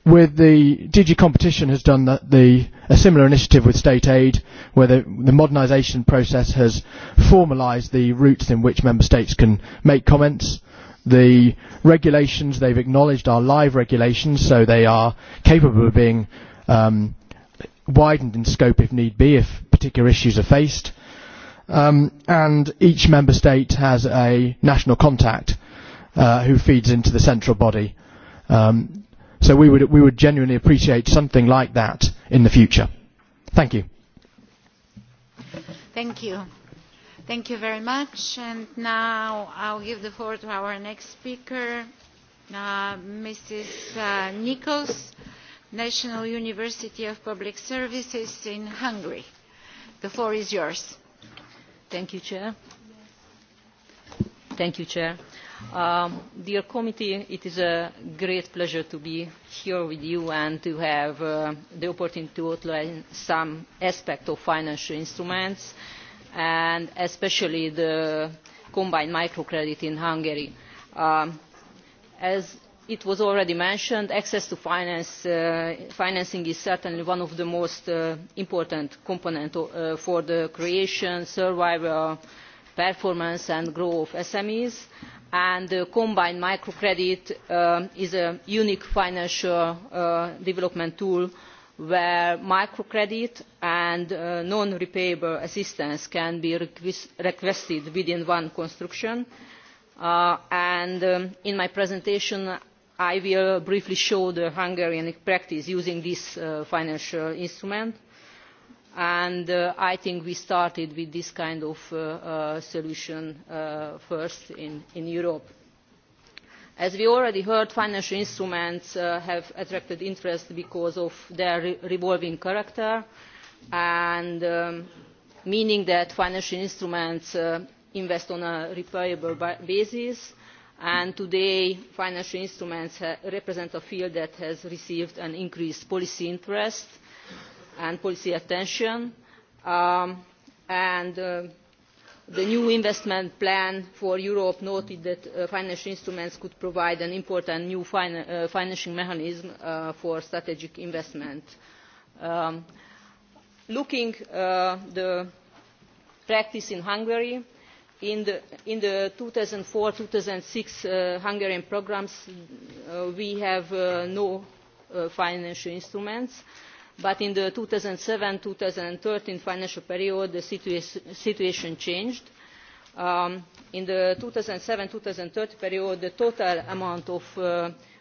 With the DG Competition has done the, the, a similar initiative with state aid, where the, the modernisation process has formalised the routes in which member states can make comments the regulations they've acknowledged are live regulations, so they are capable of being um, widened in scope if need be, if particular issues are faced. Um, and each member state has a national contact uh, who feeds into the central body. Um, so we would, we would genuinely appreciate something like that in the future. Thank you. Thank you. Thank you very much. And now I'll give the floor to our next speaker, uh, Mrs. Uh, Nichols national university of public services in hungary. the floor is yours. thank you, Chair. Thank you, Chair. Um, dear committee, it is a great pleasure to be here with you and to have uh, the opportunity to outline some aspect of financial instruments and especially the combined microcredit in Hungary. Um, as it was already mentioned access to uh, financing is certainly one of the most uh, important components uh, for the creation survival performance and growth of smes and combined microcredit is a unique financial development tool where microcredit and non repayable assistance can be requested within one construction. and um, in my presentation i will briefly show the hungarian practice using this uh, financial instrument and uh, i think we started with this kind of uh, uh solution uh, first in, in europe. as we already heard financial instruments uh, have attracted interest because of their re revolving character and um, meaning that financial instruments invest on a repayable basis and today financial instruments uh, represent a field that has received an increased policy interest and policy attention um, and uh, the new investment plan for europe noted that uh, financial instruments could provide an important new financing mechanism for strategic investment. Um, looking at the practice in hungary in the, two thousand and four two thousand and six uh, Hungarian programmes uh, we have uh, no financial instruments, but in the two two thousand thousand and seven and thirteen financial period, the situation changed. Um, in the two two thousand thousand and seven and thirteen period, the total amount of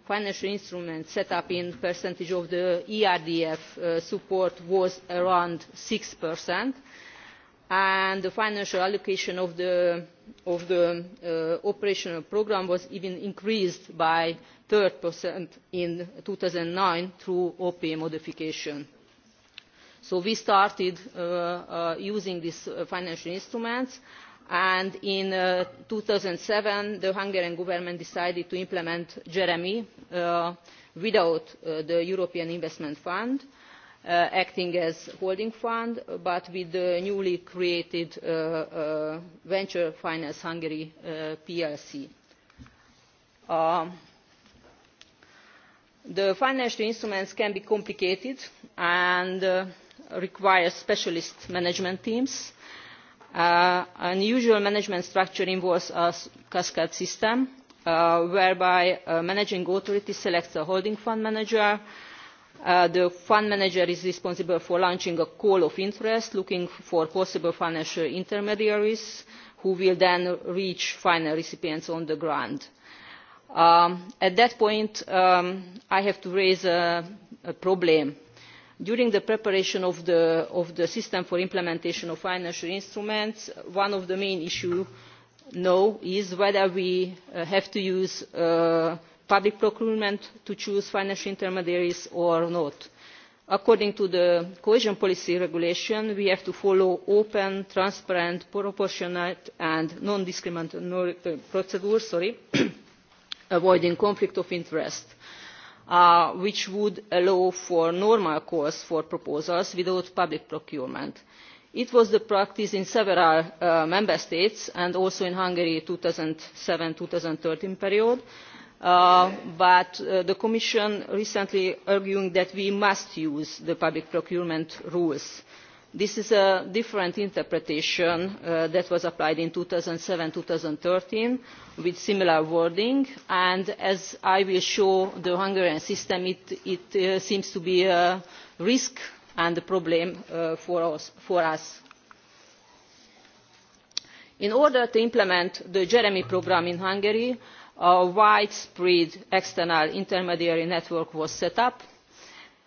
financial instruments set up in percentage of the ERDF support was around six percent and the financial allocation of the, uh, operational programme was even increased by thirty in two thousand and nine through op modification. so we started uh, uh, using these financial instruments and in two thousand and seven the hungarian government decided to implement jeremie without the european investment fund Uh, acting as holding fund but with the newly created uh, uh, venture finance hungary plc. Um, the financial instruments can be complicated and require specialist management teams. an unusual management structure involves a cascade system whereby a managing authority selects a holding fund manager Uh, the fund manager is responsible for launching a call of interest looking for possible financial intermediaries who will then reach final recipients on the ground. Um, at that point um, i have to raise a, problem. during the preparation of the, system for implementation of financial instruments one of the main issues now is whether we uh, have to use uh, public procurement to choose financial intermediaries or not. according to the cohesion policy regulation we have to follow open transparent proportionate and non discriminatory uh, procedures avoiding conflict of interest uh, which would allow for normal course for proposals without public procurement. it was the practice in several uh, member states and also in hungary in the two thousand and seven two thousand and thirteen period Uh, but uh, the commission recently argued that we must use the public procurement rules. this is a different interpretation uh, that was applied in two thousand and seven two thousand and thirteen with similar wording and as i will show the hungarian system it, seems to be a risk and a problem For us in order to implement the jeremie programme in hungary a widespread external intermediary network was set up.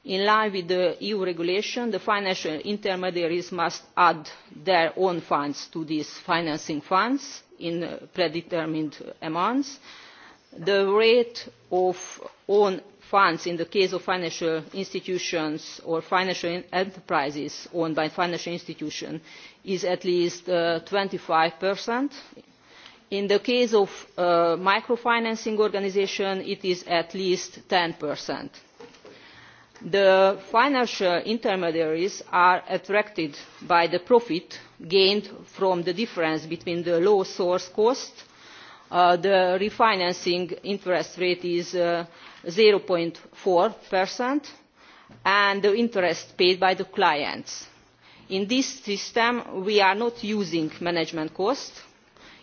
in line with the eu regulation the financial intermediaries must add their own funds to these financing funds in predetermined amounts. the rate of own funds in the case of financial institutions or financial enterprises owned by financial institutions is at least uh, twenty percent in the case of a uh, microfinancing organisation it is at least. ten the financial intermediaries are attracted by the profit gained from the difference between the low source cost uh, the refinancing interest rate is uh, zero four and the interest paid by the clients. in this system we are not using management costs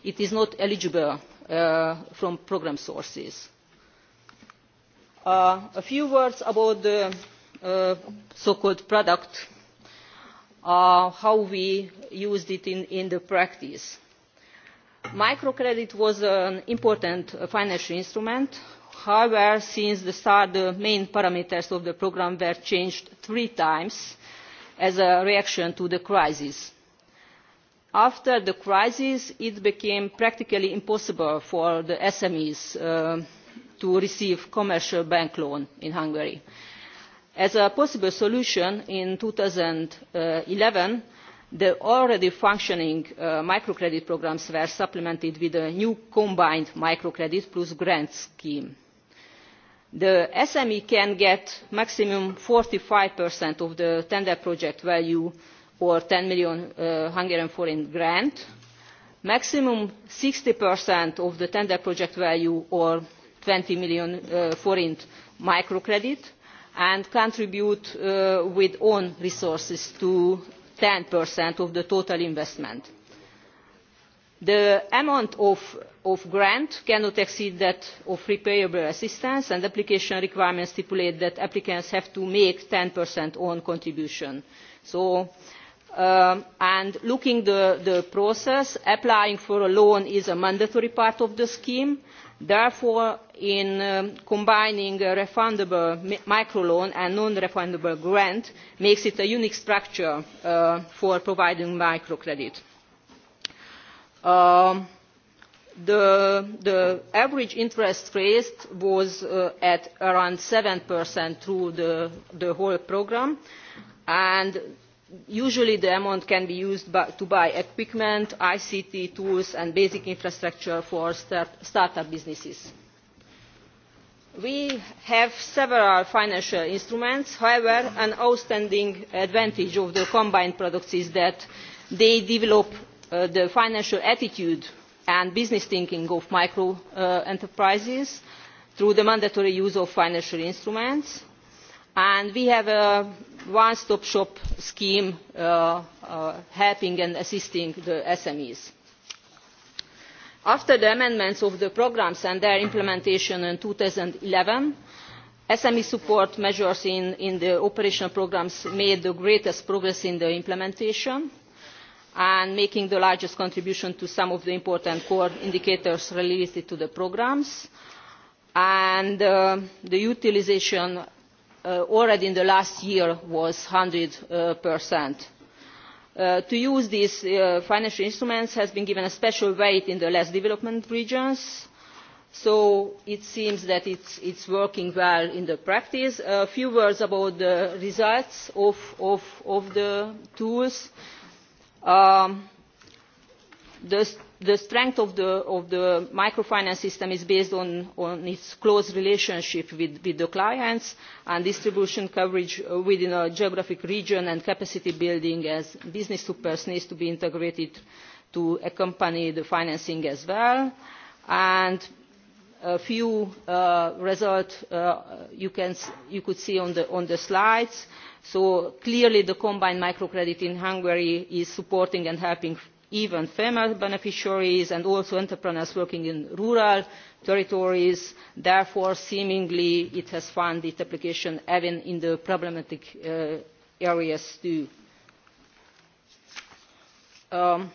it is not eligible uh, from programme sources. Uh, a few words about the uh, so called product how we used it in, practice. microcredit was an important financial instrument however since the start the main parameters of the programme were changed three times as a reaction to the crisis after the crisis it became practically impossible for the smes uh, to receive commercial bank loan in hungary. as a possible solution in two thousand and eleven the already functioning uh, microcredit programmes were supplemented with a new combined microcredit plus grant scheme. the sme can get a maximum of forty five of the tender project value or 10 million uh, Hungarian foreign grant, maximum 60% of the tender project value or 20 million uh, foreign microcredit, and contribute uh, with own resources to 10% of the total investment. The amount of, of grant cannot exceed that of repayable assistance, and application requirements stipulate that applicants have to make 10% own contribution. So Um, and looking at the, process applying for a loan is a mandatory part of the scheme therefore in um, combining a refundable microloan and non refundable grant makes it a unique structure uh, for providing microcredit. credit. Um, the, average interest rate was uh, at around seven through the, the whole programme and usually the amount can be used to buy equipment ict tools and basic infrastructure for start, start up businesses. we have several financial instruments. however an outstanding advantage of the combined products is that they develop uh, the financial attitude and business thinking of micro uh, enterprises through the mandatory use of financial instruments and we have a one stop shop scheme uh, uh, helping and assisting the smes after the amendments of the programmes and their implementation in two thousand and eleven sme support measures in, the operational programmes made the greatest progress in their implementation and making the largest contribution to some of the important core indicators related to the programmes and uh, the utilisation Uh, already in the last year was. one hundred uh, uh, to use these financial instruments has been given a special weight in the less developed regions so it seems that it is working well in the practice. a few words about the results of, of, of the tools. Um, the the strength of the, microfinance system is based on, its close relationship with, the clients and distribution coverage uh, within a geographic region and capacity building as business to person needs to be integrated to accompany the financing as well. And a few uh, results uh, you, can, you could see on the, on the slides. So clearly the combined microcredit in Hungary is supporting and helping even female beneficiaries and also entrepreneurs working in rural territories. therefore seemingly it has found its application even in the problematic uh, areas too. Um,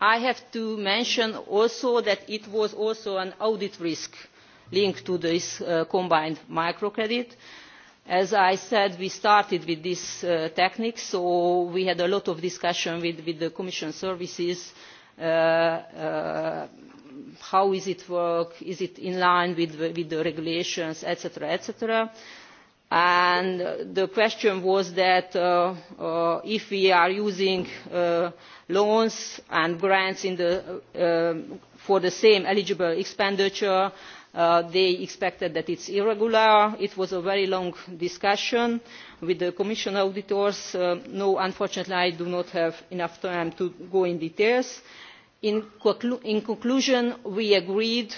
i have to mention also that it was also an audit risk linked to this uh, combined microcredit as i said we started with this uh, technique so we had a lot of discussion with, with the commission services uh, uh, how is it work is it in line with, with the regulations etc etc and the question was that uh, uh, if we are using loans and grants the, for the same eligible expenditure Uh, they expected that it is irregular it was a very long discussion with the commission auditors uh, no, unfortunately i do not have enough time to go into details. In, conclusion we agreed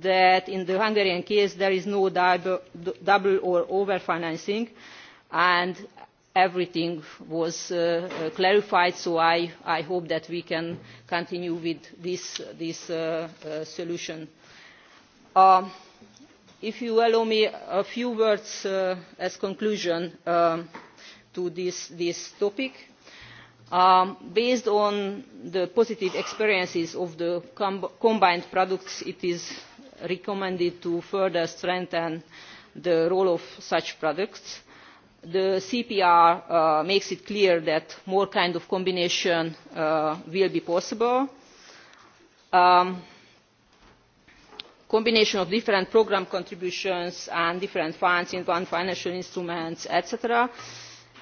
that in the hungarian case there is no double, or over financing and everything was uh, clarified so I, hope that we can continue with this solution Uh, if you allow me a few words uh, as a conclusion uh, to this, topic. Um, based on the positive experiences of the combined products, it is recommended to further strengthen the role of such products. The CPR makes it clear that more kind of combination will be possible. Um, combination of different programme contributions and different funds in one financial instrument etc.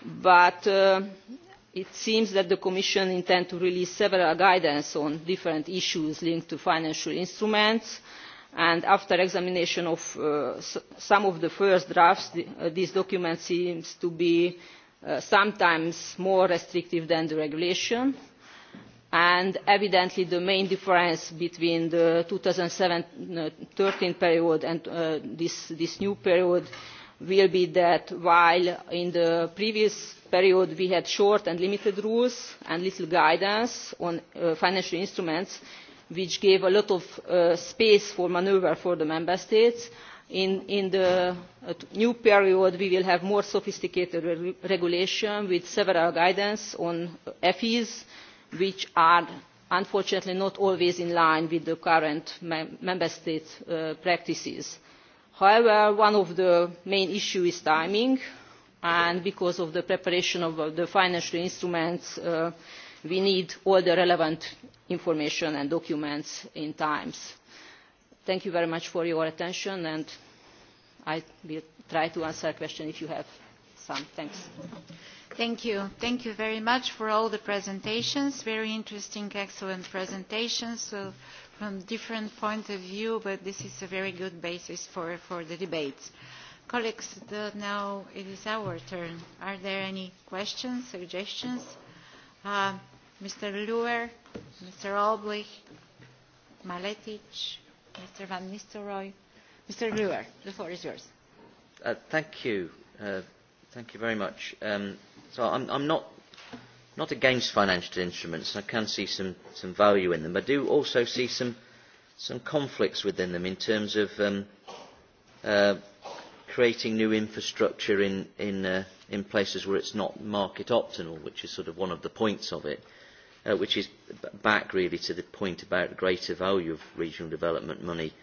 but uh, it seems that the commission intends to release several guidance on different issues linked to financial instruments and after examination of uh, some of the first drafts the, uh, this document seems to be uh, sometimes more restrictive than the regulation and evidently the main difference between the two thousand and uh, thirteen period and uh, this, this new period will be that while in the previous period we had short and limited rules and little guidance on uh, financial instruments which gave a lot of uh, space for manoeuvre for the member states in, in the uh, new period we will have more sophisticated re regulation with several guidance on uh, fees which are unfortunately not always in line with the current member state uh, practices. however one of the main issues is timing and because of the preparation of uh, the financial instruments uh, we need all the relevant information and documents in time. thank you very much for your attention and i will try to answer questions if you have some. Thanks. Thank you. Thank you very much for all the presentations. Very interesting, excellent presentations so from different points of view, but this is a very good basis for, for the debates. Colleagues, the, now it is our turn. Are there any questions, suggestions? Uh, Mr. Luer, Mr. Alblich, Maletic, Mr. Van Nistelrooy. Mr. Luer, the floor is yours. Uh, thank you, uh, Thank you very much. Um, so I'm, I'm not, not against financial instruments. I can see some, some value in them. I do also see some, some conflicts within them in terms of um, uh, creating new infrastructure in, in, uh, in places where it's not market optimal, which is sort of one of the points of it, uh, which is back really to the point about the greater value of regional development money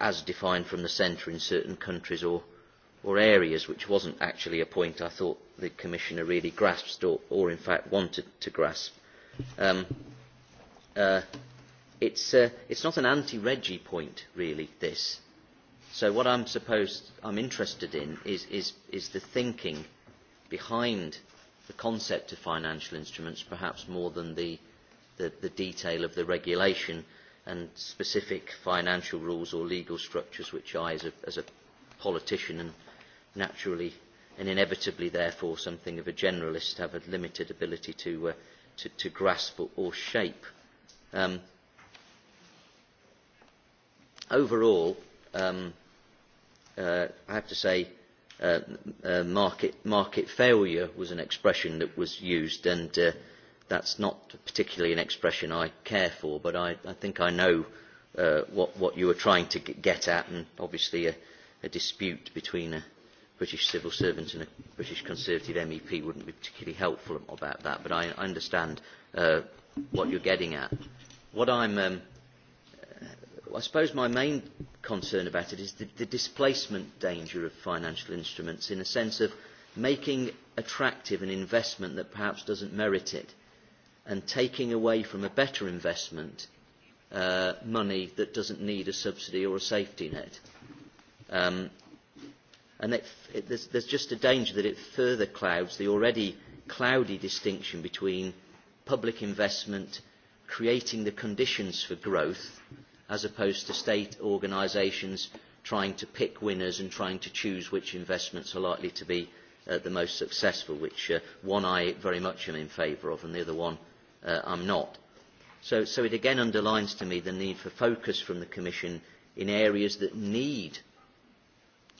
as defined from the centre in certain countries or, or areas which was not actually a point I thought the Commissioner really grasped or, or in fact wanted to grasp. Um, uh, it's, uh, it's not an anti-Reggie point really, this. So what I'm supposed, I'm interested in is, is, is the thinking behind the concept of financial instruments perhaps more than the, the, the detail of the regulation and specific financial rules or legal structures which I as a, as a politician and naturally and inevitably, therefore, something of a generalist, have a limited ability to, uh, to, to grasp or, or shape. Um, overall, um, uh, I have to say, uh, uh, market, market failure was an expression that was used, and uh, that's not particularly an expression I care for, but I, I think I know uh, what, what you were trying to get at, and obviously a, a dispute between a, British civil servant and a British Conservative MEP wouldn't be particularly helpful about that, but I, I understand uh, what you're getting at. What I'm, um, uh, I suppose my main concern about it is the, the displacement danger of financial instruments in a sense of making attractive an investment that perhaps doesn't merit it and taking away from a better investment uh, money that doesn't need a subsidy or a safety net. Um, and it, it, there's, there's just a danger that it further clouds the already cloudy distinction between public investment creating the conditions for growth as opposed to state organisations trying to pick winners and trying to choose which investments are likely to be uh, the most successful, which uh, one I very much am in favour of and the other one uh, I'm not. So, so it again underlines to me the need for focus from the Commission in areas that need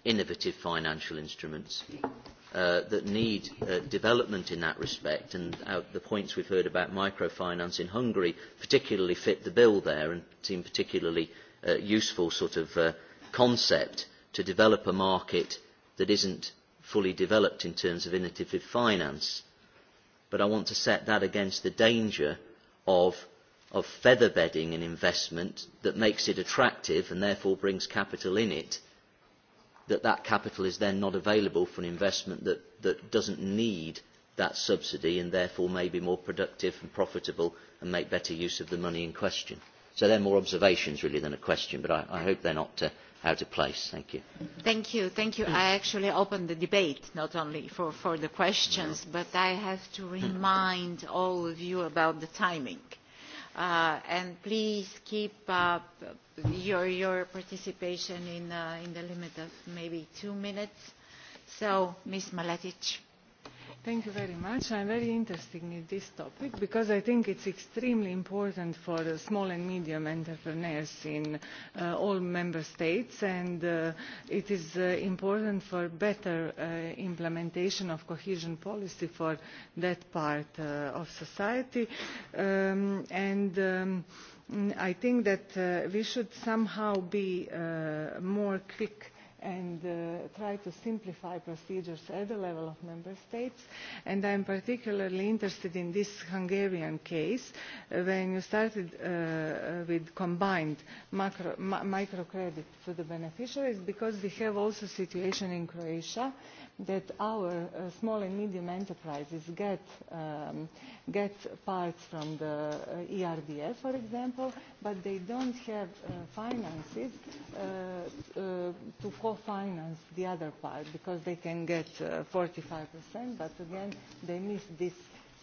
innovative financial instruments uh, that need uh, development in that respect. And uh, the points we've heard about microfinance in Hungary particularly fit the bill there and seem particularly uh, useful sort of uh, concept to develop a market that isn't fully developed in terms of innovative finance. But I want to set that against the danger of of feather bedding an investment that makes it attractive and therefore brings capital in it that that capital is then not available for an investment that, that doesn't need that subsidy and therefore may be more productive and profitable and make better use of the money in question. So they're more observations really than a question, but I, I hope they're not uh, out of place. Thank you. Thank you. Thank you. I actually opened the debate, not only for, for the questions, no. but I have to hmm. remind all of you about the timing. Uh, and please keep up your, your participation in, uh, in the limit of maybe two minutes. So, Ms. Maletic. Thank you very much. I'm very interested in this topic because I think it's extremely important for the uh, small and medium entrepreneurs in uh, all member states and uh, it is uh, important for better uh, implementation of cohesion policy for that part uh, of society um, and um, I think that uh, we should somehow be uh, more quick and uh, try to simplify procedures at the level of member states. And I'm particularly interested in this Hungarian case uh, when you started uh, uh with combined macro, ma microcredit to the beneficiaries because we have also situation in Croatia that our uh, small and medium enterprises get, um, get parts from the uh, ERDF, for example, but they don't have uh, finances uh, uh, to co-finance the other part because they can get uh, 45%, but again, they miss this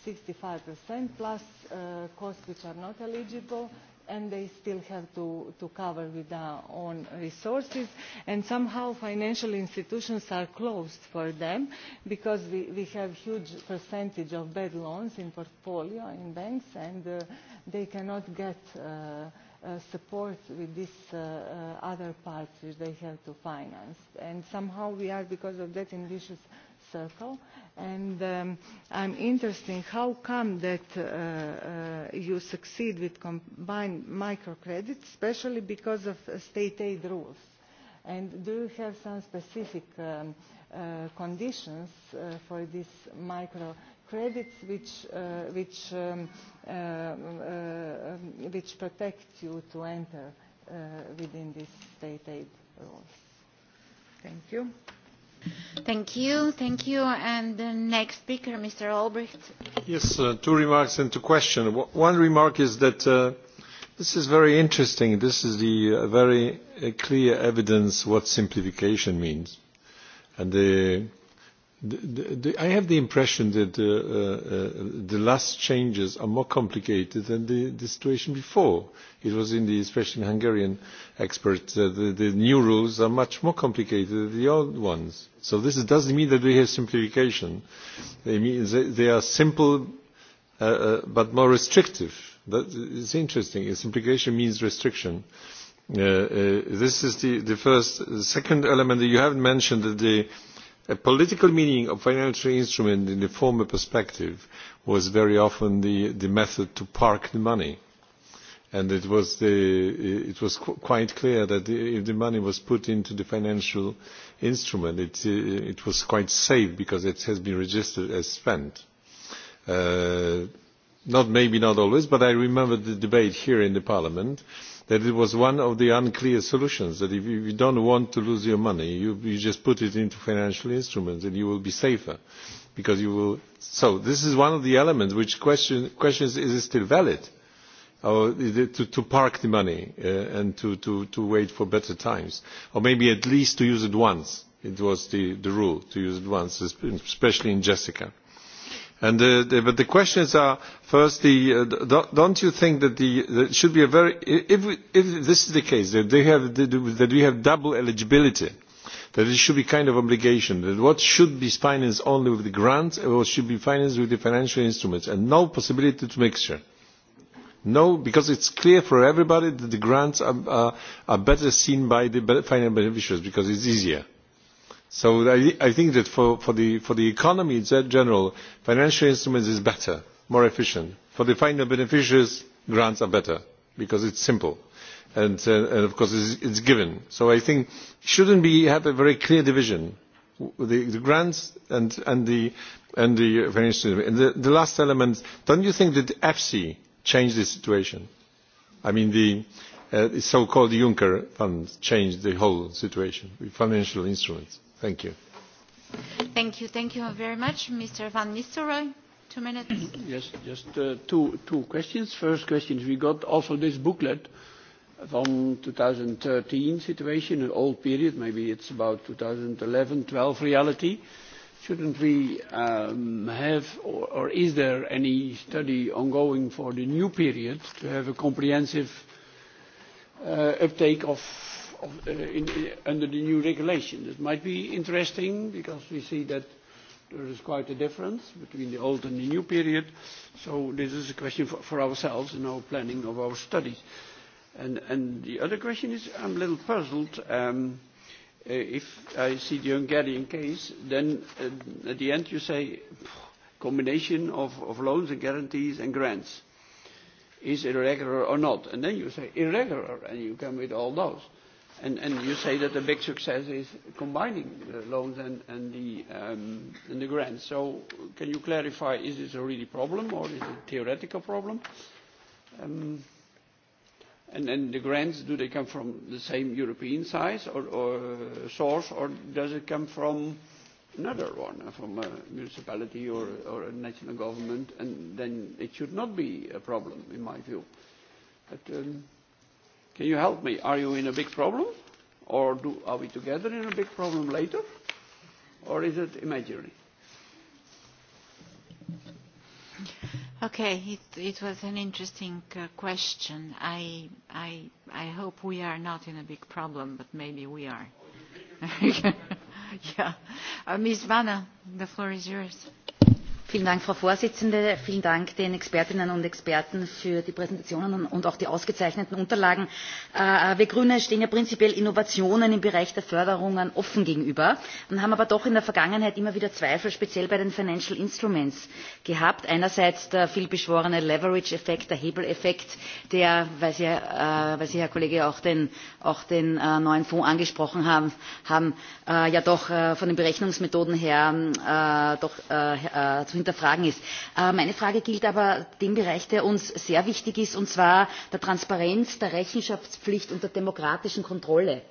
65% plus uh, costs which are not eligible and they still have to, to cover with their own resources and somehow financial institutions are closed for them because we, we have huge percentage of bad loans in portfolio in banks and uh, they cannot get uh, Uh, support with this uh, uh, other parts which they have to finance. And somehow we are, because of that, in vicious circle and um, I'm interested in how come that uh, uh, you succeed with combined microcredit especially because of state aid rules. And do you have some specific um, uh, conditions uh, for these microcredits which, uh, which, um, uh, uh, which protect you to enter uh, within these state aid rules? Thank you. Thank you. Thank you. And the next speaker, Mr. Albrecht. Yes, uh, two remarks and two questions. One remark is that uh, this is very interesting. This is the uh, very uh, clear evidence what simplification means. And the i have the impression that uh, uh, the last changes are more complicated than the, the situation before. It was in the, especially in Hungarian experts, uh, the, the new rules are much more complicated than the old ones. So this doesn't mean that we have simplification. They, mean they, they are simple uh, uh, but more restrictive. That is interesting. Simplification means restriction. Uh, uh, this is the, the first. The second element that you haven't mentioned that the a political meaning of financial instrument in the former perspective was very often the, the method to park the money. And it was, the, it was qu quite clear that the, if the money was put into the financial instrument, it, it was quite safe because it has been registered as spent. Uh, not maybe not always, but I remember the debate here in the Parliament uh, that it was one of the unclear solutions that if you do not want to lose your money you, just put it into financial instruments and you will be safer because you will so this is one of the elements which question, questions is it still valid or to, to park the money uh, and to, to, to wait for better times or maybe at least to use it once it was the, the rule to use it once especially in jessica And the, the, but the questions are firstly, uh, don't you think that the that should be a very if, we, if this is the case that they have that we have double eligibility, that it should be kind of obligation that what should be financed only with the grants or what should be financed with the financial instruments and no possibility to mixture. No, because it's clear for everybody that the grants are, are, are better seen by the financial beneficiaries because it's easier So I, think that for, for, the, for the economy in general, financial instruments is better, more efficient. For the final beneficiaries, grants are better because it's simple. And, uh, and of course, it's, it's given. So I think shouldn't we have a very clear division, the, the grants and, and, the, and the financial instruments. And the, the last element, don't you think that EFSI changed the situation? I mean, the, uh, so-called Juncker fund changed the whole situation with financial instruments Thank you. Thank you. Thank you very Van Nistelrooy. Two minutes. yes, just uh, two, two questions. First question, we got also this booklet from 2013 situation, an old period, maybe it's about 2011-12 reality. Shouldn't we um, have, or, or is there any study ongoing for the new period to have a comprehensive uh, uptake of of, uh, in, uh, under the new regulation. it might be interesting because we see that there is quite a difference between the old and the new period. So this is a question for, for ourselves in our planning of our studies. And, and the other question is, I'm a little puzzled. Um, uh, if I see the Hungarian case, then uh, at the end you say phew, combination of, of loans and guarantees and grants is irregular or not. And then you say irregular, and you come with all those. And, and you say that the big success is combining the uh, loans and, and, the, um, and the grants. So can you clarify, is this a really problem or is it a theoretical problem? Um, and, and the grants, do they come from the same European size or, or uh, source or does it come from another one, uh, from a municipality or, or a national government? And then it should not be a problem, in my view. But, um, Can you help me? Are you in a big problem? Or do, are we together in a big problem later? Or is it imaginary? Okay, it, it was an interesting uh, question. I, I, I hope we are not in a big problem, but maybe we are. yeah. Uh, Ms. Vanna, the floor is yours frau präsidentin! vielen dank den expertinnen und experten für die präsentationen und auch die ausgezeichneten unterlagen. Äh, wir grüne stehen ja prinzipiell innovationen im bereich der förderungen offen gegenüber und haben aber doch in der vergangenheit immer wieder zweifel speziell bei den financial instruments gehabt einerseits der vielbeschworene leverage effekt der hebeleffekt der äh, weil sie herr kollege auch den äh, neuen fonds angesprochen haben ja doch von den berechnungsmethoden her zu hinterfragen ist hinterfragen ist. Äh, meine frage gilt aber dem bereich der uns sehr wichtig ist und zwar der transparenz der rechenschaftspflicht und der demokratischen kontrolle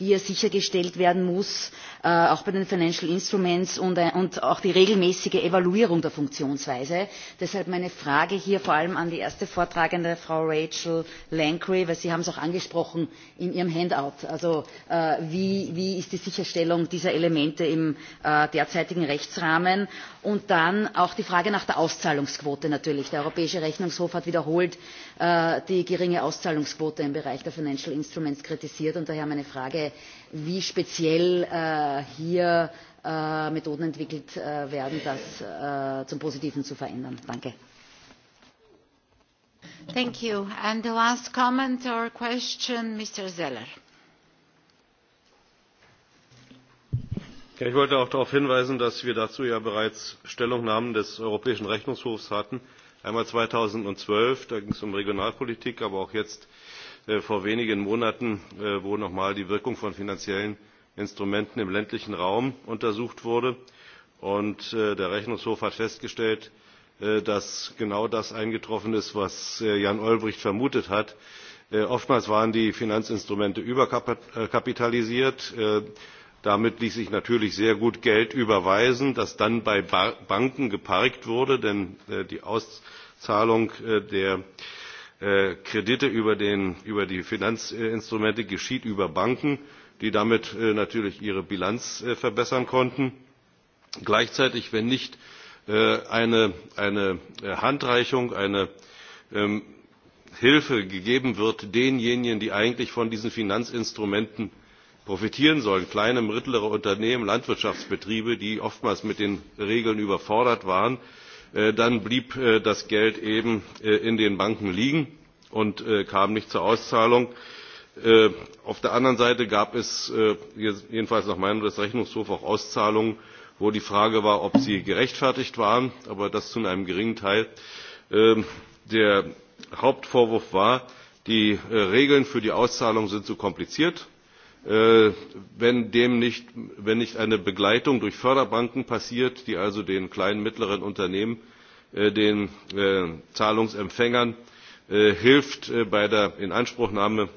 die sichergestellt werden muss äh, auch bei den financial instruments äh, und auch die regelmäßige evaluierung der funktionsweise. deshalb meine frage hier vor allem an die erste vortragende frau rachel langley denn sie haben es auch angesprochen in ihrem handout also wie, wie ist die sicherstellung dieser elemente im derzeitigen rechtsrahmen? und dann auch die frage nach der auszahlungsquote natürlich der europäische rechnungshof hat wiederholt äh, die geringe auszahlungsquote im bereich der financial instruments kritisiert und daher meine frage wie speziell äh, hier äh, methoden entwickelt werden das zum positiven zu verändern. danke. ich wollte auch darauf hinweisen dass wir dazu ja bereits stellungnahmen des europäischen rechnungshofs hatten einmal zweitausendzwölf da ging es um regionalpolitik aber auch jetzt äh, vor wenigen monaten äh, wo noch einmal die wirkung von finanziellen instrumenten im ländlichen raum untersucht wurde und äh, der rechnungshof hat festgestellt dass genau das eingetroffen ist was jan olbrycht vermutet hat. oftmals waren die finanzinstrumente überkapitalisiert damit ließ sich natürlich sehr gut geld überweisen das dann bei banken geparkt wurde denn äh, die auszahlung äh, der äh, kredite über die finanzinstrumente geschieht über banken die damit natürlich ihre bilanz verbessern konnten. gleichzeitig wenn nicht eine handreichung eine ähm, hilfe gegeben wird denjenigen die eigentlich von diesen finanzinstrumenten profitieren sollen kleine und mittlere unternehmen landwirtschaftsbetriebe die oftmals mit den regeln überfordert waren äh, dann blieb äh, das geld eben äh, in den banken liegen und kam nicht zur auszahlung. auf der anderen seite gab es jedenfalls nach meinung des rechnungshofs auch auszahlungen wo die frage war ob sie gerechtfertigt waren aber das zu einem geringen teil. Ähm, der hauptvorwurf war die regeln für die auszahlung sind zu kompliziert. Äh, wenn dem nicht, wenn nicht eine Begleitung durch Förderbanken passiert, die also den kleinen, mittleren Unternehmen, äh, den äh, Zahlungsempfängern hilft bei der Inanspruchnahme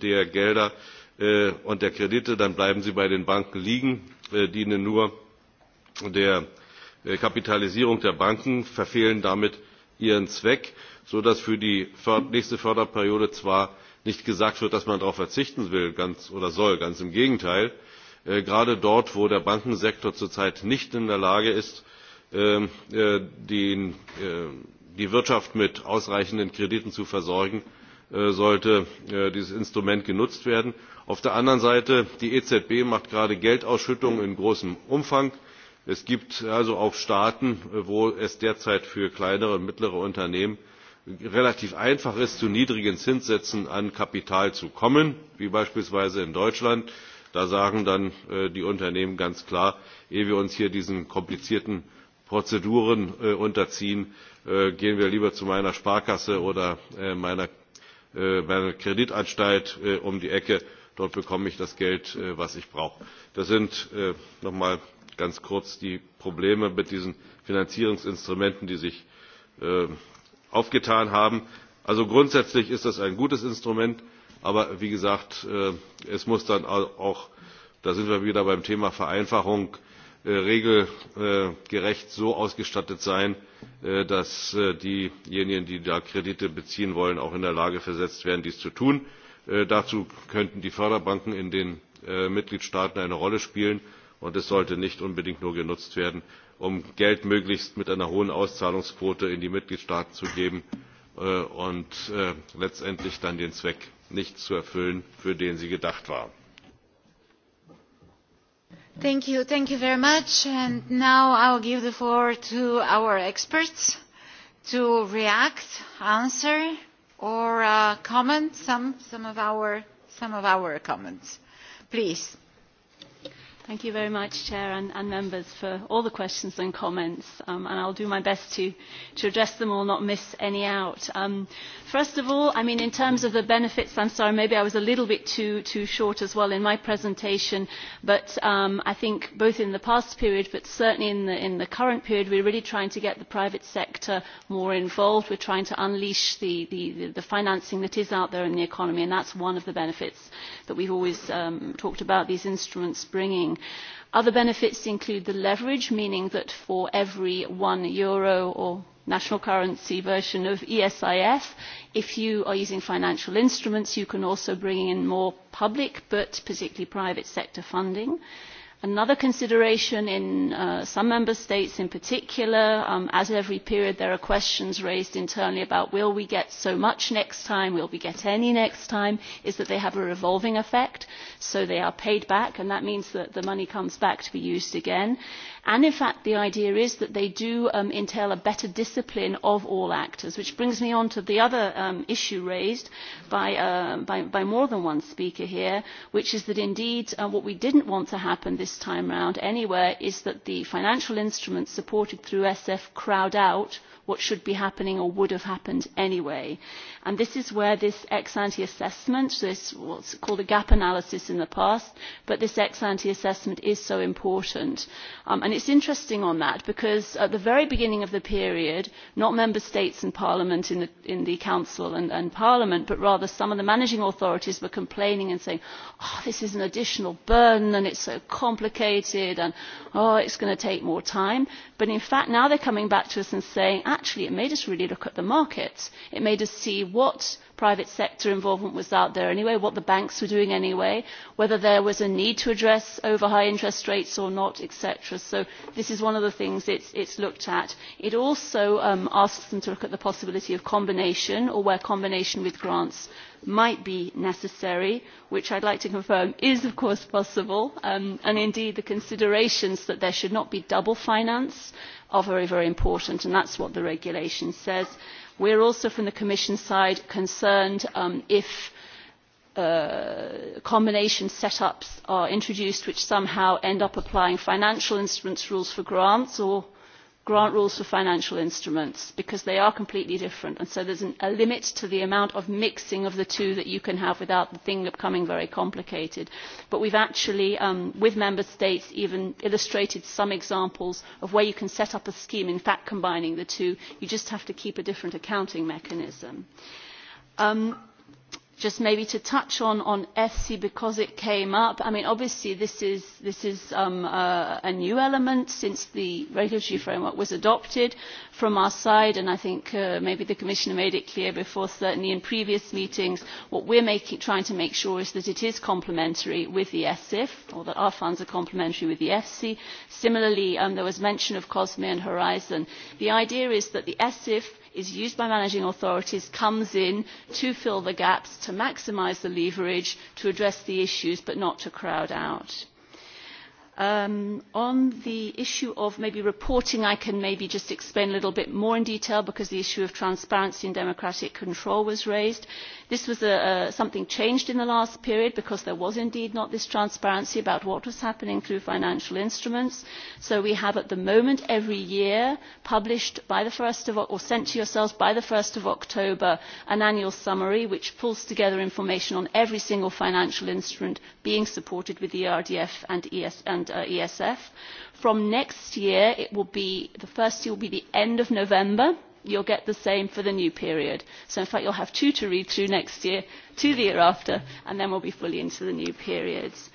der Gelder und der Kredite, dann bleiben sie bei den Banken liegen, dienen nur der Kapitalisierung der Banken, verfehlen damit ihren Zweck, sodass für die nächste Förderperiode zwar nicht gesagt wird dass man darauf verzichten will oder soll ganz im gegenteil äh, gerade dort wo der bankensektor zurzeit nicht in der lage ist ähm, äh, die, äh, die wirtschaft mit ausreichenden krediten zu versorgen sollte dieses instrument genutzt werden. auf der anderen seite die ezb macht gerade geldausschüttungen in großem umfang es gibt also auch staaten wo es derzeit für kleinere und mittlere unternehmen relativ einfach ist zu niedrigen zinssätzen an kapital zu kommen wie beispielsweise in deutschland da sagen dann äh, die unternehmen ganz klar ehe wir uns hier diesen komplizierten prozeduren äh, unterziehen äh, gehen wir lieber zu meiner sparkasse oder meiner, kreditanstalt um die ecke dort bekomme ich das geld das ich brauche. das sind noch einmal ganz kurz die probleme mit diesen finanzierungsinstrumenten die sich aufgetan haben. also grundsätzlich ist das ein gutes instrument aber wie gesagt äh, es muss dann auch da sind wir wieder beim thema vereinfachung äh, regelgerecht so ausgestattet sein äh, dass diejenigen die da kredite beziehen wollen auch in der lage versetzt werden dies zu tun. dazu könnten die förderbanken in den mitgliedstaaten eine rolle spielen und es sollte nicht unbedingt nur genutzt werden um geld möglichst mit einer hohen auszahlungsquote in die mitgliedstaaten zu geben äh, und äh, letztendlich dann den zweck nicht zu erfüllen für den sie gedacht war. Thank you. Thank you very much. And now I'll give the floor to our experts to react, answer, or uh, comment some, some, of our, some of our comments. Please. Thank you very much, Chair and, and members, for all the questions and comments, um, and I'll do my best to, to address them all, not miss any out. Um, first of all, I mean, in terms of the benefits, I'm sorry, maybe I was a little bit too, too short as well in my presentation, but um, I think both in the past period, but certainly in the, in the current period, we're really trying to get the private sector more involved. We're trying to unleash the, the, the financing that is out there in the economy, and that's one of the benefits that we've always um, talked about, these instruments bringing Other benefits include the leverage, meaning that for every one euro or national currency version of ESIF, if you are using financial instruments, you can also bring in more public, but particularly private sector funding. Uh, Another consideration in uh, some member states in particular, um, as every period there are questions raised internally about will we get so much next time, will we get any next time, is that they have a revolving effect. So they are paid back and that means that the money comes back to be used again And in fact, the idea is that they do um, entail a better discipline of all actors, which brings me on to the other um, issue raised by, uh, by, by more than one speaker here, which is that indeed uh, what we didn't want to happen this time round anywhere is that the financial instruments supported through SF crowd out – what should be happening or would have happened anyway. And this is where this ex ante assessment, this what's called a gap analysis in the past, but this ex ante assessment is so important. Um, and it's interesting on that because at the very beginning of the period, not member states and parliament in the, in the council and, and parliament, but rather some of the managing authorities were complaining and saying, oh, this is an additional burden and it's so complicated and, oh, it's going to take more time. But in fact, now they're coming back to us and saying, actually it made us really look at the markets. It made us see what private sector involvement was out there anyway, what the banks were doing anyway, whether there was a need to address over high interest rates or not, etc. So this is one of the things it has looked at. It also um, asks them to look at the possibility of combination or where combination with grants might be necessary which i would like to confirm is of course possible um, and indeed the considerations that there should not be double finance are very, very important, and that is what the regulation says. we are also, from the Commission side, concerned um, if uh, combination set ups are introduced which somehow end up applying financial instruments rules for grants or grant rules for financial instruments because they are completely different and so there is a limit to the amount of mixing of the two that you can have without the thing becoming very complicated. but we have actually um, with member states even illustrated some examples of where you can set up a scheme in fact combining the two you just have to keep a different accounting mechanism. Um, just maybe to touch on on EFSI because it came up. I mean, obviously this is this is um, uh, a new element since the regulatory framework was adopted, from our side and i think uh, maybe the commissioner made it clear before certainly in previous meetings what we are trying to make sure is that it is complementary with the esif or that our funds are complementary with the efsi. similarly um, there was mention of cosme and horizon. the idea is that the esif is used by managing authorities comes in to fill the gaps to maximise the leverage to address the issues but not to crowd out Um, on the issue of maybe reporting i can maybe just explain a little bit more in detail because the issue of transparency and democratic control was raised. this was something that changed in the last period because there was indeed not this transparency about what was happening through financial instruments so we have at the moment every year published by the 1st of, or sent to yourselves by the 1 of october an annual summary which pulls together information on every single financial instrument being supported with the erdf and e and uh, ESF. From next year, the first year will be the end of November. You'll get the same for the new period. So in fact, you'll have two to read through next year, two the year after, and then we'll be fully into the new periods.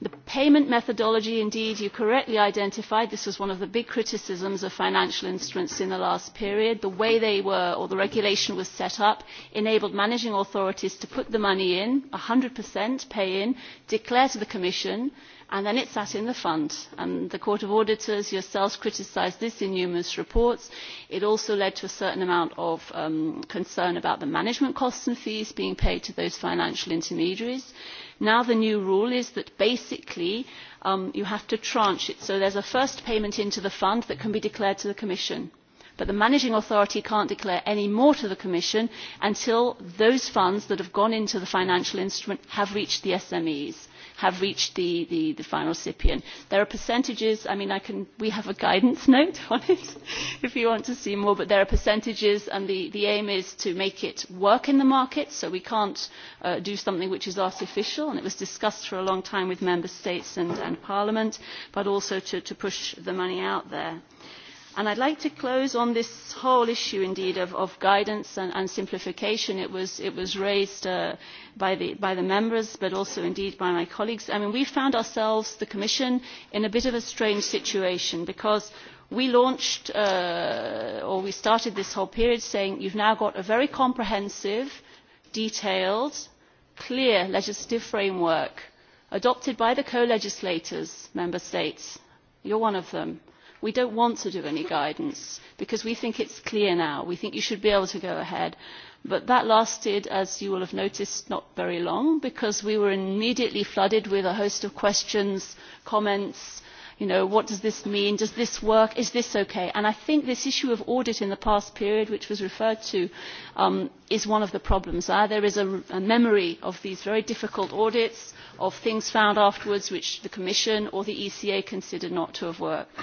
The payment methodology, indeed, you correctly identified, this was one of the big criticisms of financial instruments in the last period. The way they were, or the regulation was set up, enabled managing authorities to put the money in, 100% pay in, declare to the Commission, and then it sat in the fund and the court of auditors yourselves criticised this in numerous reports. it also led to a certain amount of um, concern about the management costs and fees being paid to those financial intermediaries. now the new rule is that basically um, you have to tranche it so there is a first payment into the fund that can be declared to the commission but the managing authority cannot declare any more to the commission until those funds that have gone into the financial instrument have reached the smes have reached the, the, the final recipient. There are percentages, I mean, I can, we have a guidance note on it if you want to see more, but there are percentages and the, the aim is to make it work in the market, so we can't uh, do something which is artificial, and it was discussed for a long time with member states and, and parliament, but also to, to push the money out there. And I'd like to close on this whole issue, of, guidance and, simplification. It was, raised uh, by, the, members, but also, indeed, by my colleagues. we found ourselves, the Commission, in a bit of a strange situation because we launched, uh, or we started this whole period saying you've now got a very comprehensive, detailed, clear legislative framework adopted by the co-legislators, member states. You're one of them we don't want to do any guidance because we think it's clear now. We think you should be able to go ahead. But that lasted, as you will have noticed, not very long because we were immediately flooded with a host of questions, comments, you know, what does this mean? Does this work? Is this okay? And I think this issue of audit in the past period, which was referred to, um, is one of the problems. Uh, there is a, a memory of these very difficult audits, of things found afterwards which the Commission or the ECA considered not to have worked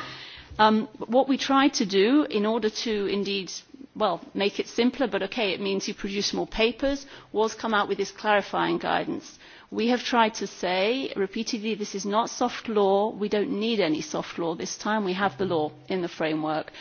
Um, what we tried to do in order to indeed well, make it simpler, but okay, it means you produce more papers, was come out with this clarifying guidance. We have tried to say repeatedly this is not soft law, we do not need any soft law this time, we have the law in the framework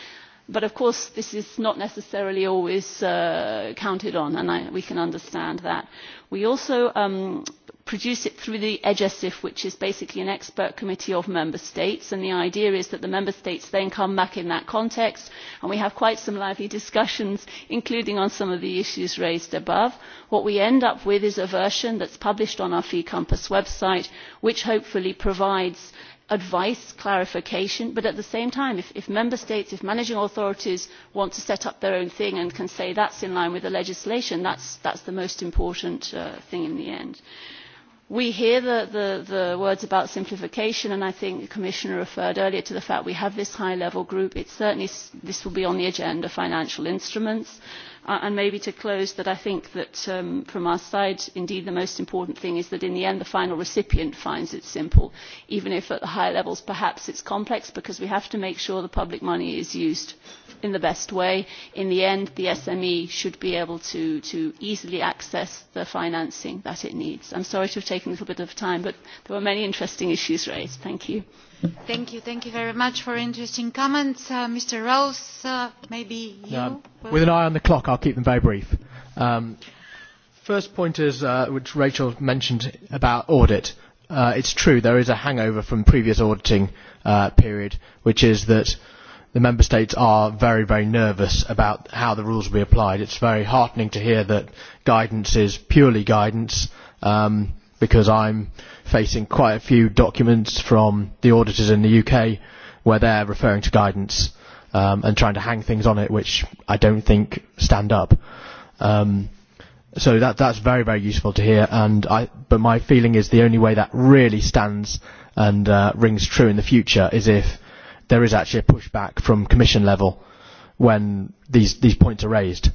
but of course this is not necessarily always uh, counted on and we can understand that. We also um, produce it through the egesif which is basically an expert committee of member states and the idea is that the member states then come back in that context and we have quite some lively discussions including on some of the issues raised above. what we end up with is a version that's published on our fee compass website which hopefully provides advice clarification but at the same time if, if member states if managing authorities want to set up their own thing and can say that's in line with the legislation that's, that's the most important uh, thing in the end we hear the, words about simplification and i think the commissioner referred earlier to the fact we have this high level group. It certainly, this will be on the agenda financial instruments Uh, and maybe to close that i think that um, from our side indeed the most important thing is that in the end the final recipient finds it simple even if at the higher levels perhaps it is complex because we have to make sure the public money is used in the best way. in the end the sme should be able to, to easily access the financing that it needs. i am sorry to have taken a little bit of time but there were many interesting issues raised. thank you. Thank you, thank you very much for interesting comments. Uh, Mr. Rose, uh, maybe uh, you? Um, will... With an eye on the clock, I'll keep them very brief. Um, first point is, uh, which Rachel mentioned about audit. Uh, it's true, there is a hangover from previous auditing uh, period, which is that the member states are very, very nervous about how the rules will be applied. It's very heartening to hear that guidance is purely guidance, um, because I'm facing quite a few documents from the auditors in the UK where they're referring to guidance um, and trying to hang things on it, which I don't think stand up. Um, so that that's very very useful to hear. And I, but my feeling is the only way that really stands and uh, rings true in the future is if there is actually a pushback from Commission level when these these points are raised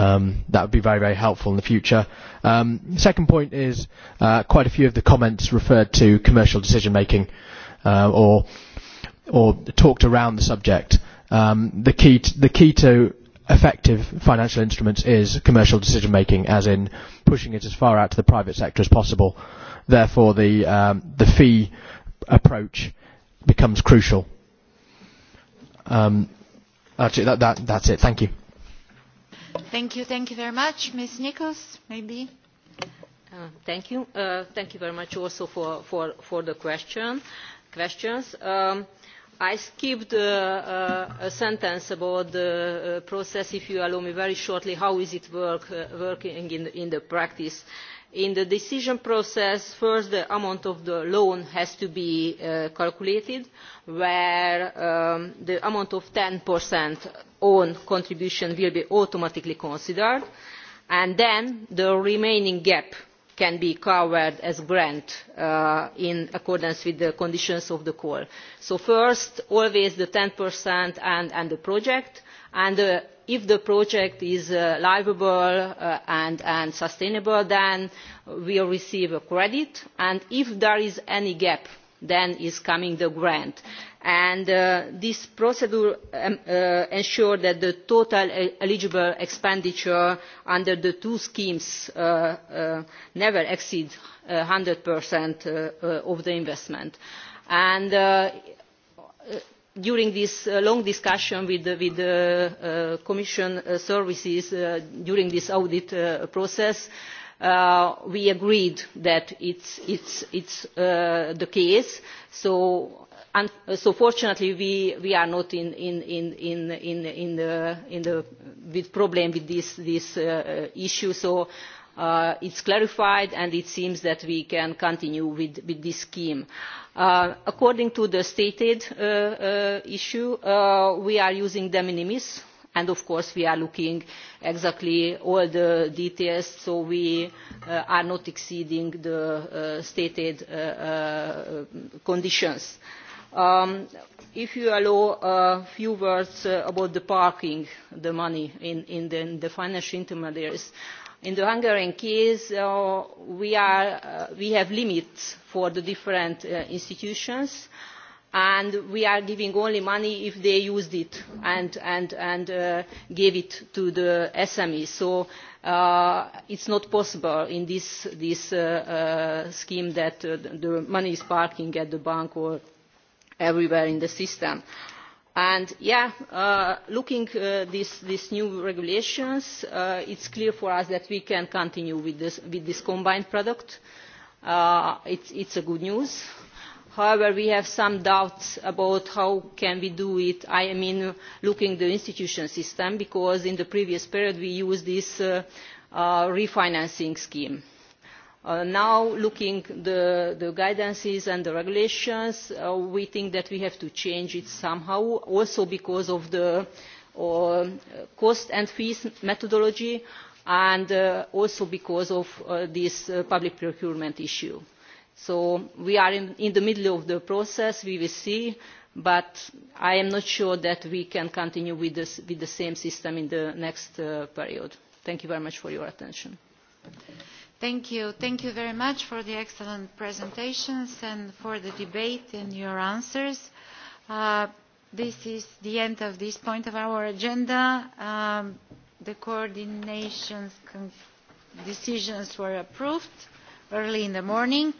um, that would be very, very helpful in the future. Um, second point is uh, quite a few of the comments referred to commercial decision making uh, or, or talked around the subject. Um, the, key t- the key to effective financial instruments is commercial decision making, as in pushing it as far out to the private sector as possible. Therefore, the, um, the fee approach becomes crucial. Um, actually, that, that, that's it. Thank you. Thank you, thank you very much. Ms. Nichols, maybe? Uh, thank you. Uh, thank you very much also for, for, for the question, questions. Um, I skipped uh, uh, a sentence about the uh, process, if you allow me very shortly, how is it work, uh, working in the, in the practice in the decision process first the amount of the loan has to be uh, calculated where um, the amount of ten own contribution will be automatically considered and then the remaining gap can be covered as a grant uh, in accordance with the conditions of the call. So first, always the ten and, the project, and if the project is uh, liveable uh, and, and sustainable then we will receive a credit and if there is any gap then is coming the grant and uh, this procedure um, uh, ensures that the total e-, eligible expenditure under the two schemes uh, uh never exceeds one uh, hundred uh, of the investment. And, during this uh, long discussion with uh, the uh, uh, commission uh, services during this audit process we agreed that it's, it's, it's the case so and so fortunately we, we are not in, in, in, in the, the, problem with this, this uh, issue so Uh, it is clarified and it seems that we can continue with, with this scheme. Uh, according to the stated uh, uh, issue, uh, we are using de minimis and of course we are looking exactly all the details so we uh, are not exceeding the uh, stated uh, uh conditions. Um, if you allow a few words uh, about the parking the money in, in, the, in the financial intermediaries in the hungarian case uh, we, are, uh, we have limits for the different uh, institutions and we are giving only money if they used it and, and, and gave it to the smes so it is not possible in this, this scheme that the money is parked at the bank or everywhere in the system and yes uh, looking at uh, these new regulations uh, it is clear for us that we can continue with this, combined product it is good news. however we have some doubts about how can we do it i mean looking at the institution system because in the previous period we used this refinancing scheme Uh, now looking at the, the guidances and the regulations uh, we think that we have to change it somehow also because of the uh, cost and fees methodology and also because of this public procurement issue. so we are in, in the middle of the process we will see but i am not sure that we can continue with, this, with the same system in the next period. thank you very much for your attention. Thank you. Thank you very much for the excellent presentations and for the debate and your answers. Uh, this is the end of this point of our agenda. Um, the coordination's decisions were approved early in the morning.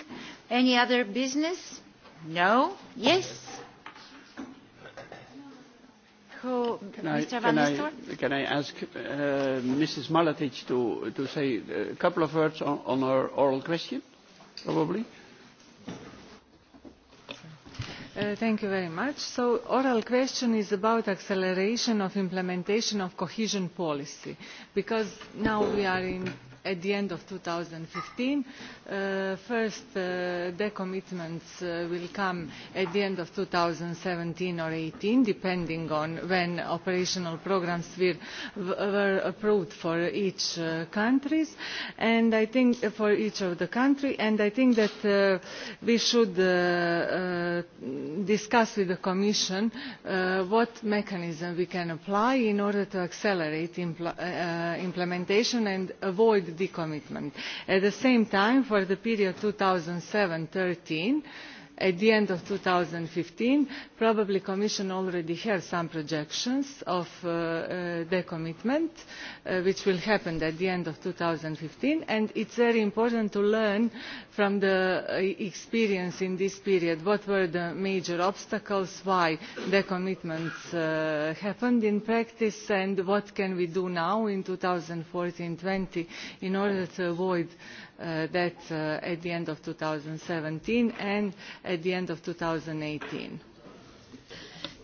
Any other business? No? Yes? can I, ask uh, Mrs. Malatic to, say a couple of words on, her oral question, probably? Uh, thank you very much. So the oral question is about acceleration of implementation of cohesion policy because now we are in at the end of 2015. Uh, first, uh, the commitments uh, will come at the end of 2017 or 18, depending on when operational programs were, were approved for each uh, countries, and I think for each of the country. And I think that uh, we should uh, uh, discuss with the Commission uh, what mechanism we can apply in order to accelerate impl uh, implementation and avoid decommitment. at the same time for the period two thousand and seven two thousand and thirteen at the end of two thousand and fifteen probably the commission already has some projections of decommitment uh, uh, uh, which will happen at the end of two thousand and fifteen and it is very important to learn from the experience in this period what were the major obstacles why decommitments happened in practice and what can we do now in two thousand and fourteen two thousand and twenty in order to avoid Uh, that uh, at the end of 2017 and at the end of 2018.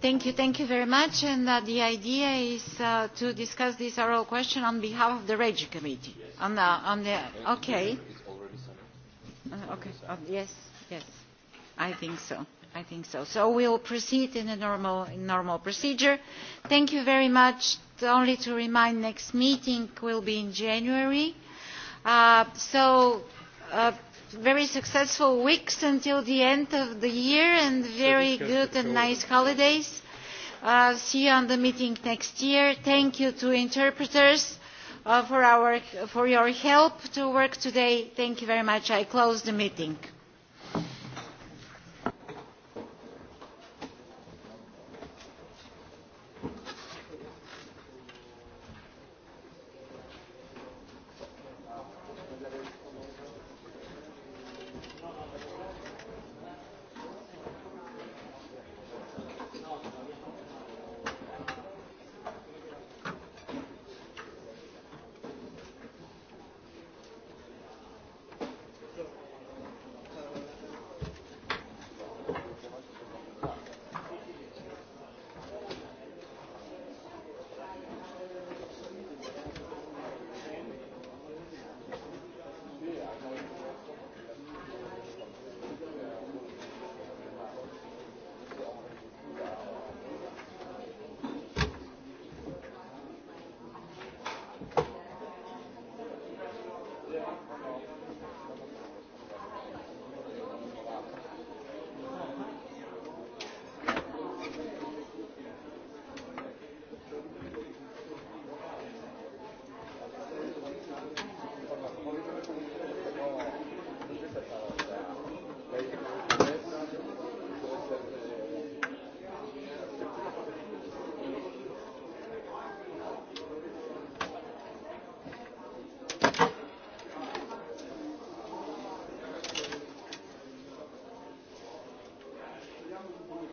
Thank you. Thank you very much. And uh, the idea is uh, to discuss this oral question on behalf of the REGI committee. Yes. On the, on the, okay. Uh, okay. Uh, yes. Yes. I think so. I think so. So we'll proceed in a normal, in normal procedure. Thank you very much. Only to remind, next meeting will be in January Uh, so uh, very successful weeks until the end of the year and very good and nice holidays. Uh, see you on the meeting next year. Thank you to interpreters uh, for, our, for your help to work today. Thank you very much. I close the meeting.